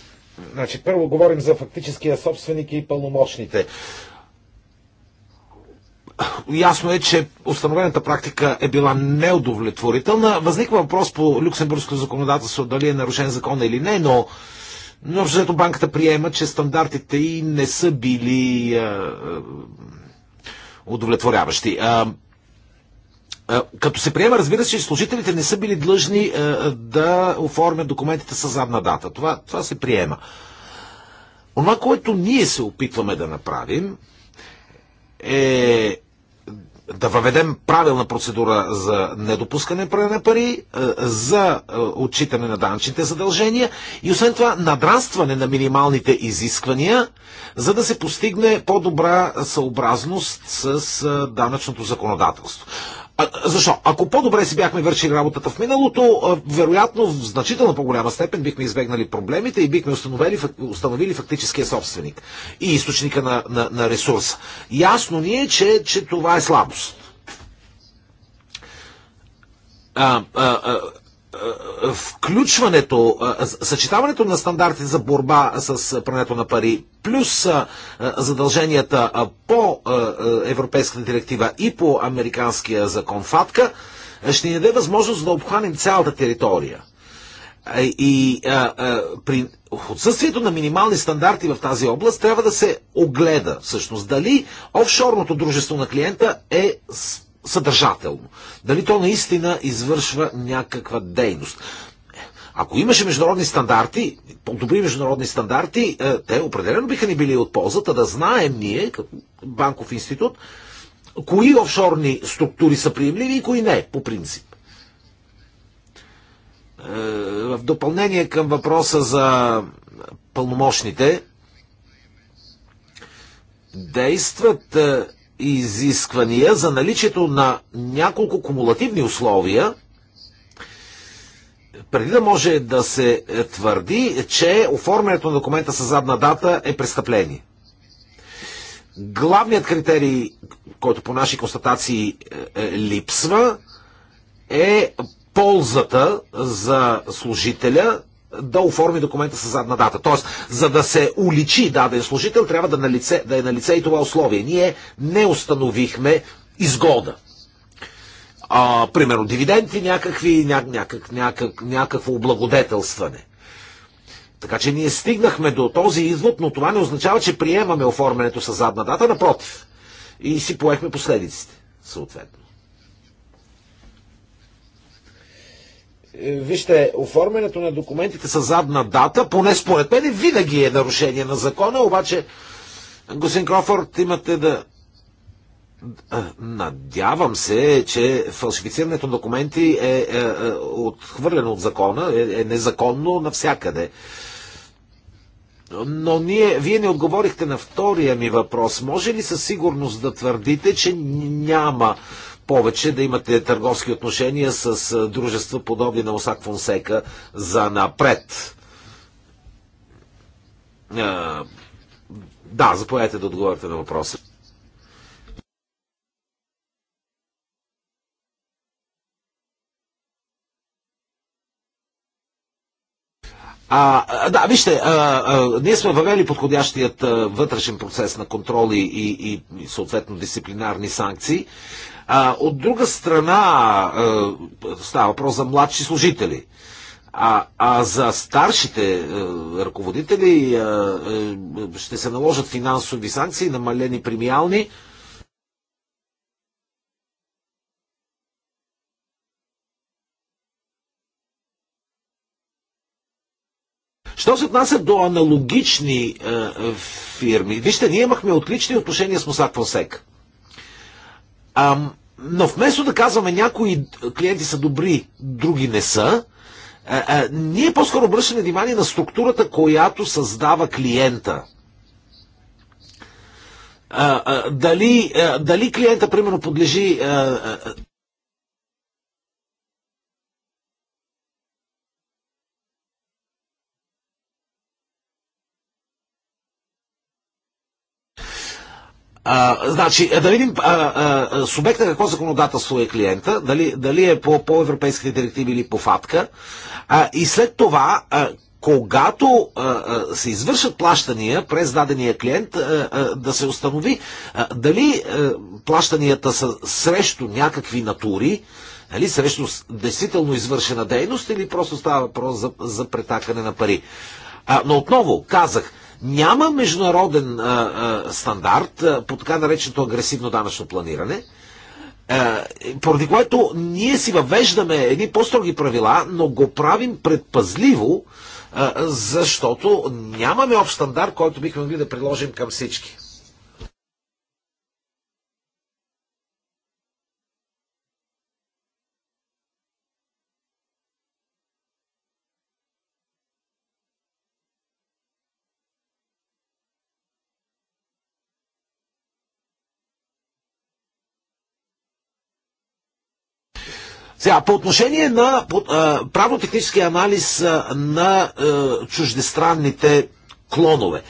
Значи, първо говорим за фактическия собственик и пълномощните. Ясно е, че установената практика е била неудовлетворителна. Възниква въпрос по люксембургското законодателство дали е нарушен закон или не, но но защото банката приема, че стандартите и не са били удовлетворяващи. Като се приема, разбира се, че служителите не са били длъжни да оформят документите с задна дата. Това, това се приема. Онова, което ние се опитваме да направим, е да въведем правилна процедура за недопускане пране на пари, за отчитане на данъчните задължения и освен това надранстване на минималните изисквания, за да се постигне по-добра съобразност с данъчното законодателство. А, защо? Ако по-добре си бяхме вършили работата в миналото, вероятно в значително по-голяма степен бихме избегнали проблемите и бихме установили, установили фактическия собственик и източника на, на, на ресурса. Ясно ни е, че, че това е слабост. А, а, а, е, е, включването, е, съчетаването на стандарти за борба с прането на пари, плюс задълженията по Европейската директива и по Американския закон ФАТКА, ще ни даде възможност да обхванем цялата територия. И а, а, при отсъствието на минимални стандарти в тази област трябва да се огледа всъщност дали офшорното дружество на клиента е съдържателно. Дали то наистина извършва някаква дейност. Ако имаше международни стандарти, по-добри международни стандарти, е, те определено биха ни били от ползата да знаем ние, като банков институт, кои офшорни структури са приемливи и кои не, по принцип. Е, в допълнение към въпроса за пълномощните, действат е, изисквания за наличието на няколко кумулативни условия, преди да може да се твърди, че оформянето на документа с задна дата е престъпление. Главният критерий, който по наши констатации е, е, липсва, е ползата за служителя да оформи документа с задна дата. Тоест, за да се уличи даден служител, трябва да, е налице, да е на лице и това условие. Ние не установихме изгода а, примерно дивиденти някакви, ня, някак, някак, някакво облагодетелстване. Така че ние стигнахме до този извод, но това не означава, че приемаме оформянето с задна дата, напротив. И си поехме последиците, съответно. Е, вижте, оформянето на документите с задна дата, поне според мен, винаги е нарушение на закона, обаче, господин Крофорд, имате да... Надявам се, че фалшифицирането на документи е, е, е отхвърлено от закона, е, е незаконно навсякъде. Но ние, вие не отговорихте на втория ми въпрос. Може ли със сигурност да твърдите, че няма повече да имате търговски отношения с дружества, подобни на Осак Фонсека, за напред. Да, заповядайте да отговорите на въпроса. А, да, вижте, а, а, ние сме въвели подходящият а, вътрешен процес на контроли и, и, и съответно дисциплинарни санкции. А, от друга страна, става въпрос за младши служители. А, а за старшите а, ръководители а, а, ще се наложат финансови санкции, намалени премиални. Що се отнася до аналогични е, фирми? Вижте, ние имахме отлични отношения с Мусак Фонсек. Ам, но вместо да казваме някои клиенти са добри, други не са, а, а, ние по-скоро обръщаме внимание на структурата, която създава клиента. А, а, дали, а, дали клиента, примерно, подлежи а, а, А, значи, е, да видим а, а, субекта какво законодателство е клиента, дали, дали е по, по европейските директиви или по ФАТКА. А, и след това, а, когато а, а, се извършат плащания през дадения клиент, а, а, да се установи а, дали а, плащанията са срещу някакви натури, нали, срещу действително извършена дейност или просто става въпрос за, за претакане на пари. А, но отново казах, няма международен а, а, стандарт а, по така нареченото агресивно данъчно планиране, а, поради което ние си въвеждаме едни по-строги правила, но го правим предпазливо, а, защото нямаме общ стандарт, който бихме могли да приложим към всички. Сега, по отношение на правно анализ на чуждестранните клонове.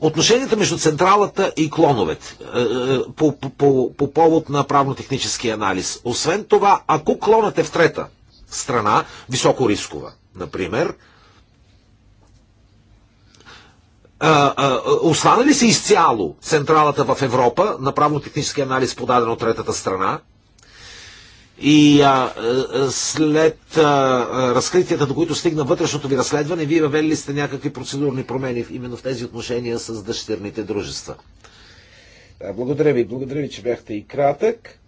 Отношенията между централата и клоновете по, по, по, по повод на правно-технически анализ. Освен това, ако клонът е в трета страна, високо рискова, например, а, остана ли се изцяло централата в Европа на правно-технически анализ подаден от третата страна, и а, след а, разкритията, до които стигна вътрешното ви разследване, вие въвели сте някакви процедурни промени именно в тези отношения с дъщерните дружества. Да, благодаря ви. Благодаря ви, че бяхте и кратък.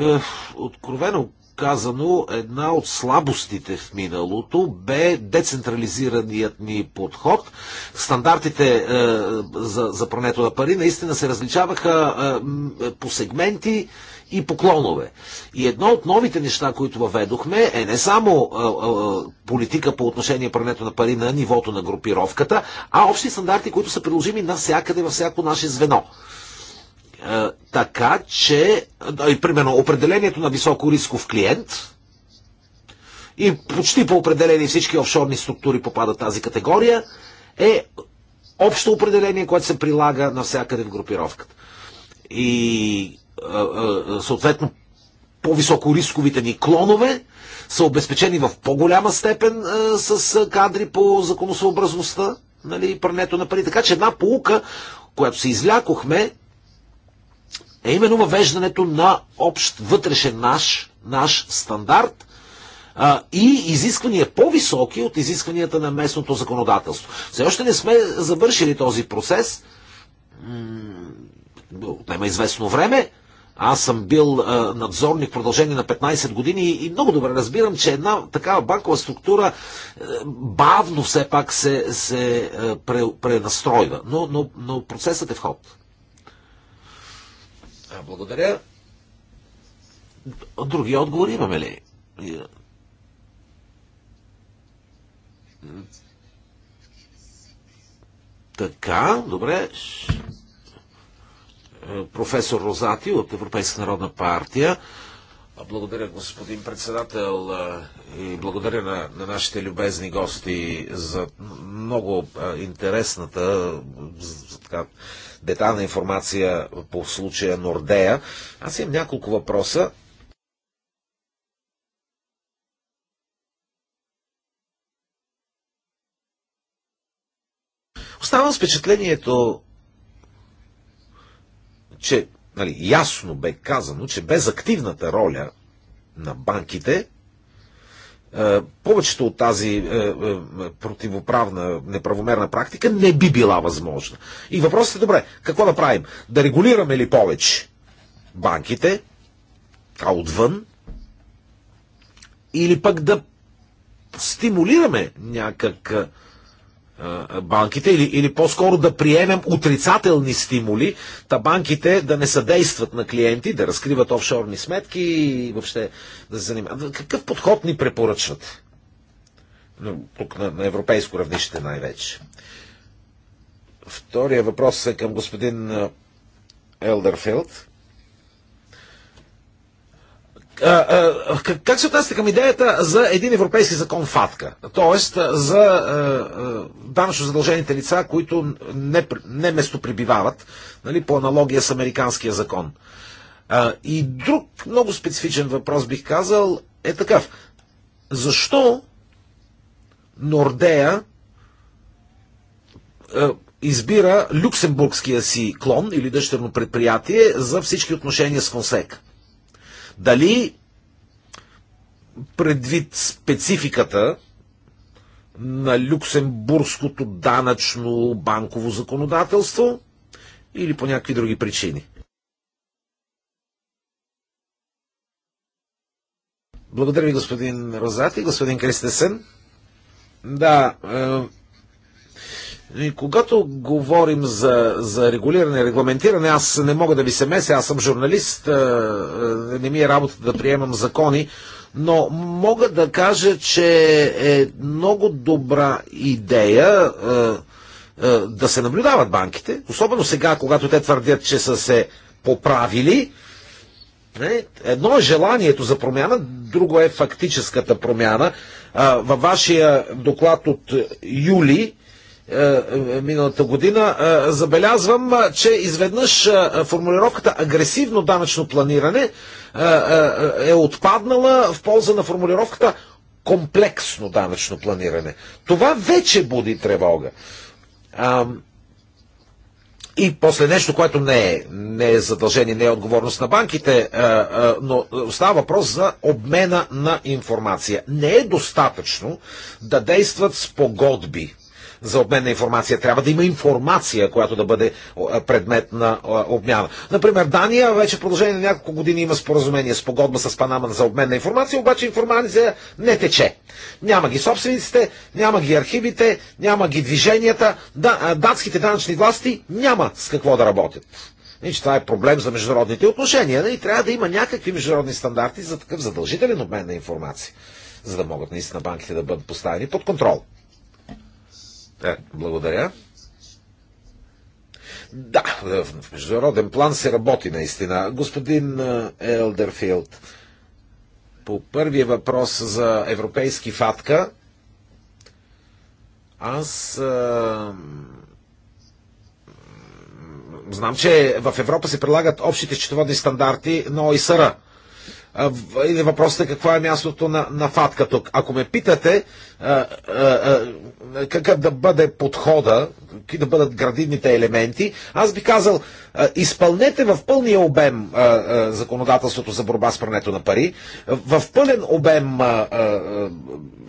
Е, откровено казано, една от слабостите в миналото бе децентрализираният ни подход. Стандартите е, за, за прането на пари наистина се различаваха е, по сегменти и по клонове. И едно от новите неща, които въведохме, е не само е, е, политика по отношение прането на пари на нивото на групировката, а общи стандарти, които са приложими навсякъде, във всяко наше звено. Е, така че, примерно, определението на високо рисков клиент, и почти по определени всички офшорни структури попадат тази категория, е общо определение, което се прилага навсякъде в групировката. И е, е, съответно по-високорисковите ни клонове са обезпечени в по-голяма степен с кадри по законосъобразността, нали, прането на пари. Така че една полука, която се излякохме е именно въвеждането на общ вътрешен наш, наш стандарт а, и изисквания по-високи от изискванията на местното законодателство. Все още не сме завършили този процес. Отнема известно време. Аз съм бил а, надзорник в продължение на 15 години и много добре разбирам, че една такава банкова структура а, е, бавно все пак се, се а, е, пренастройва. Но, но, но процесът е в ход. А, благодаря. Други отговори имаме ли? Така, добре. Професор Розати от Европейска народна партия. Благодаря, господин председател, и благодаря на, на нашите любезни гости за много интересната така, детална информация по случая Нордея. Аз имам няколко въпроса. Оставам с впечатлението, че нали, ясно бе казано, че без активната роля на банките, е, повечето от тази е, е, противоправна, неправомерна практика не би била възможна. И въпросът е добре, какво да правим? Да регулираме ли повече банките, а отвън, или пък да стимулираме някак банките или, или по-скоро да приемем отрицателни стимули, та банките да не съдействат на клиенти, да разкриват офшорни сметки и въобще да се занимават. Какъв подход ни препоръчват? Тук на, на европейско равнище най-вече. Втория въпрос е към господин Елдерфилд как се отнасяте към идеята за един европейски закон ФАТКА? Тоест за данъчно задължените лица, които не, не прибивават, нали, по аналогия с американския закон. И друг много специфичен въпрос бих казал е такъв. Защо Нордея избира люксембургския си клон или дъщерно предприятие за всички отношения с Фонсека? Дали предвид спецификата на люксембургското данъчно банково законодателство или по някакви други причини? Благодаря ви, господин Розати, господин Кристесен. Да, е, и когато говорим за, за регулиране, регламентиране, аз не мога да ви се меся, аз съм журналист, не ми е работа да приемам закони, но мога да кажа, че е много добра идея да се наблюдават банките, особено сега, когато те твърдят, че са се поправили. Е, едно е желанието за промяна, друго е фактическата промяна. Във вашия доклад от юли е, е, миналата година, е, забелязвам, че изведнъж формулировката агресивно данъчно планиране е отпаднала в полза на формулировката комплексно данъчно планиране. Това вече буди тревога. И после нещо, което не е, не е задължение, не е отговорност на банките, но става въпрос за обмена на информация. Не е достатъчно да действат с погодби за обмен на информация. Трябва да има информация, която да бъде предмет на обмяна. Например, Дания вече в продължение на няколко години има споразумение с погодба с Панама за обмен на информация, обаче информация не тече. Няма ги собствениците, няма ги архивите, няма ги движенията. Да, датските данъчни власти няма с какво да работят. И че това е проблем за международните отношения. И нали? трябва да има някакви международни стандарти за такъв задължителен обмен на информация, за да могат наистина банките да бъдат поставени под контрол. Так, е, благодаря. Да, в международен план се работи наистина. Господин е, Елдерфилд, по първия въпрос за европейски фатка, аз а... Е, знам, че в Европа се прилагат общите счетоводни стандарти на ОИСР. Или въпросът е какво е мястото на, на фатка тук. Ако ме питате а, а, а, какъв да бъде подхода, какви да бъдат градивните елементи, аз би казал, изпълнете в пълния обем законодателството за борба с прането на пари, в пълен обем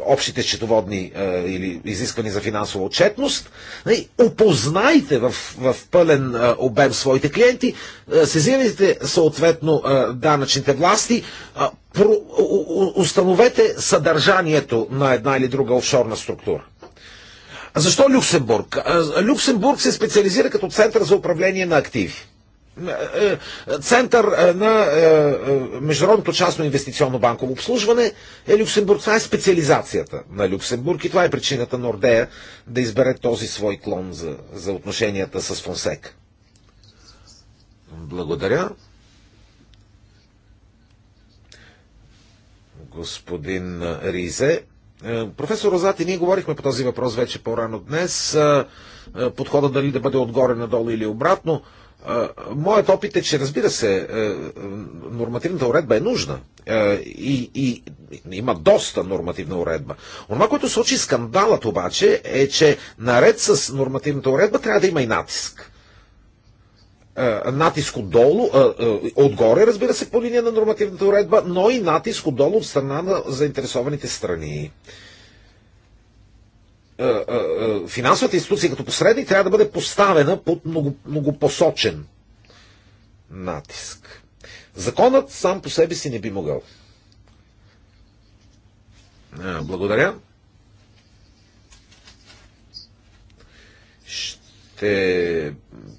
общите счетоводни или изисквани за финансова отчетност, нали, опознайте в, в пълен обем своите клиенти, сезирайте съответно данъчните власти, установете съдържанието на една или друга офшорна структура защо Люксембург? Люксембург се специализира като център за управление на активи. Е, е, център е, на Международното частно инвестиционно банково обслужване е Люксембург. Това е специализацията на Люксембург и това е причината Нордея да избере този свой клон за, за отношенията с Фонсек. Благодаря. Господин Ризе. Е, професор Розати, ние говорихме по този въпрос вече по-рано днес. Е, е, подхода дали да бъде отгоре надолу или обратно. Моят опит е, че разбира се, нормативната уредба е нужна и, и има доста нормативна уредба. Онова, което случи скандалът обаче, е, че наред с нормативната уредба трябва да има и натиск. Е, натиск отдолу, е, е, отгоре, разбира се, по линия на нормативната уредба, но и натиск отдолу от страна на заинтересованите страни. Финансовата институция като посредник трябва да бъде поставена под много, многопосочен натиск. Законът сам по себе си не би могъл. Благодаря. ще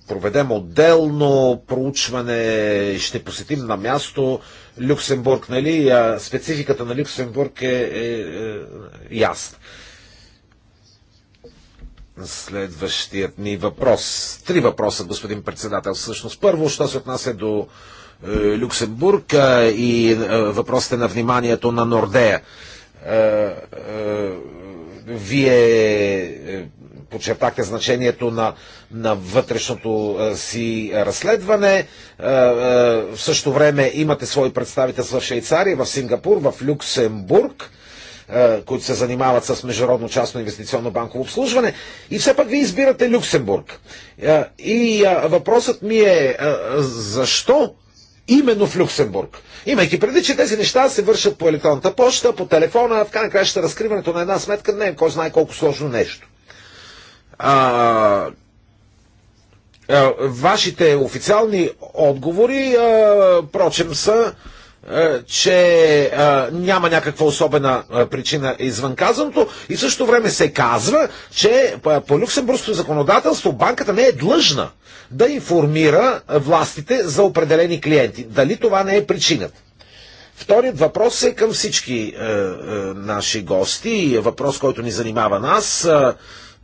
проведем отделно проучване, ще посетим на място Люксембург, нали? Спецификата на Люксембург е, е, е ясна. Следващият ни въпрос. Три въпроса, господин председател. Всъщност, първо, що се отнася до е, Люксембург е, и е, въпросите на вниманието на Нордея. Е, е, вие е, подчертахте значението на, на вътрешното е, си разследване. Е, е, в същото време имате свои представителства в Швейцария, в Сингапур, в Люксембург които се занимават с международно частно инвестиционно банково обслужване. И все пак вие избирате Люксембург. И въпросът ми е защо именно в Люксембург. Имайки преди, че тези неща се вършат по електронната почта, по телефона, в крайна краща разкриването на една сметка не е кой знае колко сложно нещо а, а, вашите официални отговори, а, прочем, са че а, няма някаква особена а, причина извън казаното и в същото време се казва, че а, по люксембургското законодателство банката не е длъжна да информира властите за определени клиенти. Дали това не е причината? Вторият въпрос е към всички е, е, наши гости. Въпрос, който ни занимава нас. Е,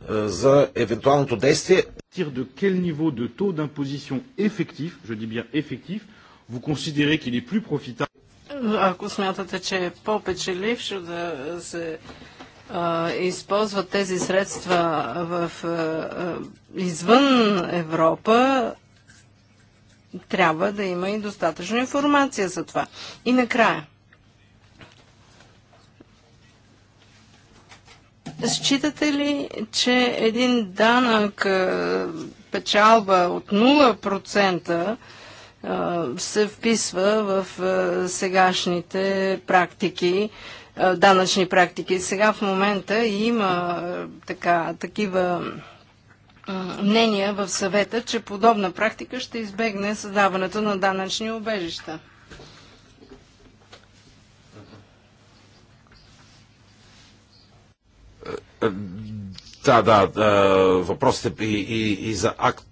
е, за евентуалното действие. De quel niveau de taux d'imposition effectif, je dis bien effectif, vous considérez qu'il est plus profitable? Ако смятате, че е по-печелившо да се а, използват тези средства в, а, извън Европа, трябва да има и достатъчно информация за това. И накрая. Считате ли, че един данък е, печалба от 0% е, се вписва в е, сегашните практики, данъчни практики. Сега в момента има така, такива мнения в съвета, че подобна практика ще избегне създаването на данъчни обежища. Да, да, въпросът е и, и, и за акт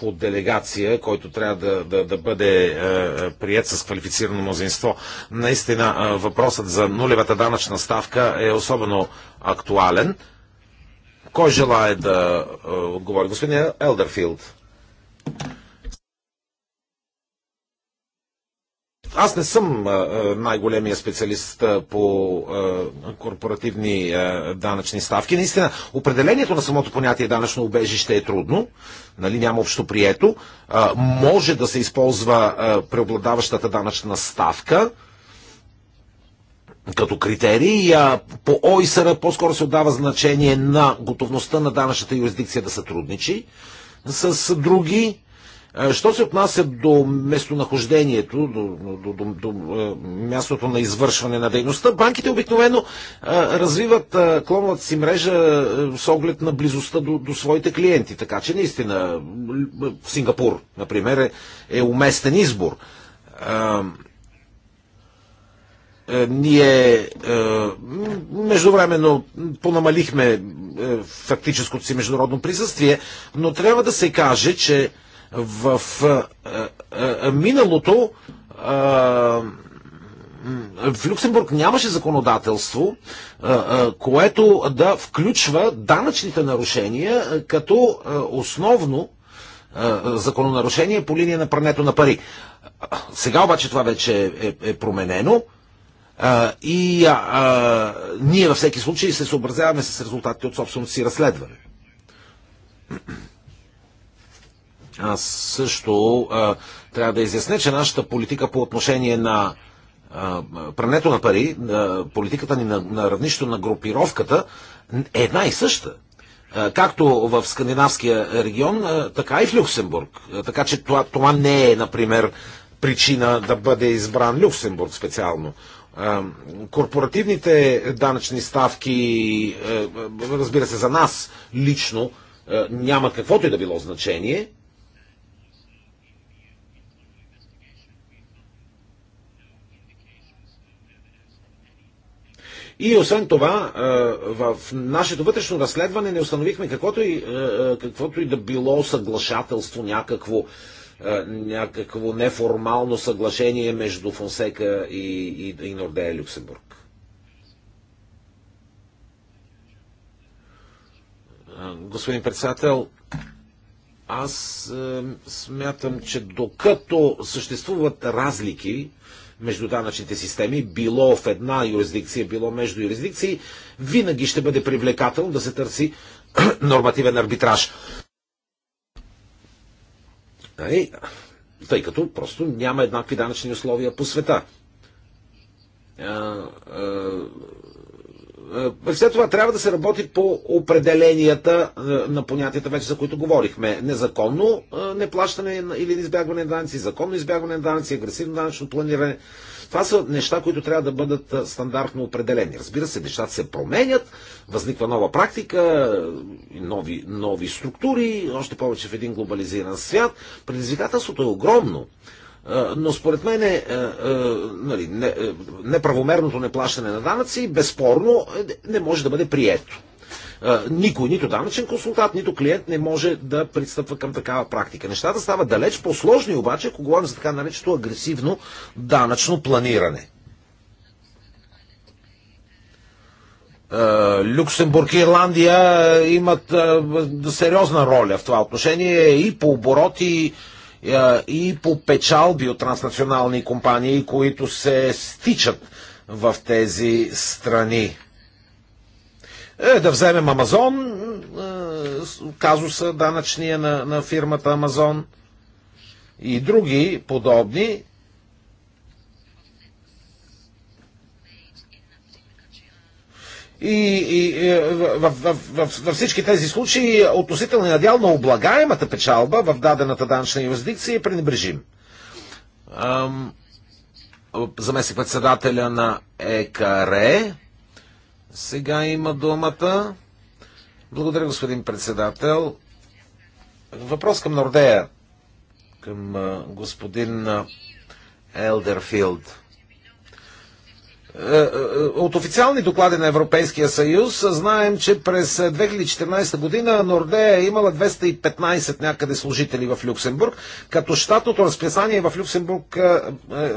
по делегация, който трябва да, да, да бъде е, прият с квалифицирано мнозинство. Наистина въпросът за нулевата данъчна ставка е особено актуален. Кой желая да отговори? Господин Елдерфилд. Аз не съм най-големия специалист по корпоративни данъчни ставки. Наистина, определението на самото понятие данъчно убежище е трудно, нали, няма общо прието. Може да се използва преобладаващата данъчна ставка, като критерий. По ОИСР по-скоро се отдава значение на готовността на данъчната юрисдикция да сътрудничи с други е, що се отнася до местонахождението, до, до, до, до е, мястото на извършване на дейността, банките обикновено е, развиват клоновата си мрежа с оглед на близостта до, до своите клиенти. Така че наистина Сингапур, например, е, е уместен избор. Ние междувременно понамалихме фактическото си международно присъствие, но трябва да се каже, че в миналото в Люксембург нямаше законодателство, което да включва данъчните нарушения като основно закононарушение по линия на прането на пари. Сега обаче това вече е, е, е променено и ние във всеки случай се съобразяваме с резултатите от собственото си разследване. Аз също а, трябва да изясня, че нашата политика по отношение на прането на пари, а, политиката ни на, на равнището на групировката е една и съща както в скандинавския регион, така и в Люксембург. Така че това, това не е, например, причина да бъде избран Люксембург специално. Корпоративните данъчни ставки, разбира се, за нас лично нямат каквото и да било значение, И освен това, в нашето вътрешно разследване не установихме каквото и, каквото и да било съглашателство някакво някакво неформално съглашение между Фонсека и, и, и Нордея Люксембург. Господин председател, аз смятам, че докато съществуват разлики между данъчните системи, било в една юрисдикция, било между юрисдикции, винаги ще бъде привлекателно да се търси нормативен арбитраж. Нали? Тъй като просто няма еднакви данъчни условия по света е, след това трябва да се работи по определенията е, на понятията, вече за които говорихме. Незаконно е, неплащане или избягване на данъци, законно избягване на данъци, агресивно данъчно планиране. Това са неща, които трябва да бъдат стандартно определени. Разбира се, нещата се променят, възниква нова практика, нови, нови структури, още повече в един глобализиран свят. Предизвикателството е огромно. Но според мен е, е нали, не, е, неправомерното неплащане на данъци безспорно е, не може да бъде прието. Никой, нито данъчен консултант, нито клиент не може да пристъпва към такава практика. Нещата стават далеч по-сложни обаче, ако говорим за така нареченото агресивно данъчно планиране. Люксембург и Ирландия имат сериозна роля в това отношение и по обороти, и е, и по печалби от транснационални компании, които се стичат в тези страни. Е, да вземем Амазон, е, казуса данъчния на, на фирмата Амазон и други подобни, И, и е, в, в, в, в всички тези случаи относителният надял на облагаемата печалба в дадената данъчна юрисдикция е пренебрежим. Заместник председателя на ЕКРЕ сега има думата. Благодаря, господин председател. Въпрос към Нордея, към господин Елдерфилд. Е, е, от официални доклади на Европейския съюз е, знаем, че през 2014 година Нордея е имала 215 някъде служители в Люксембург, като щатното разписание в Люксембург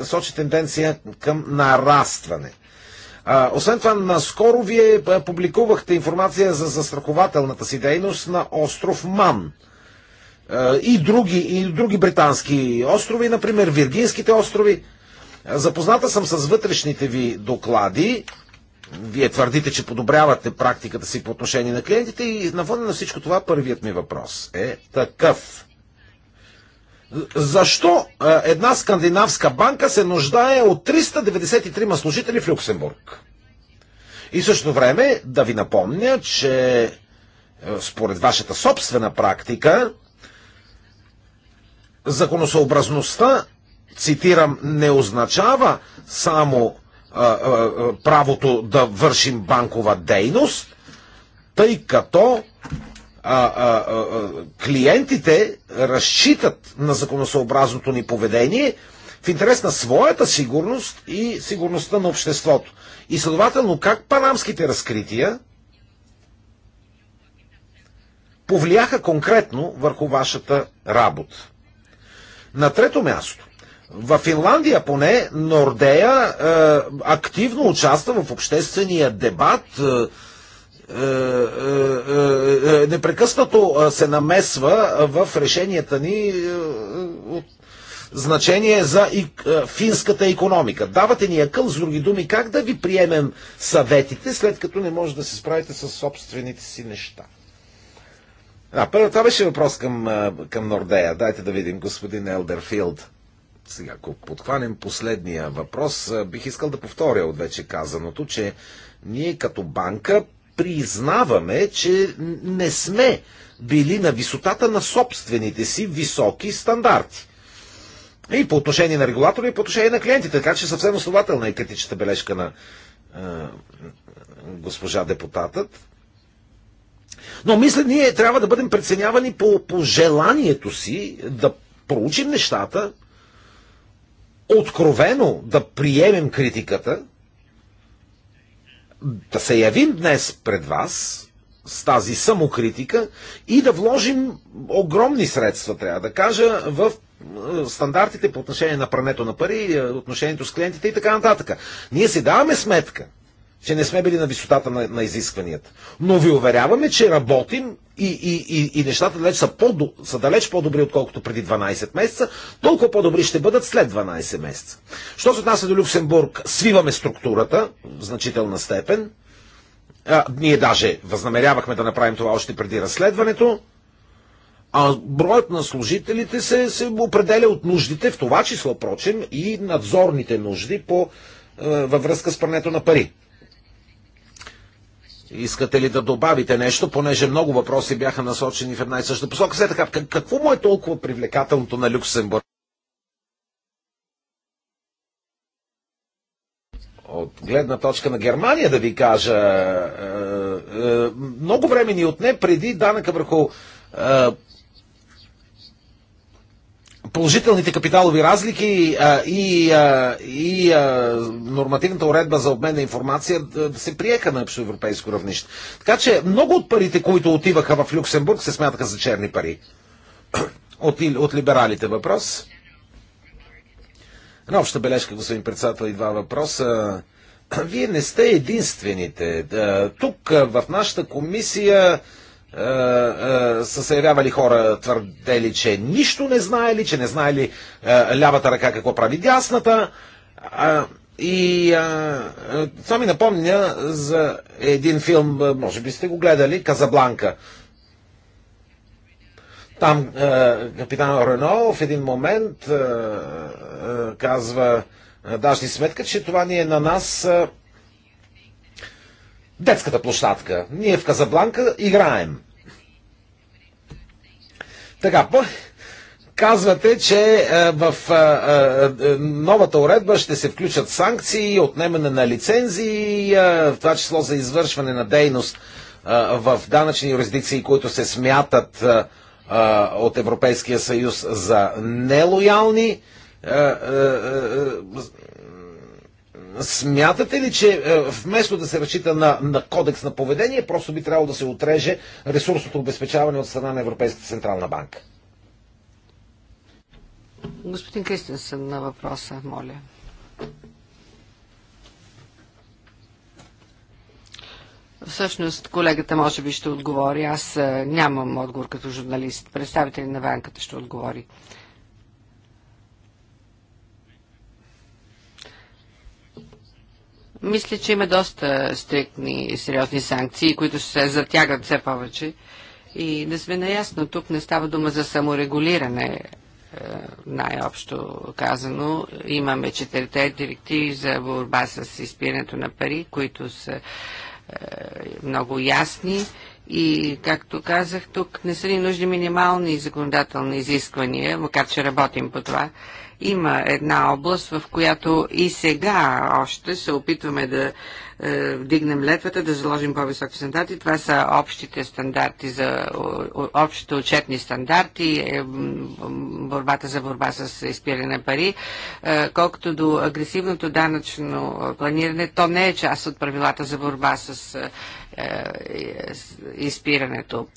сочи тенденция към нарастване. освен това, наскоро вие публикувахте информация за застрахователната си дейност на остров Ман. и други, и други британски острови, например Виргинските острови. Запозната съм с вътрешните ви доклади. Вие твърдите, че подобрявате практиката си по отношение на клиентите и на фона на всичко това първият ми въпрос е такъв. Защо една скандинавска банка се нуждае от 393 служители в Люксембург? И също време да ви напомня, че според вашата собствена практика, законосъобразността цитирам, не означава само а, а, правото да вършим банкова дейност, тъй като а, а, а, клиентите разчитат на законосъобразното ни поведение в интерес на своята сигурност и сигурността на обществото. И следователно, как панамските разкрития повлияха конкретно върху вашата работа? На трето място, в Финландия поне Нордея е, активно участва в обществения дебат. Е, е, е, е, е непрекъснато е, се намесва в решенията ни от значение за и, е, финската економика. Давате ни акъл, с други думи, как да ви приемем съветите, след като не може да се справите с собствените си неща. Да, първо, това беше въпрос към, към Нордея. Дайте да видим господин Елдерфилд. Сега, ако подхванем последния въпрос, бих искал да повторя от вече казаното, че ние като банка признаваме, че не сме били на висотата на собствените си високи стандарти. И по отношение на регулатора, и по отношение на клиентите. Така че съвсем основателна е критичната бележка на е, госпожа депутатът. Но мисля, ние трябва да бъдем преценявани по, по желанието си да проучим нещата, откровено да приемем критиката, да се явим днес пред вас с тази самокритика и да вложим огромни средства, трябва да кажа, в е, стандартите по отношение на прането на пари, е, отношението с клиентите и така нататък. Ние си даваме сметка, че не сме били на висотата на, на изискванията. Но ви уверяваме, че работим и, и, и, и нещата далеч са, по, са далеч по-добри, отколкото преди 12 месеца, толкова по-добри ще бъдат след 12 месеца. Що се отнася до Люксембург, свиваме структурата в значителна степен. А, ние даже възнамерявахме да направим това още преди разследването. А броят на служителите се, се определя от нуждите, в това число, прочим, и надзорните нужди по, е, във връзка с прането на пари. Искате ли да добавите нещо, понеже много въпроси бяха насочени в една и съща посока? Все така, какво му е толкова привлекателното на Люксембург? от гледна точка на Германия, да ви кажа, е, е, е много време ни отне преди данъка върху е, положителните капиталови разлики а, и, а, и а, нормативната уредба за обмен на информация се приеха на европейско равнище. Така че много от парите, които отиваха в Люксембург, се смятаха за черни пари. От, от либералите въпрос. Една обща бележка, господин председател, и два въпроса. Вие не сте единствените. Тук в нашата комисия е, е, са се явявали хора, твърдели, че нищо не знаели, че не знаели е, лявата ръка какво прави дясната. И а, това ми напомня за един филм, може би сте го гледали, Казабланка. Там капитан Рено в един момент казва, даш ли сметка, че това ни е на нас детската площадка. Ние в Казабланка играем. Така, по... Казвате, че е, в е, е, новата уредба ще се включат санкции, отнемане на лицензии, в това число за извършване на дейност в данъчни юрисдикции, които се смятат от Европейския съюз за нелоялни. Смятате ли, че е, вместо да се разчита на, на кодекс на поведение, просто би трябвало да се отреже ресурсното обезпечаване от страна на Европейската централна банка? Господин Кристенсен на въпроса, моля. Всъщност колегата може би ще отговори. Аз е, нямам отговор като журналист. Представители на банката ще отговори. Мисля, че има доста стриктни и сериозни санкции, които се затягат все повече. И да сме наясно, тук не става дума за саморегулиране, е, най-общо казано. Имаме четирите директиви за борба с изпирането на пари, които са е, много ясни. И, както казах, тук не са ни нужни минимални законодателни изисквания, макар че работим по това. Има една област, в която и сега още се опитваме да е, вдигнем летвата, да заложим по-високи стандарти. Това са общите стандарти за общите отчетни стандарти, е, борбата за борба с изпиране на пари. Е, колкото до агресивното данъчно планиране, то не е част от правилата за борба с е, е, изпирането.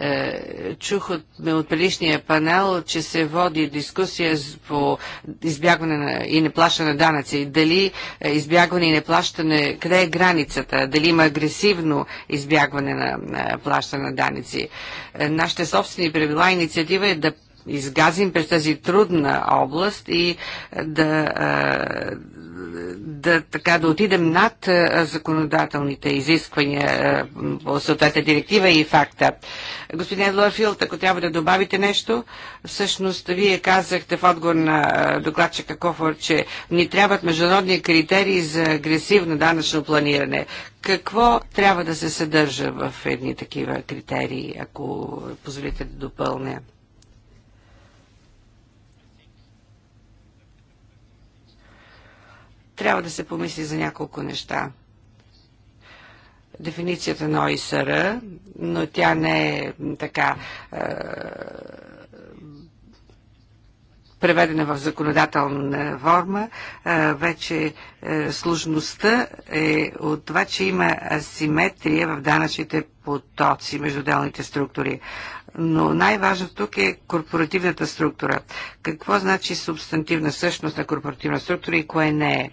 Е, чух от, от предишния панел, че се води дискусия по избягване на, и неплащане на данъци. Дали е, избягване и неплащане, къде е границата? Дали има агресивно избягване на, на плащане на данъци? Нашите собствени правила инициатива е да изгазим през тази трудна област и да, да, така, да отидем над законодателните изисквания по съответната директива и факта. Господин Лорфилд, ако трябва да добавите нещо, всъщност вие казахте в отговор на докладчика Кофор, че ни трябват международни критерии за агресивно данъчно планиране. Какво трябва да се съдържа в едни такива критерии, ако позволите да допълня? трябва да се помисли за няколко неща. Дефиницията на ОИСР, но тя не е така е, преведена в законодателна форма, е, вече е, сложността е от това, че има асиметрия в данъчните потоци между отделните структури. Но най-важното тук е корпоративната структура. Какво значи субстантивна същност на корпоративна структура и кое не е?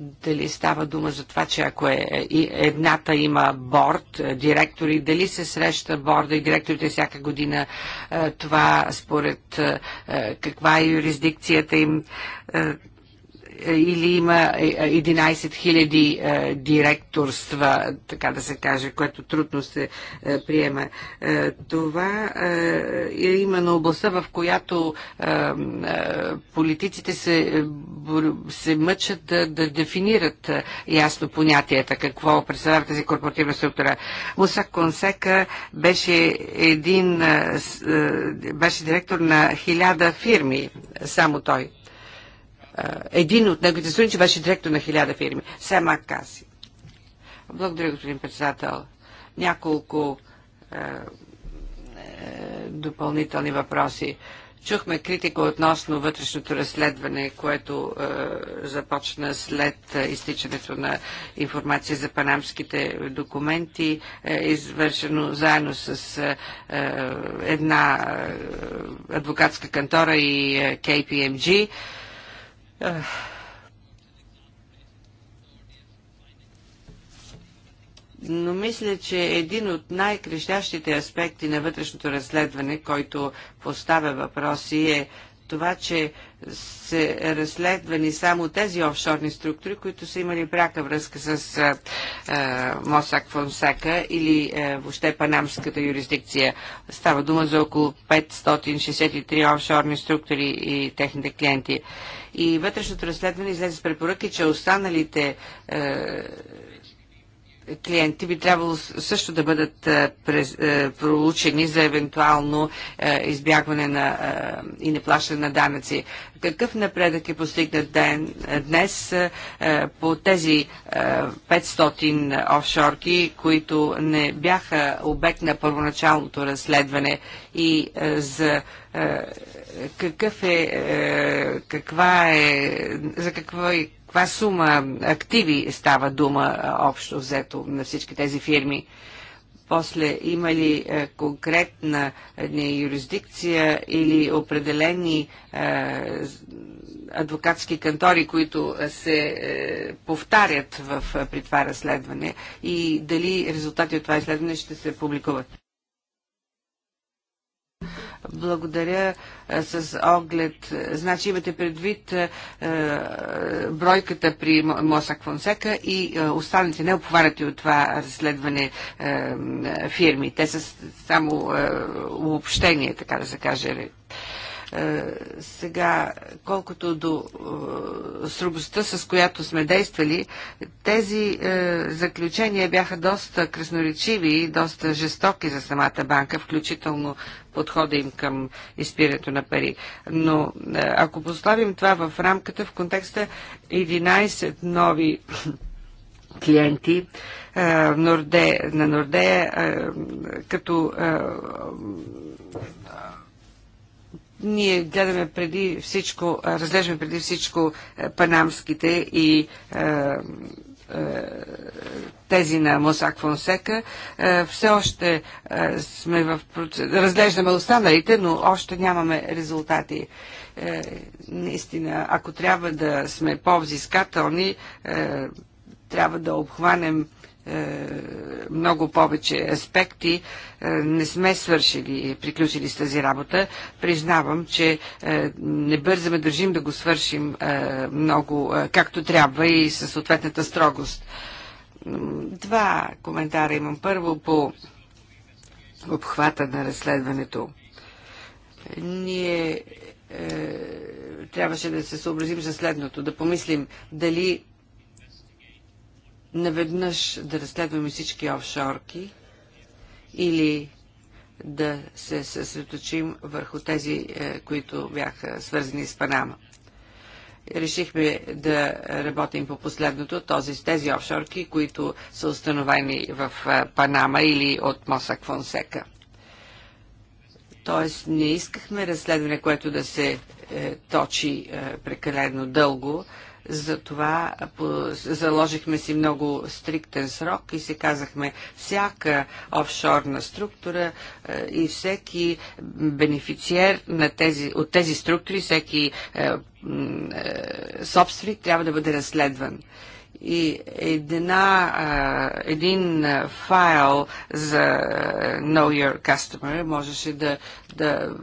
дали става дума за това, че ако е, едната има борд, е, директори, дали се среща борда и директорите всяка година, е, това според е, каква е юрисдикцията им, е, или има 11 е, 000 е, директорства, така да се каже, което трудно се приема. Това е именно областта, в която политиците се, се мъчат да, да дефинират ясно понятията, какво представлява тази корпоративна структура. Муса Консека беше един беше директор на хиляда фирми, само той е, един от неговите студенти беше директор на хиляда фирми. Сема Каси. Благодаря, господин председател. Няколко е, е допълнителни въпроси. Чухме критика относно вътрешното разследване, което е, започна след е, изтичането на информация за панамските документи, е, извършено заедно с е, една адвокатска кантора и е, KPMG. Е, но мисля, че един от най-крещящите аспекти на вътрешното разследване, който поставя въпроси е това, че са разследвани само тези офшорни структури, които са имали пряка връзка с а, а, Мосак Фонсака или а, въобще панамската юрисдикция. Става дума за около 563 офшорни структури и техните клиенти. А, и вътрешното разследване излезе с препоръки, че останалите е, клиенти би трябвало също да бъдат е, през, е, проучени за евентуално е, избягване на, е, и неплащане на данъци. Какъв напредък е постигнат ден, днес е, по тези 500 офшорки, които не бяха обект на първоначалното разследване и за е, какъв е, е, каква е, за каква, каква сума активи става дума е, общо взето на всички тези фирми. После има ли конкретна не, юрисдикция или определени е, адвокатски кантори, които се е, повтарят в, при това разследване и дали резултати от това изследване ще се публикуват? Благодаря с оглед. Значи имате предвид е, бройката при Мосак Фонсека и останалите не обхванати от това разследване е, фирми. Те са само е, обобщение, така да се каже, е, сега, колкото до е, срубостта, с която сме действали, тези е, заключения бяха доста красноречиви и доста жестоки за самата банка, включително подхода им към изпирането на пари. Но ако поставим това в рамката, в контекста 11 нови клиенти Норде, на Нордея, като ние гледаме преди всичко, разглеждаме преди всичко панамските и тези на Мосак Фонсека. Все още сме в процес... разглеждаме останалите, но още нямаме резултати. Е, наистина, ако трябва да сме по-взискателни, е, трябва да обхванем е, много повече аспекти. Е, не сме свършили, приключили с тази работа. Признавам, че е, не бързаме, държим да го свършим много както трябва и със съответната строгост. Два коментара имам. Първо по обхвата на разследването. Ние трябваше да се съобразим за следното, да помислим дали наведнъж да разследваме всички офшорки или да се съсредоточим върху тези, е, които бяха свързани с Панама. Решихме да работим по последното, този с тези офшорки, които са установени в е, Панама или от Мосак Фонсека. Тоест не искахме разследване, което да се е, точи е, прекалено дълго, затова заложихме си много стриктен срок и си казахме всяка офшорна структура е, и всеки бенефициер на тези, от тези структури, всеки е, е, собственик трябва да бъде разследван и една, един файл за Know Your Customer можеше да, да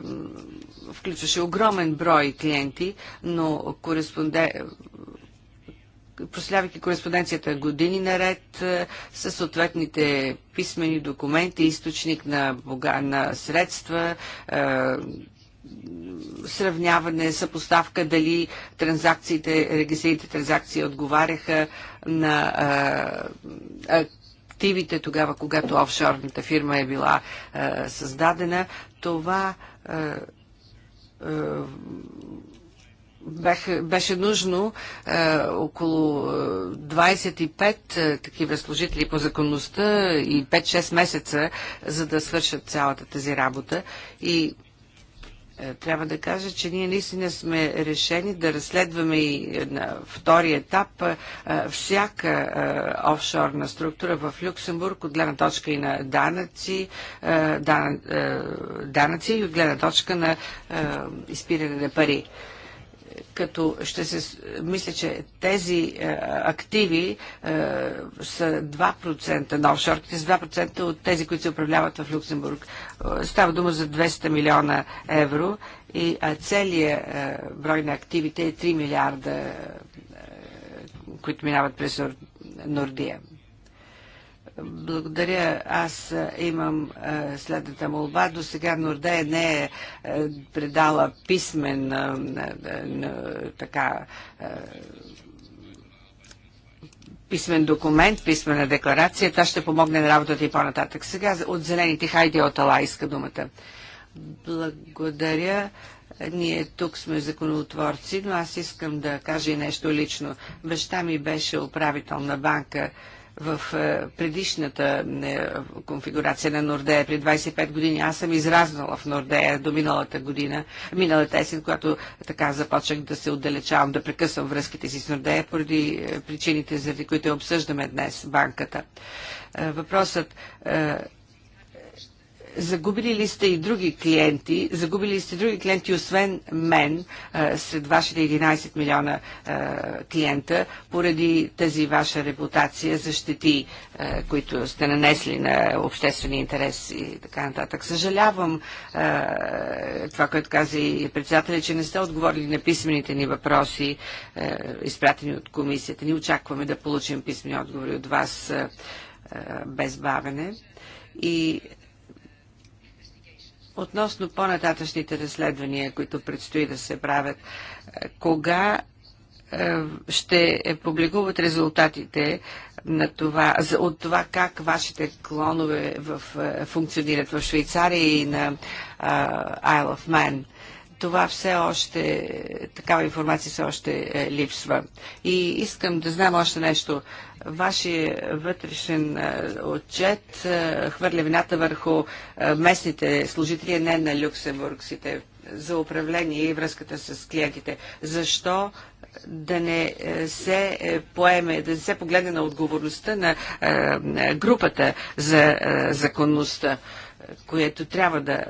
включваше огромен брой клиенти, но кореспонде... прослявайки кореспонденцията години наред е, със съответните писмени документи, източник на, бога... на средства, е, сравняване, съпоставка дали транзакциите, регистрираните транзакции отговаряха на е, активите тогава, когато офшорната фирма е била създадена. Това е, беше нужно е, около 25 е, е, такива служители по законността и 5-6 месеца, за да свършат цялата тази работа. И е, трябва да кажа, че ние наистина сме решени да разследваме и на втори етап е, всяка е, офшорна структура в Люксембург от гледна точка и на данъци, данъци и от гледна точка на изпиране на пари като ще се... Мисля, че тези е, активи е, са 2% на офшорките, са 2% от тези, които се управляват в Люксембург. Е, става дума за 200 милиона евро и а целият е, брой на активите е 3 милиарда, е, които минават през Нордия. Благодаря. Аз имам следната молба. До сега Нордея не е, е предала писмен така писмен документ, писмена декларация. Това ще помогне на работата и по-нататък. Сега от зелените хайде от Ала иска думата. Благодаря. Ние тук сме законотворци, но аз искам да кажа и нещо лично. Баща ми беше управител на банка в е, предишната е, конфигурация на Нордея при 25 години. Аз съм изразнала в Нордея до миналата година, миналата есен, когато така започнах да се отдалечавам, да прекъсвам връзките си с Нордея поради е, причините, заради които обсъждаме днес банката. Въпросът Загубили ли сте и други клиенти? Загубили ли сте други клиенти, освен мен, сред вашите 11 милиона клиента, поради тази ваша репутация за щети, които сте нанесли на обществени интерес и така нататък? Съжалявам това, което каза и председателя, че не сте отговорили на писмените ни въпроси, изпратени от комисията. Ни очакваме да получим писмени отговори от вас без бавене. И Относно по-нататъчните разследвания, които предстои да се правят, е, кога е, ще публикуват резултатите на това, от това как вашите клонове в, е, функционират в Швейцария и на Isle of Man. Това все още, такава информация все още липсва. И искам да знам още нещо. Вашия вътрешен е, отчет е, хвърля вината върху е, местните служители, не на люксембургсите за управление и връзката с клиентите. Защо да не се поеме, да не се погледне на отговорността на групата за законността, което трябва да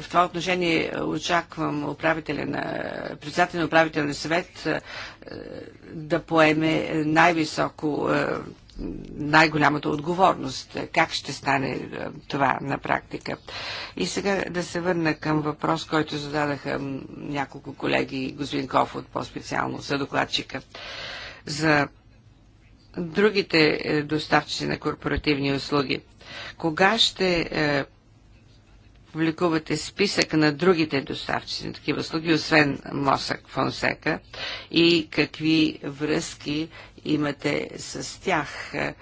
в това отношение очаквам управителя на, председателя на управителен съвет е, да поеме най-високо е, най-голямата отговорност. Как ще стане е, това на практика? И сега да се върна към въпрос, който зададаха няколко колеги, господин Кофот по-специално, за докладчика, за другите доставчици на корпоративни услуги. Кога ще публикувате списък на другите доставчици на такива услуги, освен Мосък Фонсека и какви връзки имате с тях, е,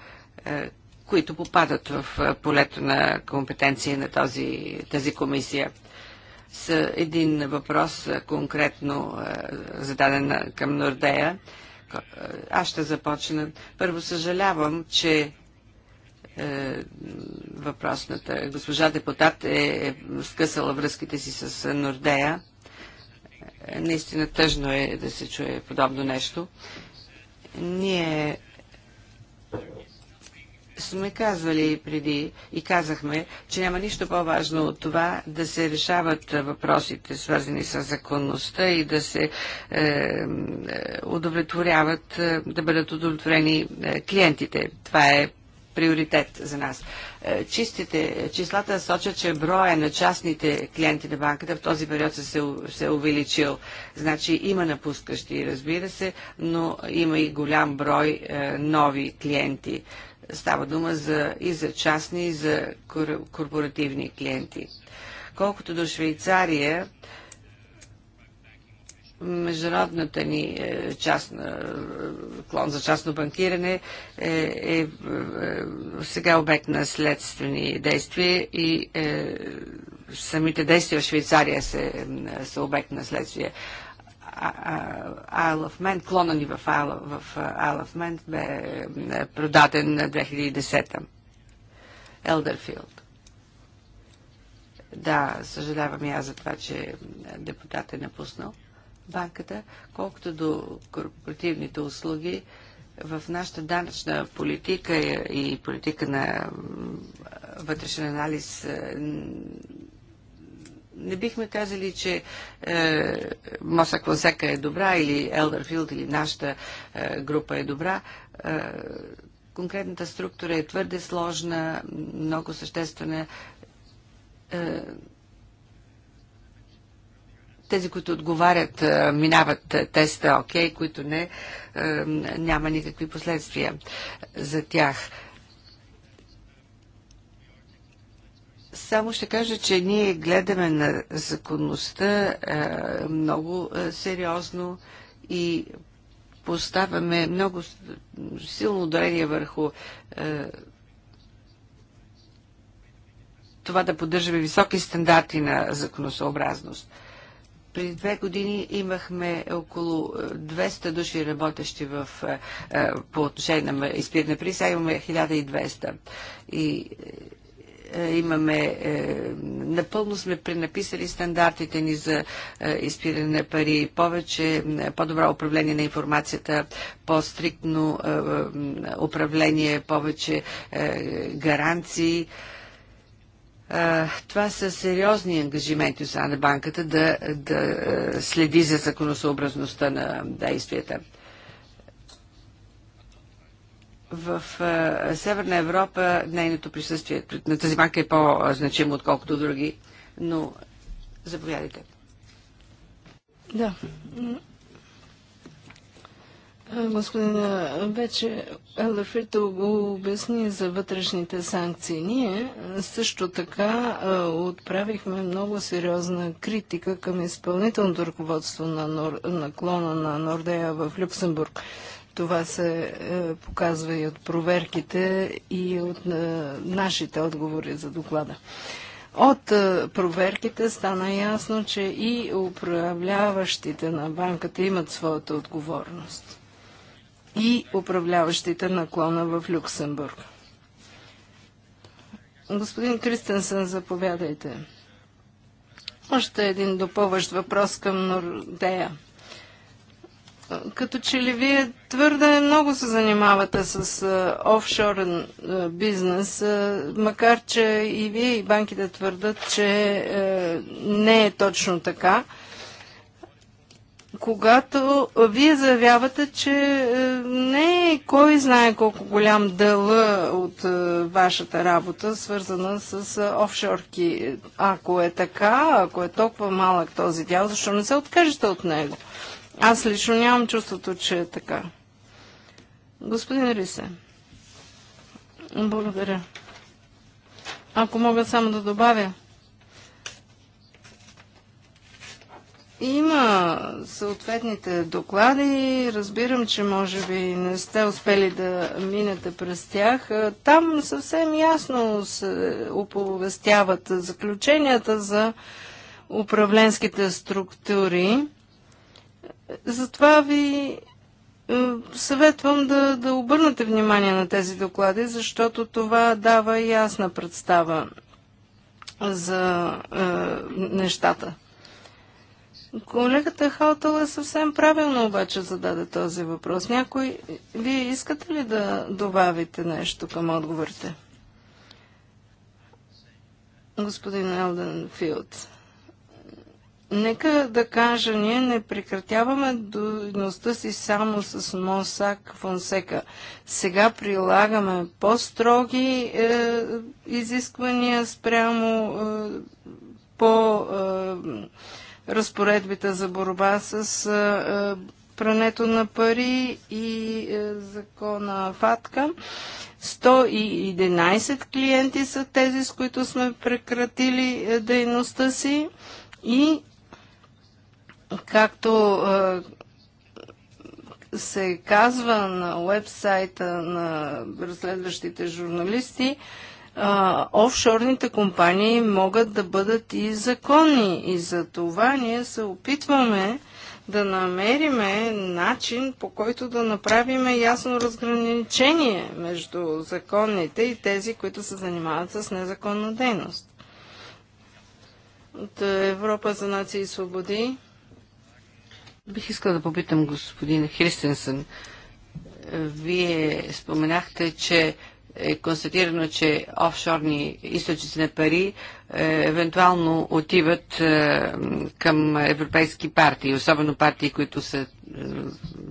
е, които попадат в е, полето на компетенции на този, тази комисия. С един въпрос конкретно зададен към Нордея. Аз ще започна. Първо съжалявам, че е, въпросната госпожа депутат е, е скъсала връзките си с е, Нордея. Наистина тъжно е да се чуе подобно нещо. Ние сме казвали преди и казахме, че няма нищо по-важно от това да се решават въпросите, свързани с законността и да се е, удовлетворяват, да бъдат удовлетворени клиентите. Това е приоритет за нас. Е, чистите, числата сочат, че броя на частните клиенти на банката в този период се, се е увеличил. Значи има напускащи, разбира се, но има и голям брой е, нови клиенти. Става дума за, и за частни, и за корпоративни клиенти. Колкото до Швейцария, международната ни е, частна, е, клон за частно банкиране е, е, е сега обект на следствени действия и е, самите действия в Швейцария се, са обект на следствие. Isle of Man, клона ни в Isle, в Isle of Man бе продаден на 2010-та. Елдерфилд. Да, съжалявам и аз за това, че депутат е напуснал банката, колкото до корпоративните услуги. В нашата данъчна политика и политика на вътрешен анализ е, не бихме казали, че е, Моса е добра или Елдърфилд или нашата е, група е добра. Е, конкретната структура е твърде сложна, много съществена. Е, тези, които отговарят, е, минават е, теста, окей, които не, е, няма никакви последствия за тях. Само ще кажа, че ние гледаме на законността много сериозно и поставяме много силно ударение върху това да поддържаме високи стандарти на законосъобразност. Преди две години имахме около 200 е, души работещи в, е, е, по отношение на изпиране при, сега имаме 1200. И имаме, напълно сме пренаписали стандартите ни за изпиране на пари, повече, по-добро управление на информацията, по-стриктно управление, повече гаранции. Това са сериозни ангажименти от на банката да, да следи за законосъобразността на действията в а, Северна Европа нейното присъствие на тази банка е по-значимо, отколкото други, но заповядайте. Да, Господин вече Елефрито го обясни за вътрешните санкции. Ние също така отправихме много сериозна критика към изпълнителното ръководство на, Нор... на клона на Нордея в Люксембург. Това се е, показва и от проверките и от е, нашите отговори за доклада. От е, проверките стана ясно, че и управляващите на банката имат своята отговорност и управляващите наклона в Люксембург. Господин Кристенсен, заповядайте. Още един допълващ въпрос към Нордея. Като че ли вие твърде много се занимавате с офшорен бизнес, макар че и вие и банките твърдат, че не е точно така когато вие заявявате, че е, не е кой знае колко голям дъла е, от е, вашата работа, свързана с офшорки. Ако е така, ако е толкова малък този дял, защо не се откажете от него? Аз лично нямам чувството, че е така. Господин Рисе, благодаря. Ако мога само да добавя, Има съответните доклади, разбирам, че може би не сте успели да минете през тях. Там съвсем ясно се оповестяват заключенията за управленските структури. Затова ви съветвам да, да обърнете внимание на тези доклади, защото това дава ясна представа за е, нещата. Колегата е съвсем правилно обаче зададе този въпрос. Някой, вие искате ли да добавите нещо към отговорите? Господин Елден Филд. Нека да кажа, ние не прекратяваме дойността си само с Мосак Фонсека. Сега прилагаме по-строги е, изисквания спрямо е, по... Е, разпоредбите за борба с прането на пари и закона ФАТКА. 111 клиенти са тези, с които сме прекратили дейността си и както се казва на уебсайта на разследващите журналисти, а, офшорните компании могат да бъдат и законни. И за това ние се опитваме да намериме начин, по който да направим ясно разграничение между законните и тези, които се занимават с незаконна дейност. От е, Европа за нации и свободи. Бих искала да попитам господин Христенсън. Вие споменахте, че е констатирано, че офшорни източници на пари е, евентуално отиват е, към европейски партии, особено партии, които са е,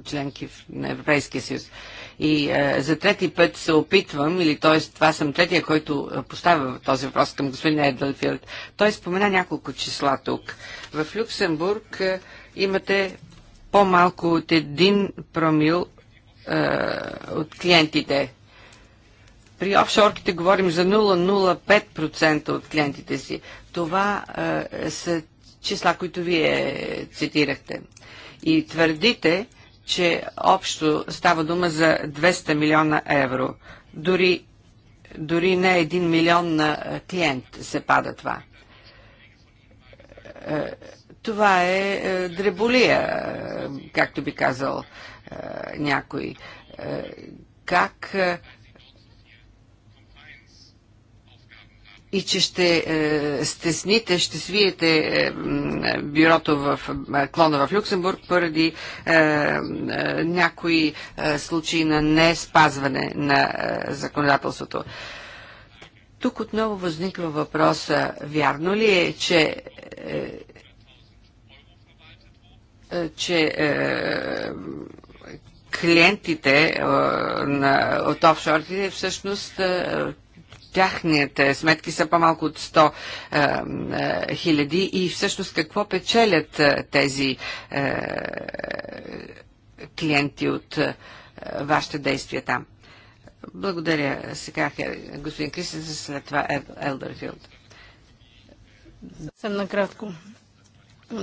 членки на Европейския съюз. И е, за трети път се опитвам, или т.е. това съм третия, който е, поставя този въпрос към господин Едълфилд. Той спомена няколко числа тук. В Люксембург е, имате по-малко от един промил е, от клиентите при офшорките говорим за 0,05% от клиентите си. Това е, са числа, които вие цитирахте. И твърдите, че общо става дума за 200 милиона евро. Дори, дори не 1 милион на клиент се пада това. Е, това е, е дреболия, е, както би казал някой. Как и че ще е, стесните, ще свиете е, бюрото в е, клона в Люксембург поради е, е, някои е, случаи на не спазване на е, законодателството. Тук отново възниква въпроса, вярно ли е, че е, е че е, клиентите е, на, от офшорите всъщност е, тяхните сметки са по-малко от 100 е, е, хиляди и всъщност какво печелят е, тези клиенти от вашите действия там? Благодаря сега, господин Кристин, след това Елдерфилд. Съм накратко.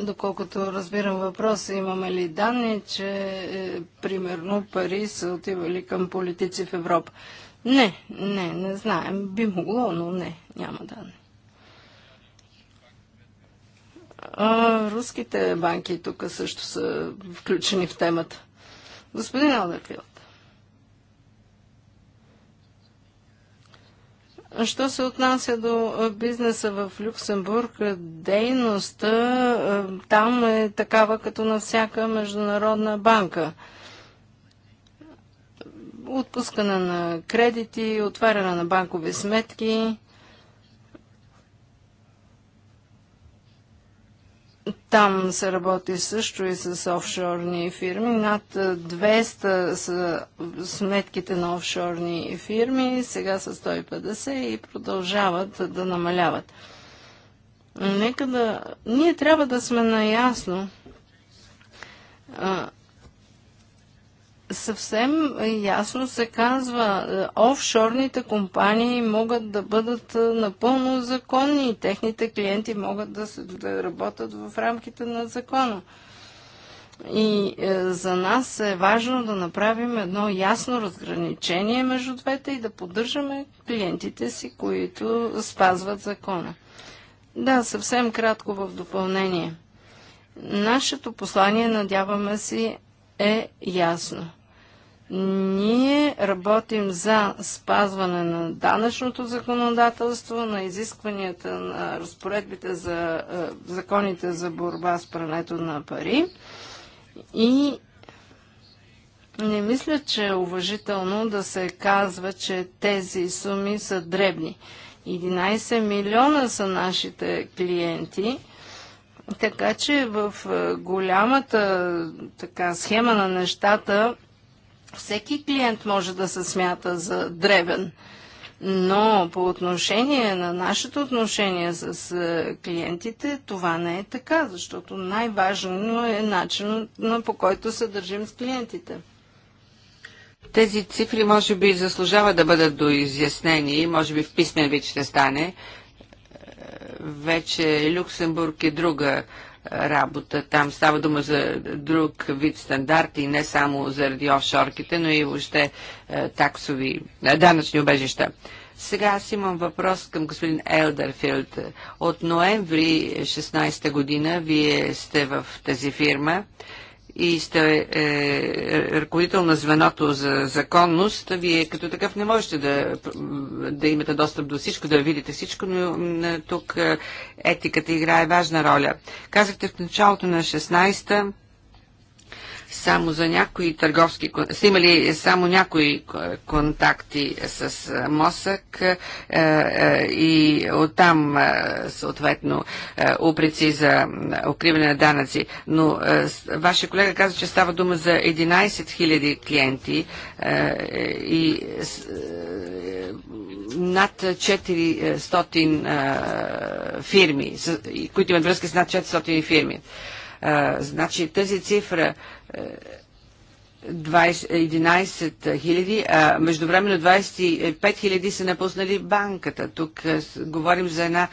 Доколкото разбирам въпроса, имаме ли данни, че е, примерно пари са отивали към политици в Европа? Не, не, не знаем. Би могло, но не, няма данни. А, руските банки тук също са включени в темата. Господин Алдерфилд. Що се отнася до бизнеса в Люксембург, дейността там е такава като на всяка международна банка – отпускане на кредити, отваряне на банкови сметки. Там се работи също и с офшорни фирми. Над 200 са сметките на офшорни фирми, сега са 150 и продължават да намаляват. Нека да... Ние трябва да сме наясно, а, съвсем ясно се казва, е, офшорните компании могат да бъдат е, напълно законни и техните клиенти могат да, се, да работят в рамките на закона. И е, за нас е важно да направим едно ясно разграничение между двете и да поддържаме клиентите си, които спазват закона. Да, съвсем кратко в допълнение. Нашето послание, надяваме си, е ясно. Ние работим за спазване на данъчното законодателство, на изискванията на разпоредбите за е, законите за борба с прането на пари и не мисля, че е уважително да се казва, че тези суми са дребни. 11 милиона са нашите клиенти, така че в е, голямата така, схема на нещата всеки клиент може да се смята за дребен. Но по отношение на нашето отношение с е, клиентите, това не е така, защото най-важно е начинът по който се държим с клиентите. Тези цифри може би заслужават да бъдат доизяснени, може би в писмен вид ще стане. Е, вече Люксембург е друга работа. Там става дума за друг вид стандарти, не само заради офшорките, но и въобще е, таксови, е, данъчни обежища. Сега аз имам въпрос към господин Елдерфилд. От ноември 16 година вие сте в тази фирма и сте е, е, ръководител на звеното за законност, вие като такъв не можете да, да имате достъп до всичко, да видите всичко, но тук е, етиката играе важна роля. Казахте в началото на 16-та, само за някои търговски, са имали само някои контакти с Мосък и оттам съответно упреци за укриване на данъци. Но вашия колега каза, че става дума за 11 000 клиенти и над 400 фирми, които имат връзка с над 400 фирми. Значи тази цифра 11 хиляди, а междувременно 25 000 са напуснали банката. Тук говорим за една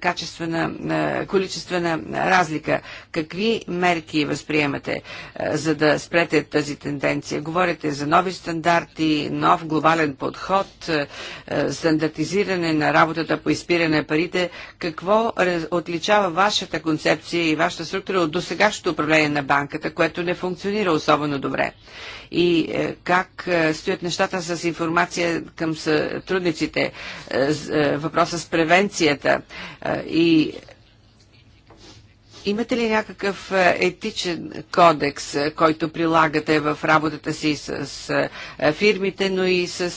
качествена, количествена разлика. Какви мерки възприемате, за да спрете тази тенденция? Говорите за нови стандарти, нов глобален подход, стандартизиране на работата по изпиране на парите. Какво отличава вашата концепция и вашата структура от досегашното управление на банката, което не функционира особено добре? и е, как е, стоят нещата с информация към сътрудниците, е, въпроса с превенцията и Имате ли някакъв етичен кодекс, който прилагате в работата си с, фирмите, но и с,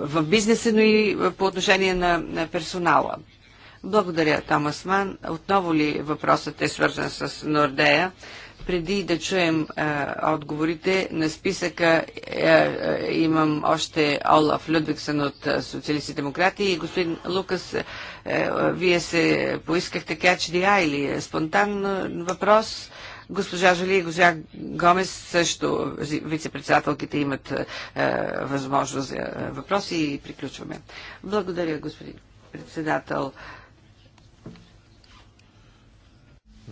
в бизнеса, но и по отношение на персонала? Благодаря, Томас Ман. Отново ли въпросът е свързан с Нордея? Преди да чуем а, отговорите на списъка, а, е, а, е, имам още Олаф Людвигсън от Социалисти демократи и господин Лукас, а, е, а, вие се поискахте catch the eye или спонтан въпрос. Госпожа Жали и госпожа Гомес също, вице-председателките имат е, възможност за въпроси и приключваме. Благодаря, господин председател.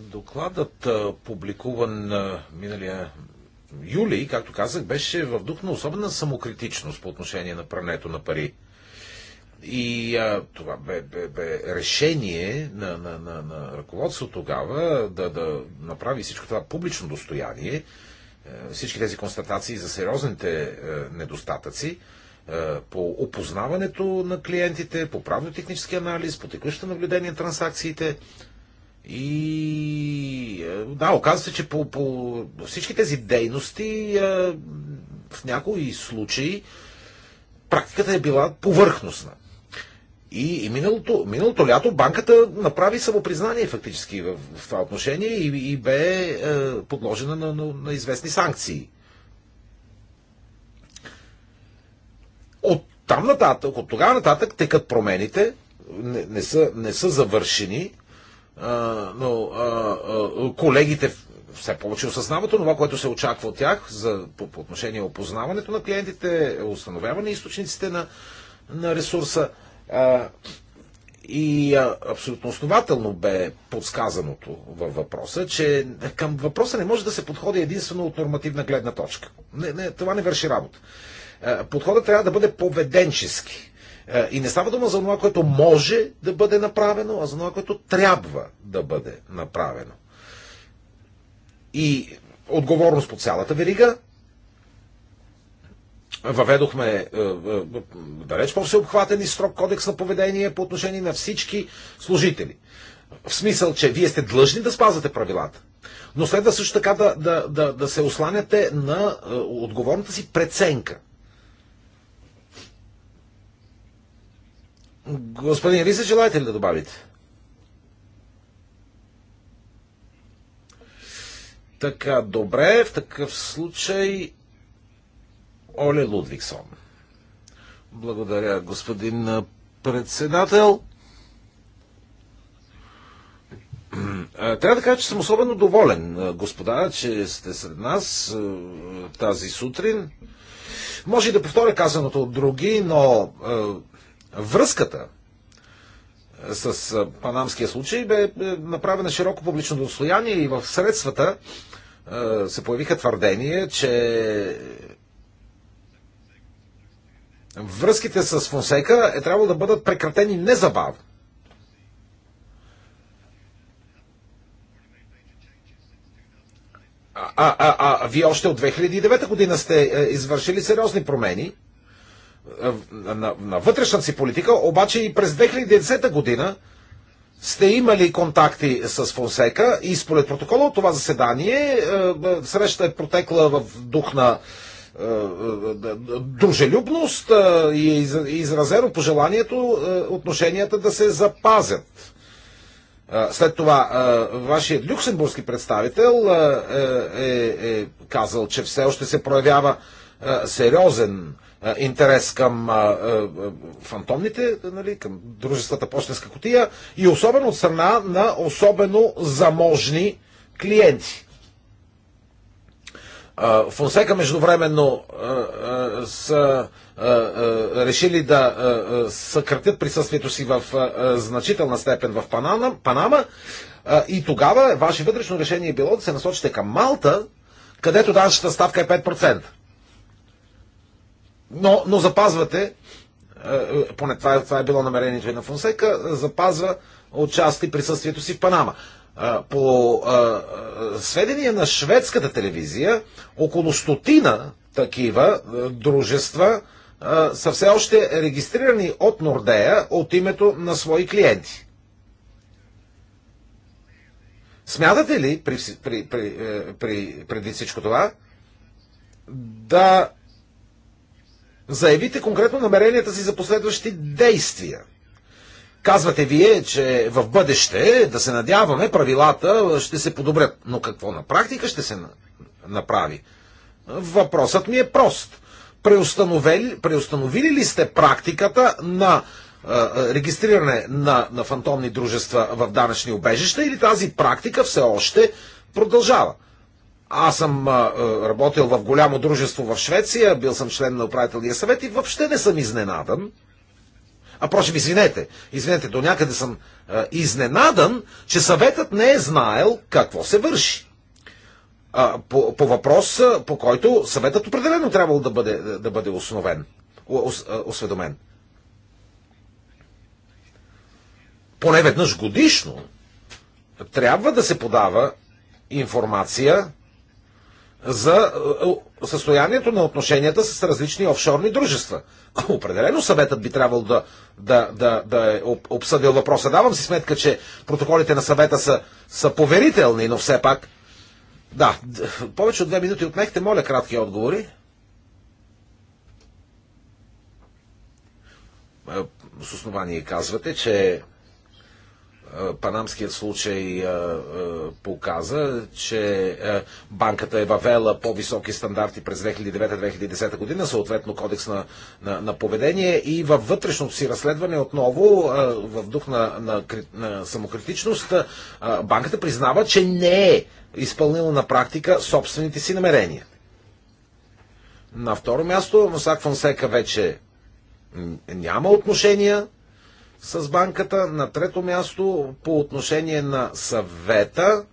Докладът, публикуван миналия юли, както казах, беше в дух на особена самокритичност по отношение на прането на пари. И а, това бе, бе, бе решение на, на, на, на ръководството тогава да, да направи всичко това публично достояние, всички тези констатации за сериозните недостатъци по опознаването на клиентите, по правно-технически анализ, по текущото наблюдение на транзакциите, и е, да, оказва се, че по, по всички тези дейности е, в някои случаи практиката е била повърхностна. И, и миналото, миналото лято банката направи самопризнание фактически в, в това отношение и, и бе е, подложена на, на, на известни санкции. От там нататък, от тогава нататък текат промените, не, не, са, не са завършени но колегите все повече осъзнават това, което се очаква от тях за, по, по отношение опознаването на клиентите, установяване източниците на, на ресурса. А, и а, абсолютно основателно бе подсказаното във въпроса, че към въпроса не може да се подходи единствено от нормативна гледна точка. Не, не, това не върши работа. А, подходът трябва да бъде поведенчески е, и не става дума за това, което може да бъде направено, а за това, което трябва да бъде направено. И отговорност по цялата верига. Въведохме е, е, далеч по-всеобхватен и строг кодекс на поведение по отношение на всички служители. В смисъл, че вие сте длъжни да спазвате правилата. Но следва също така да, да, да, да се осланяте на отговорната си преценка Господин Риса, желаете ли да добавите? Така, добре, в такъв случай Оле Лудвиксон. Благодаря, господин председател. Трябва да кажа, че съм особено доволен, господа, че сте сред нас тази сутрин. Може и да повторя казаното от други, но Връзката е, с е, панамския случай бе е, направена широко публично достояние и в средствата се появиха твърдения, че връзките с Фонсека е трябвало да бъдат прекратени незабавно. А, а, а, а вие още от 2009 година сте извършили сериозни промени – е, на, на вътрешната си политика, обаче и през 2010 година сте имали контакти с Фонсека и според протокола от това заседание е, е, среща е протекла в дух на дружелюбност и е изразено пожеланието отношенията да се запазят. След това, вашият люксембургски представител е казал, че все още се проявява сериозен интерес към фантомните, нали, към дружествата почтенска котия и особено от страна на особено заможни клиенти. Фонсека междувременно са решили да съкратят присъствието си в значителна степен в Панама, Панама и тогава ваше вътрешно решение е било да се насочите към Малта, където данъчната ставка е 5% но, но запазвате, е, е, поне това, това е било намерението и на Фонсека, запазва отчасти присъствието си в Панама. Е, по сведения на шведската телевизия, около стотина такива дружества са все още регистрирани от Нордея от името на свои клиенти. Смятате ли при, при, при, при, преди всичко това да заявите конкретно намеренията си за последващи действия. Казвате вие, че в бъдеще, да се надяваме, правилата ще се подобрят. Но какво на практика ще се направи? Въпросът ми е прост. Преустановили, преустановили ли сте практиката на е, регистриране на, на фантомни дружества в данъчни обежища или тази практика все още продължава? Аз съм работил в голямо дружество в Швеция, бил съм член на управителния съвет и въобще не съм изненадан. А прочим, извинете, извинете, до някъде съм а, изненадан, че съветът не е знаел какво се върши. А, по, по въпрос, а, по който съветът определено трябвало да бъде, да бъде основен, ос, а, осведомен. Поне веднъж годишно трябва да се подава информация за е, състоянието на отношенията с различни офшорни дружества. Определено съветът би трябвало да, да, да, да е обсъдил въпроса. Давам си сметка, че протоколите на съвета са, са поверителни, но все пак. Да, повече от две минути отнехте, моля кратки отговори. Е, с основание казвате, че панамският случай показа, че банката е въвела по-високи стандарти през 2009-2010 година, съответно кодекс на, на, на поведение и във вътрешното си разследване отново в дух на, на, на самокритичност банката признава, че не е изпълнила на практика собствените си намерения. На второ място Мосак Фонсека вече няма отношения с банката. На трето място по отношение на съвета.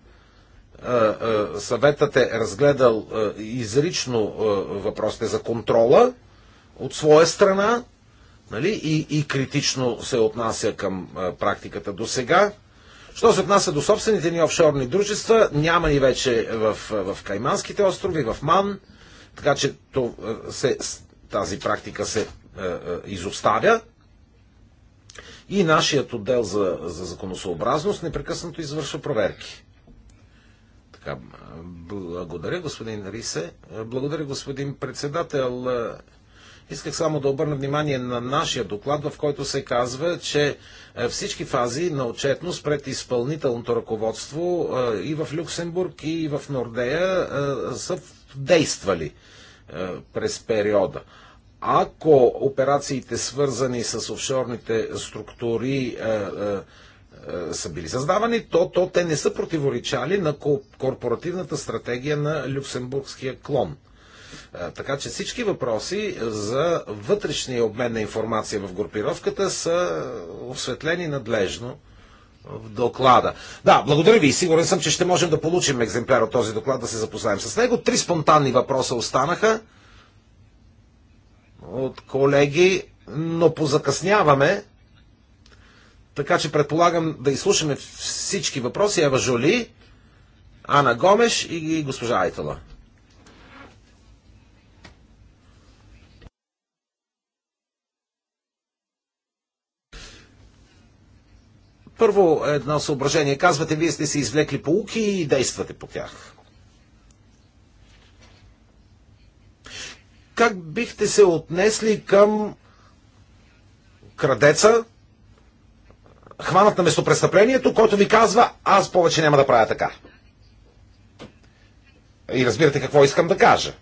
Е, е, съветът е разгледал е, изрично въпросите за контрола от своя страна нали? и, и критично се отнася към практиката до сега. Що се отнася до собствените ни офшорни дружества, няма ни вече в, в Кайманските острови, в МАН, така че то, се, тази практика се е, е, изоставя. И нашият отдел за, за законосообразност непрекъснато извършва проверки. Така, благодаря, господин Рисе. Благодаря, господин председател. Исках само да обърна внимание на нашия доклад, в който се казва, че е, всички фази на отчетност пред изпълнителното ръководство е, и в Люксембург, и в Нордея е, са действали през периода ако операциите свързани с офшорните структури е, е, е, са били създавани, то, то те не са противоречали на корпоративната стратегия на люксембургския клон. Е, така че всички въпроси за вътрешния обмен на информация в групировката са осветлени надлежно в доклада. Да, благодаря ви. Сигурен съм, че ще можем да получим екземпляр от този доклад, да се запознаем с него. Три спонтанни въпроса останаха от колеги, но позакъсняваме. Така че предполагам да изслушаме всички въпроси. Ева Жоли, Ана Гомеш и госпожа Айтала. Първо едно съображение. Казвате, вие сте си извлекли поуки и действате по тях. как бихте се отнесли към крадеца, хванат на местопрестъплението, който ви казва, аз повече няма да правя така. И разбирате какво искам да кажа.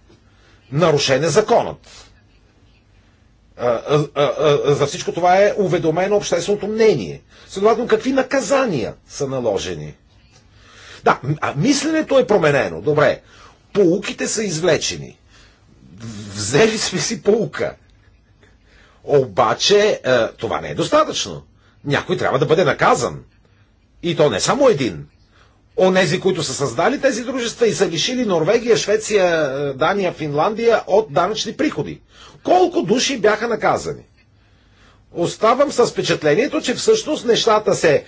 Нарушен е законът. За всичко това е уведомено общественото мнение. Следователно, какви наказания са наложени? Да, а мисленето е променено, добре. Поуките са извлечени взели сме си полука. Обаче е, това не е достатъчно. Някой трябва да бъде наказан. И то не само един. Онези, които са създали тези дружества и са лишили Норвегия, Швеция, е, Дания, Финландия от данъчни приходи. Колко души бяха наказани? Оставам с впечатлението, че всъщност нещата се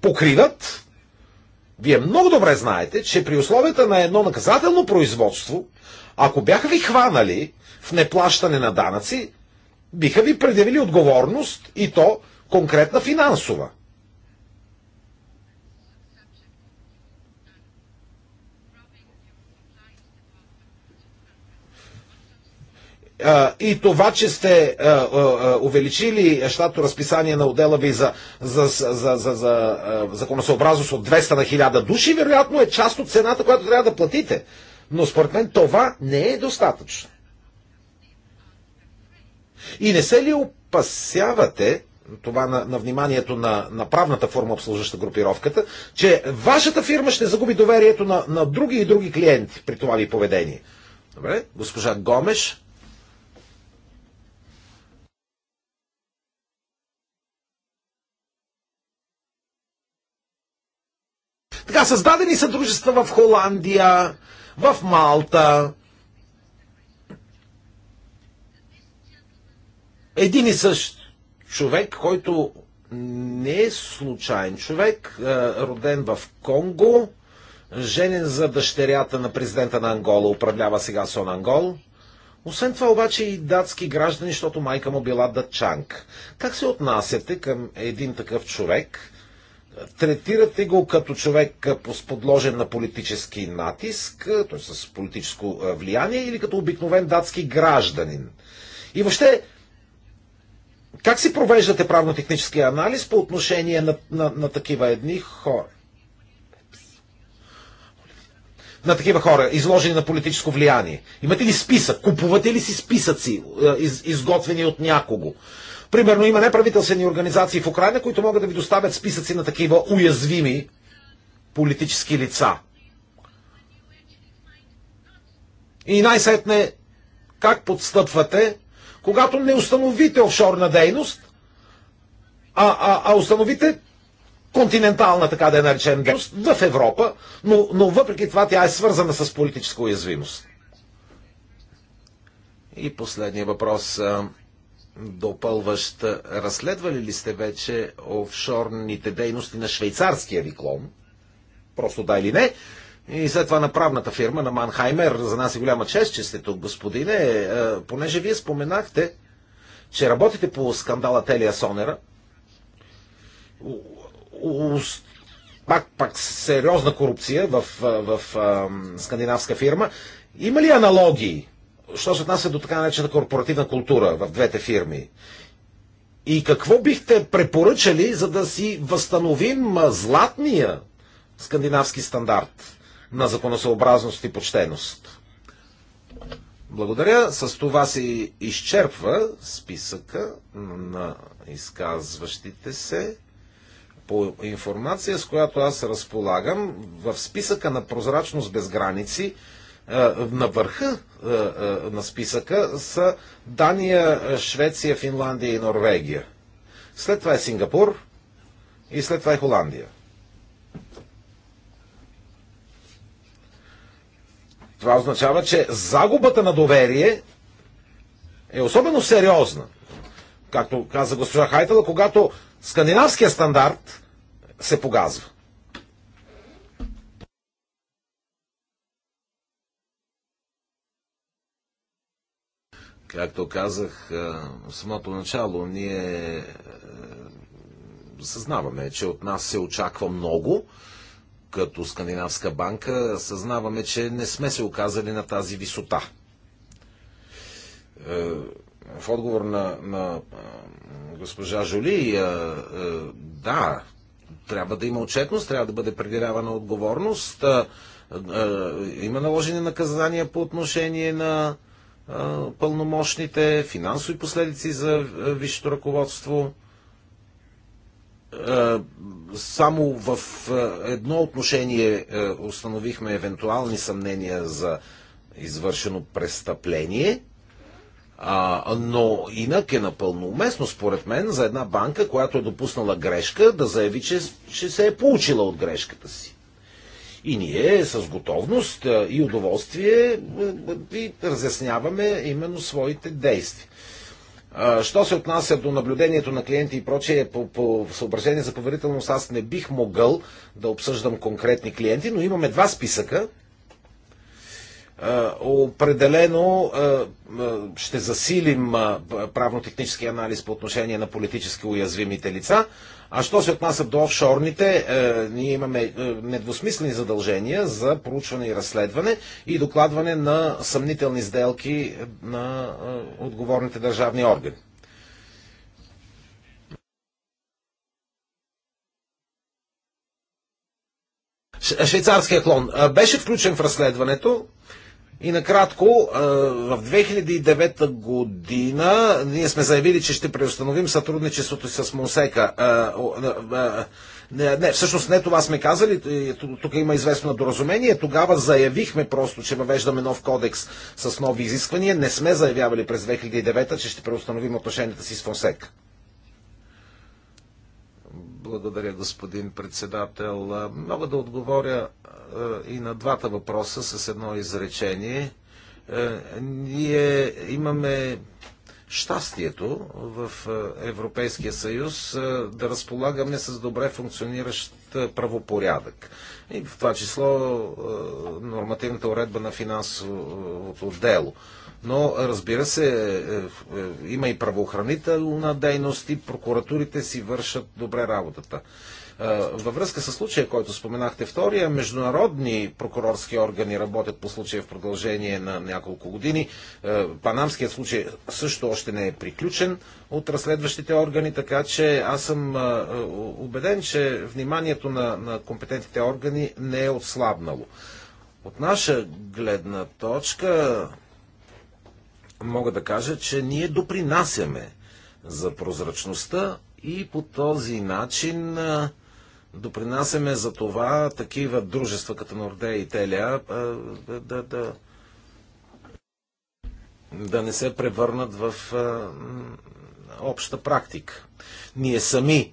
покриват. Вие много добре знаете, че при условията на едно наказателно производство ако бяха ви хванали в неплащане на данъци, биха ви предявили отговорност и то конкретна финансова. и това, че сте увеличили щатно разписание на отдела ви за, за, за, за, за законосъобразност от 200 на 1000 души, вероятно е част от цената, която трябва да платите но според мен това не е достатъчно. И не се ли опасявате, това на, на вниманието на, на правната форма, обслужваща групировката, че вашата фирма ще загуби доверието на, на други и други клиенти при това ви поведение? Добре, госпожа Гомеш. Така, създадени са дружества в Холандия, в Малта. Един и същ човек, който не е случайен човек, е, роден в Конго, женен за дъщерята на президента на Ангола, управлява сега Сон Ангол. Освен това обаче и датски граждани, защото майка му била датчанк. Как се отнасяте към един такъв човек, третирате го като човек подложен на политически натиск, т.е. с политическо влияние, или като обикновен датски гражданин. И въобще, как си провеждате правно-техническия анализ по отношение на, на, на такива едни хора? На такива хора, изложени на политическо влияние. Имате ли списък? Купувате ли си списъци, из, изготвени от някого? Примерно има неправителствени организации в Украина, които могат да ви доставят списъци на такива уязвими политически лица. И най-сетне, как подстъпвате, когато не установите офшорна дейност, а, а, а установите континентална, така да е наречен, дейност в Европа, но, но въпреки това тя е свързана с политическа уязвимост. И последния въпрос допълващ. Разследвали ли сте вече офшорните дейности на швейцарския ви клон? Просто да или не. И след това на правната фирма, на Манхаймер, за нас е голяма чест, че сте тук, господине, е, понеже вие споменахте, че работите по скандала Телия Сонера, пак, пак сериозна корупция в, в, в скандинавска фирма. Има ли аналогии що се отнася до така наречена корпоративна култура в двете фирми? И какво бихте препоръчали, за да си възстановим златния скандинавски стандарт на законосъобразност и почтеност? Благодаря. С това се изчерпва списъка на изказващите се по информация, с която аз разполагам. В списъка на прозрачност без граници е, на върха е, е, на списъка са Дания, Швеция, Финландия и Норвегия. След това е Сингапур и след това е Холандия. Това означава, че загубата на доверие е особено сериозна. Както каза госпожа Хайтела, когато скандинавския стандарт се погазва. Както казах в самото начало, ние е, съзнаваме, че от нас се очаква много, като Скандинавска банка, съзнаваме, че не сме се оказали на тази висота. Е, в отговор на, на госпожа Жоли, е, да, трябва да има отчетност, трябва да бъде предявявана отговорност. Има наложени наказания по отношение на пълномощните, финансови последици за висшето ръководство. Само в едно отношение установихме евентуални съмнения за извършено престъпление, но инак е напълно уместно, според мен, за една банка, която е допуснала грешка, да заяви, че, се е получила от грешката си. И ние с готовност и удоволствие ви разясняваме именно своите действия. Що се отнася до наблюдението на клиенти и прочее, по, по съображение за поверителност аз не бих могъл да обсъждам конкретни клиенти, но имаме два списъка, е, определено е, е, ще засилим правно-технически анализ по отношение на политически уязвимите лица. А що се отнася до офшорните, ние имаме недвусмислени задължения за проучване и разследване и докладване на съмнителни сделки на отговорните държавни органи. Швейцарския клон беше включен в разследването. И накратко, е, в 2009 година ние сме заявили, че ще преустановим сътрудничеството с Монсека. Е, е, не, не, всъщност не това сме казали, тук има известно доразумение. Тогава заявихме просто, че въвеждаме нов кодекс с нови изисквания. Не сме заявявали през 2009, че ще преустановим отношенията си с Фонсека. Благодаря, господин председател. Мога да отговоря и на двата въпроса с едно изречение. Ние имаме щастието в Европейския съюз да разполагаме с добре функциониращ правопорядък. И в това число нормативната уредба на финансовото дело. Но, разбира се, е, е, е, има и правоохранителна дейност и прокуратурите си вършат добре работата. Във връзка с случая, който споменахте втория, международни прокурорски органи работят по случая в продължение на няколко години. Панамският случай също още не е приключен от разследващите органи, така че аз съм убеден, че вниманието на, на компетентните органи не е отслабнало. От наша гледна точка мога да кажа, че ние допринасяме за прозрачността и по този начин допринасяме за това такива дружества като Нордея и Телия да, да, да не се превърнат в обща практика. Ние сами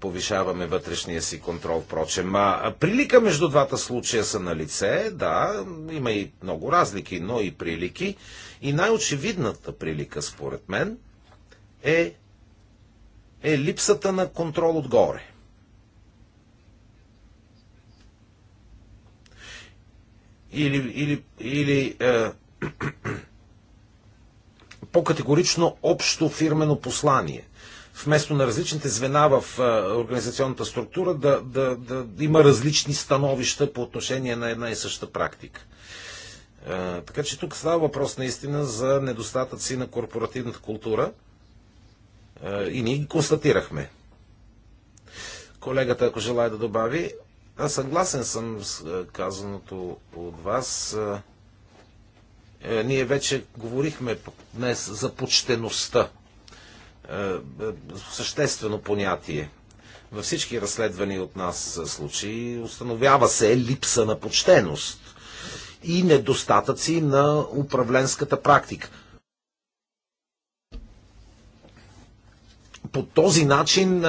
повишаваме вътрешния си контрол, впрочем. А, прилика между двата случая са на лице, да, има и много разлики, но и прилики. И най-очевидната прилика, според мен, е, е липсата на контрол отгоре. Или, или, или е, по-категорично общо фирмено послание. Вместо на различните звена в е, организационната структура да, да, да има различни становища по отношение на една и съща практика. Така че тук става въпрос наистина за недостатъци на корпоративната култура и ние ги констатирахме. Колегата, ако желая да добави, аз съгласен съм с казаното от вас. Е, ние вече говорихме днес за почтеността. Е, съществено понятие. Във всички разследвани от нас случаи установява се липса на почтеност и недостатъци на управленската практика. по този начин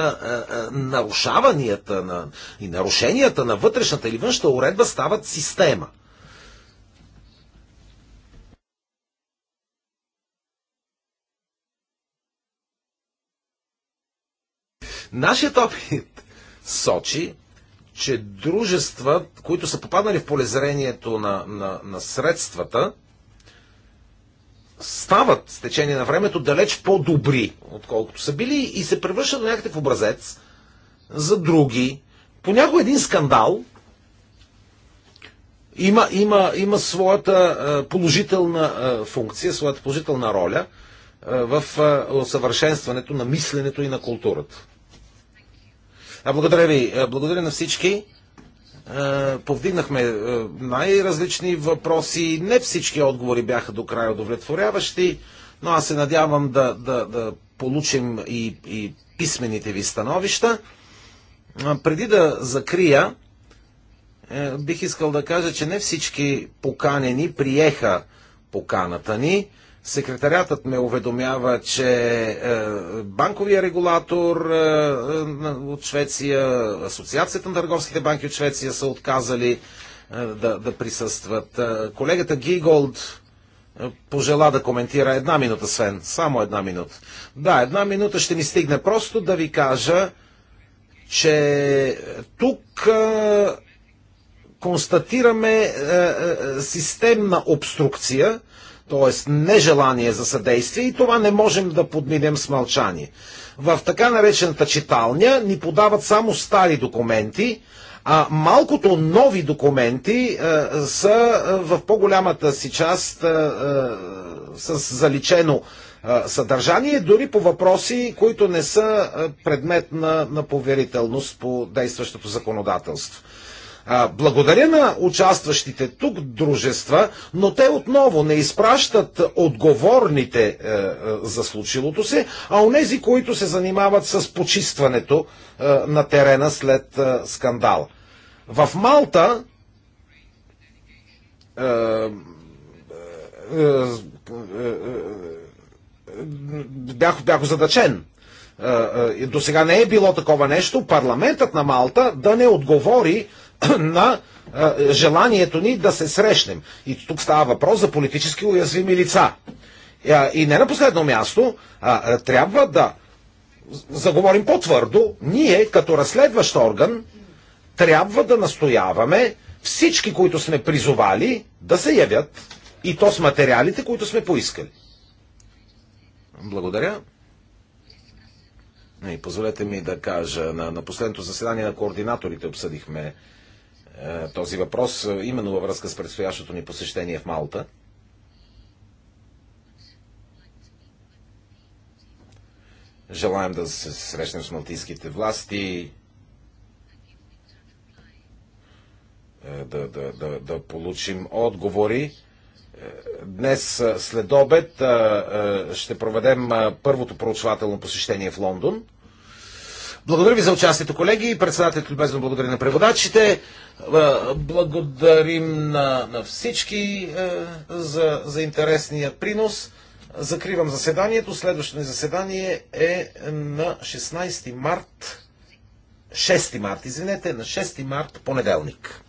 нарушаванията на, и нарушенията на вътрешната или външната уредба стават система. Нашият опит сочи, че дружества, които са попаднали в полезрението на, на, на средствата, стават с течение на времето далеч по-добри, отколкото са били и се превръщат на някакъв образец за други. Понякога един скандал има, има, има своята положителна функция, своята положителна роля в усъвършенстването на мисленето и на културата. А благодаря ви. Благодаря на всички. Повдигнахме най-различни въпроси. Не всички отговори бяха до края удовлетворяващи, но аз се надявам да, да, да получим и, и писмените ви становища. Преди да закрия, е, бих искал да кажа, че не всички поканени приеха поканата ни. Секретарятът ме уведомява, че е, банковия регулатор е, е, от Швеция, Асоциацията на търговските банки от Швеция са отказали да, да присъстват. Колегата Гиголд пожела да коментира една минута, Свен. Само една минута. Да, една минута ще ми стигне. Просто да ви кажа, че тук констатираме системна обструкция, т.е. нежелание за съдействие и това не можем да подминем с мълчание. В така наречената читалня ни подават само стари документи, а малкото нови документи е, са е, в по-голямата си част е, е, с заличено е, съдържание, дори по въпроси, които не са е, предмет на, на поверителност по действащото законодателство. Благодаря на участващите тук дружества, но те отново не изпращат отговорните е, е, за случилото се, а онези, които се занимават с почистването е, на терена след скандал. В Малта бях, бях задачен. До сега не е било такова нещо парламентът на Малта да не отговори на желанието ни да се срещнем. И тук става въпрос за политически уязвими лица. И не на последно място, а, трябва да заговорим по-твърдо, ние като разследващ орган трябва да настояваме всички, които сме призовали, да се явят и то с материалите, които сме поискали. Благодаря. И позволете ми да кажа, на, на последното заседание на координаторите обсъдихме е, този въпрос, е, именно във връзка с предстоящото ни посещение в Малта. Желаем да се срещнем с малтийските власти, е, да, да, да, да получим отговори. Днес след обед ще проведем първото проучвателно посещение в Лондон. Благодаря ви за участието, колеги. Председателят любезно благодаря на преводачите. Е, благодарим на, на всички е, за, за интересния принос. Закривам заседанието. Следващото ни заседание е на 16 март. 6 март, извинете, на 6 март понеделник.